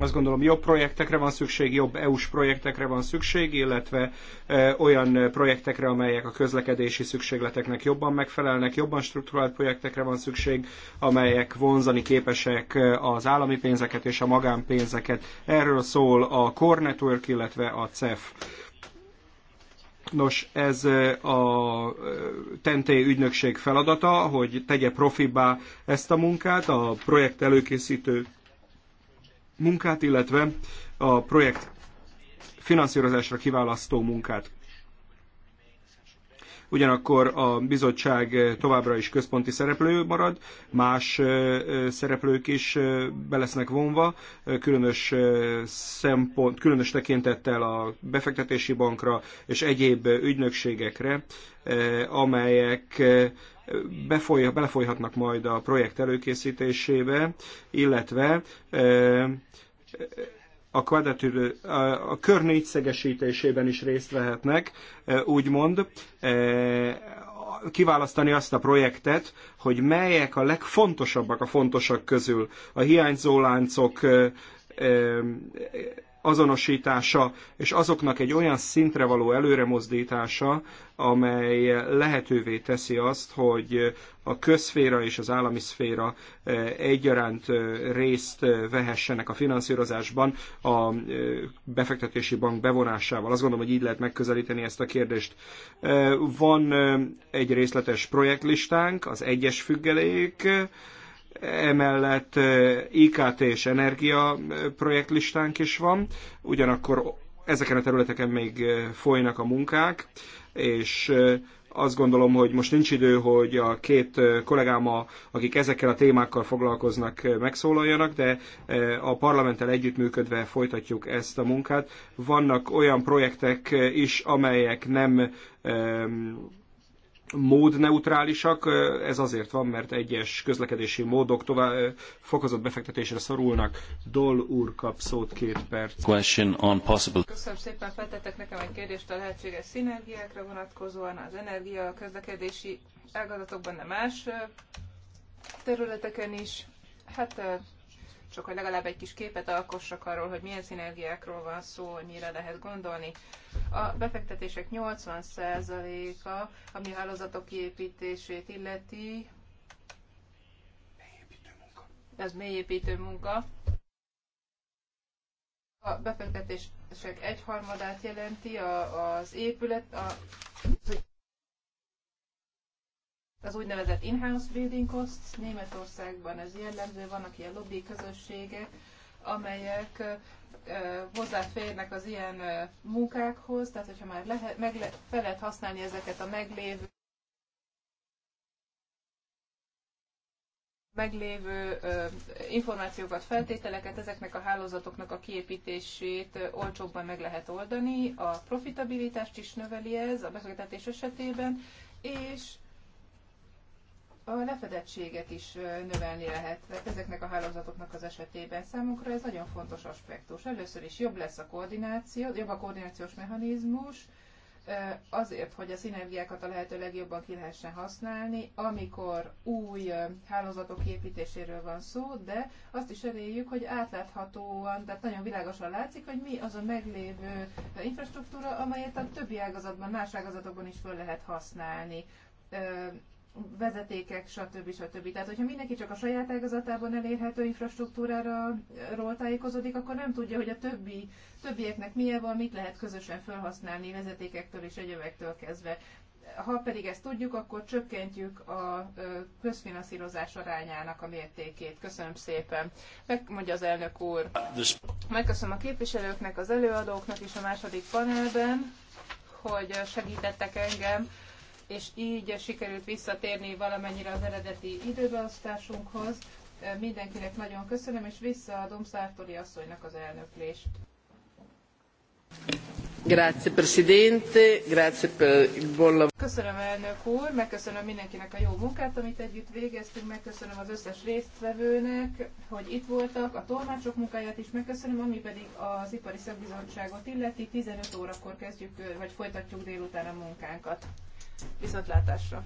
Azt gondolom, jobb projektekre van szükség, jobb EU-s projektekre van szükség, illetve e, olyan projektekre, amelyek a közlekedési szükségleteknek jobban megfelelnek, jobban strukturált projektekre van szükség, amelyek vonzani képesek e, az állami pénzeket és a magánpénzeket. Erről szól a Core Network, illetve a CEF. Nos, ez e, a TNT ügynökség feladata, hogy tegye profibá ezt a munkát, a projekt előkészítő munkát, illetve a projekt finanszírozásra kiválasztó munkát. Ugyanakkor a bizottság továbbra is központi szereplő marad, más szereplők is belesznek vonva, különös szempont, különös tekintettel a befektetési bankra és egyéb ügynökségekre, amelyek befoly, belefolyhatnak majd a projekt előkészítésébe, illetve a kvadratűrő, a, a kör négyszegesítésében is részt vehetnek, e, úgymond, e, kiválasztani azt a projektet, hogy melyek a legfontosabbak a fontosak közül. A hiányzó láncok e, azonosítása, és azoknak egy olyan szintre való előremozdítása, amely lehetővé teszi azt, hogy a közszféra és az állami szféra eh, egyaránt eh, részt eh, vehessenek a finanszírozásban a befektetési bank bevonásával. Azt gondolom, hogy így lehet megközelíteni ezt a kérdést. Van egy részletes projektlistánk, az egyes függelék, emellett IKT és energia projektlistánk is van, ugyanakkor ezeken a területeken még folynak a munkák, és azt gondolom, hogy most nincs idő, hogy a két kollégáma, akik ezekkel a témákkal foglalkoznak, megszólaljanak, de a parlamenttel együttműködve folytatjuk ezt a munkát. Vannak olyan projektek is, amelyek nem mód neutrálisak Ez azért van, mert egyes közlekedési módok tovább fokozott befektetésre szorulnak. Dol úr kap szót két perc. Question on possible. Köszönöm szépen, feltettek nekem egy kérdést a lehetséges szinergiákra vonatkozóan, az energia, a közlekedési ágazatokban, de más területeken is. Hát csak hogy legalább egy kis képet alkossak arról, hogy milyen szinergiákról van szó, hogy mire lehet gondolni. A befektetések 80%-a, ami hálózatok kiépítését illeti, ez mélyépítő munka. A befektetések egyharmadát jelenti az épület, a az úgynevezett in-house building costs. Németországban ez jellemző, vannak ilyen lobby közösségek, amelyek hozzáférnek az ilyen munkákhoz, tehát hogyha már lehet, meg le, fel lehet használni ezeket a meglévő meglévő ö, információkat, feltételeket, ezeknek a hálózatoknak a kiépítését ö, olcsóbban meg lehet oldani, a profitabilitást is növeli ez a befektetés esetében, és a lefedettséget is növelni lehet tehát ezeknek a hálózatoknak az esetében. Számunkra ez nagyon fontos aspektus. Először is jobb lesz a koordináció, jobb a koordinációs mechanizmus, azért, hogy a szinergiákat a lehető legjobban ki lehessen használni, amikor új hálózatok építéséről van szó, de azt is eléljük, hogy átláthatóan, tehát nagyon világosan látszik, hogy mi az a meglévő infrastruktúra, amelyet a többi ágazatban, más ágazatokban is föl lehet használni vezetékek, stb. stb. Tehát, hogyha mindenki csak a saját ágazatában elérhető infrastruktúráról eh, tájékozódik, akkor nem tudja, hogy a többi, többieknek milyen van, mit lehet közösen felhasználni vezetékektől és egyövektől kezdve. Ha pedig ezt tudjuk, akkor csökkentjük a eh, közfinanszírozás arányának a mértékét. Köszönöm szépen. Megmondja az elnök úr. Megköszönöm a képviselőknek, az előadóknak is a második panelben, hogy segítettek engem és így sikerült visszatérni valamennyire az eredeti időbeosztásunkhoz. Mindenkinek nagyon köszönöm, és visszaadom Szártori asszonynak az elnöklést. Köszönöm elnök úr, megköszönöm mindenkinek a jó munkát, amit együtt végeztünk, megköszönöm az összes résztvevőnek, hogy itt voltak, a tolmácsok munkáját is megköszönöm, ami pedig az Ipari Szakbizottságot illeti, 15 órakor kezdjük, vagy folytatjuk délután a munkánkat. Viszontlátásra!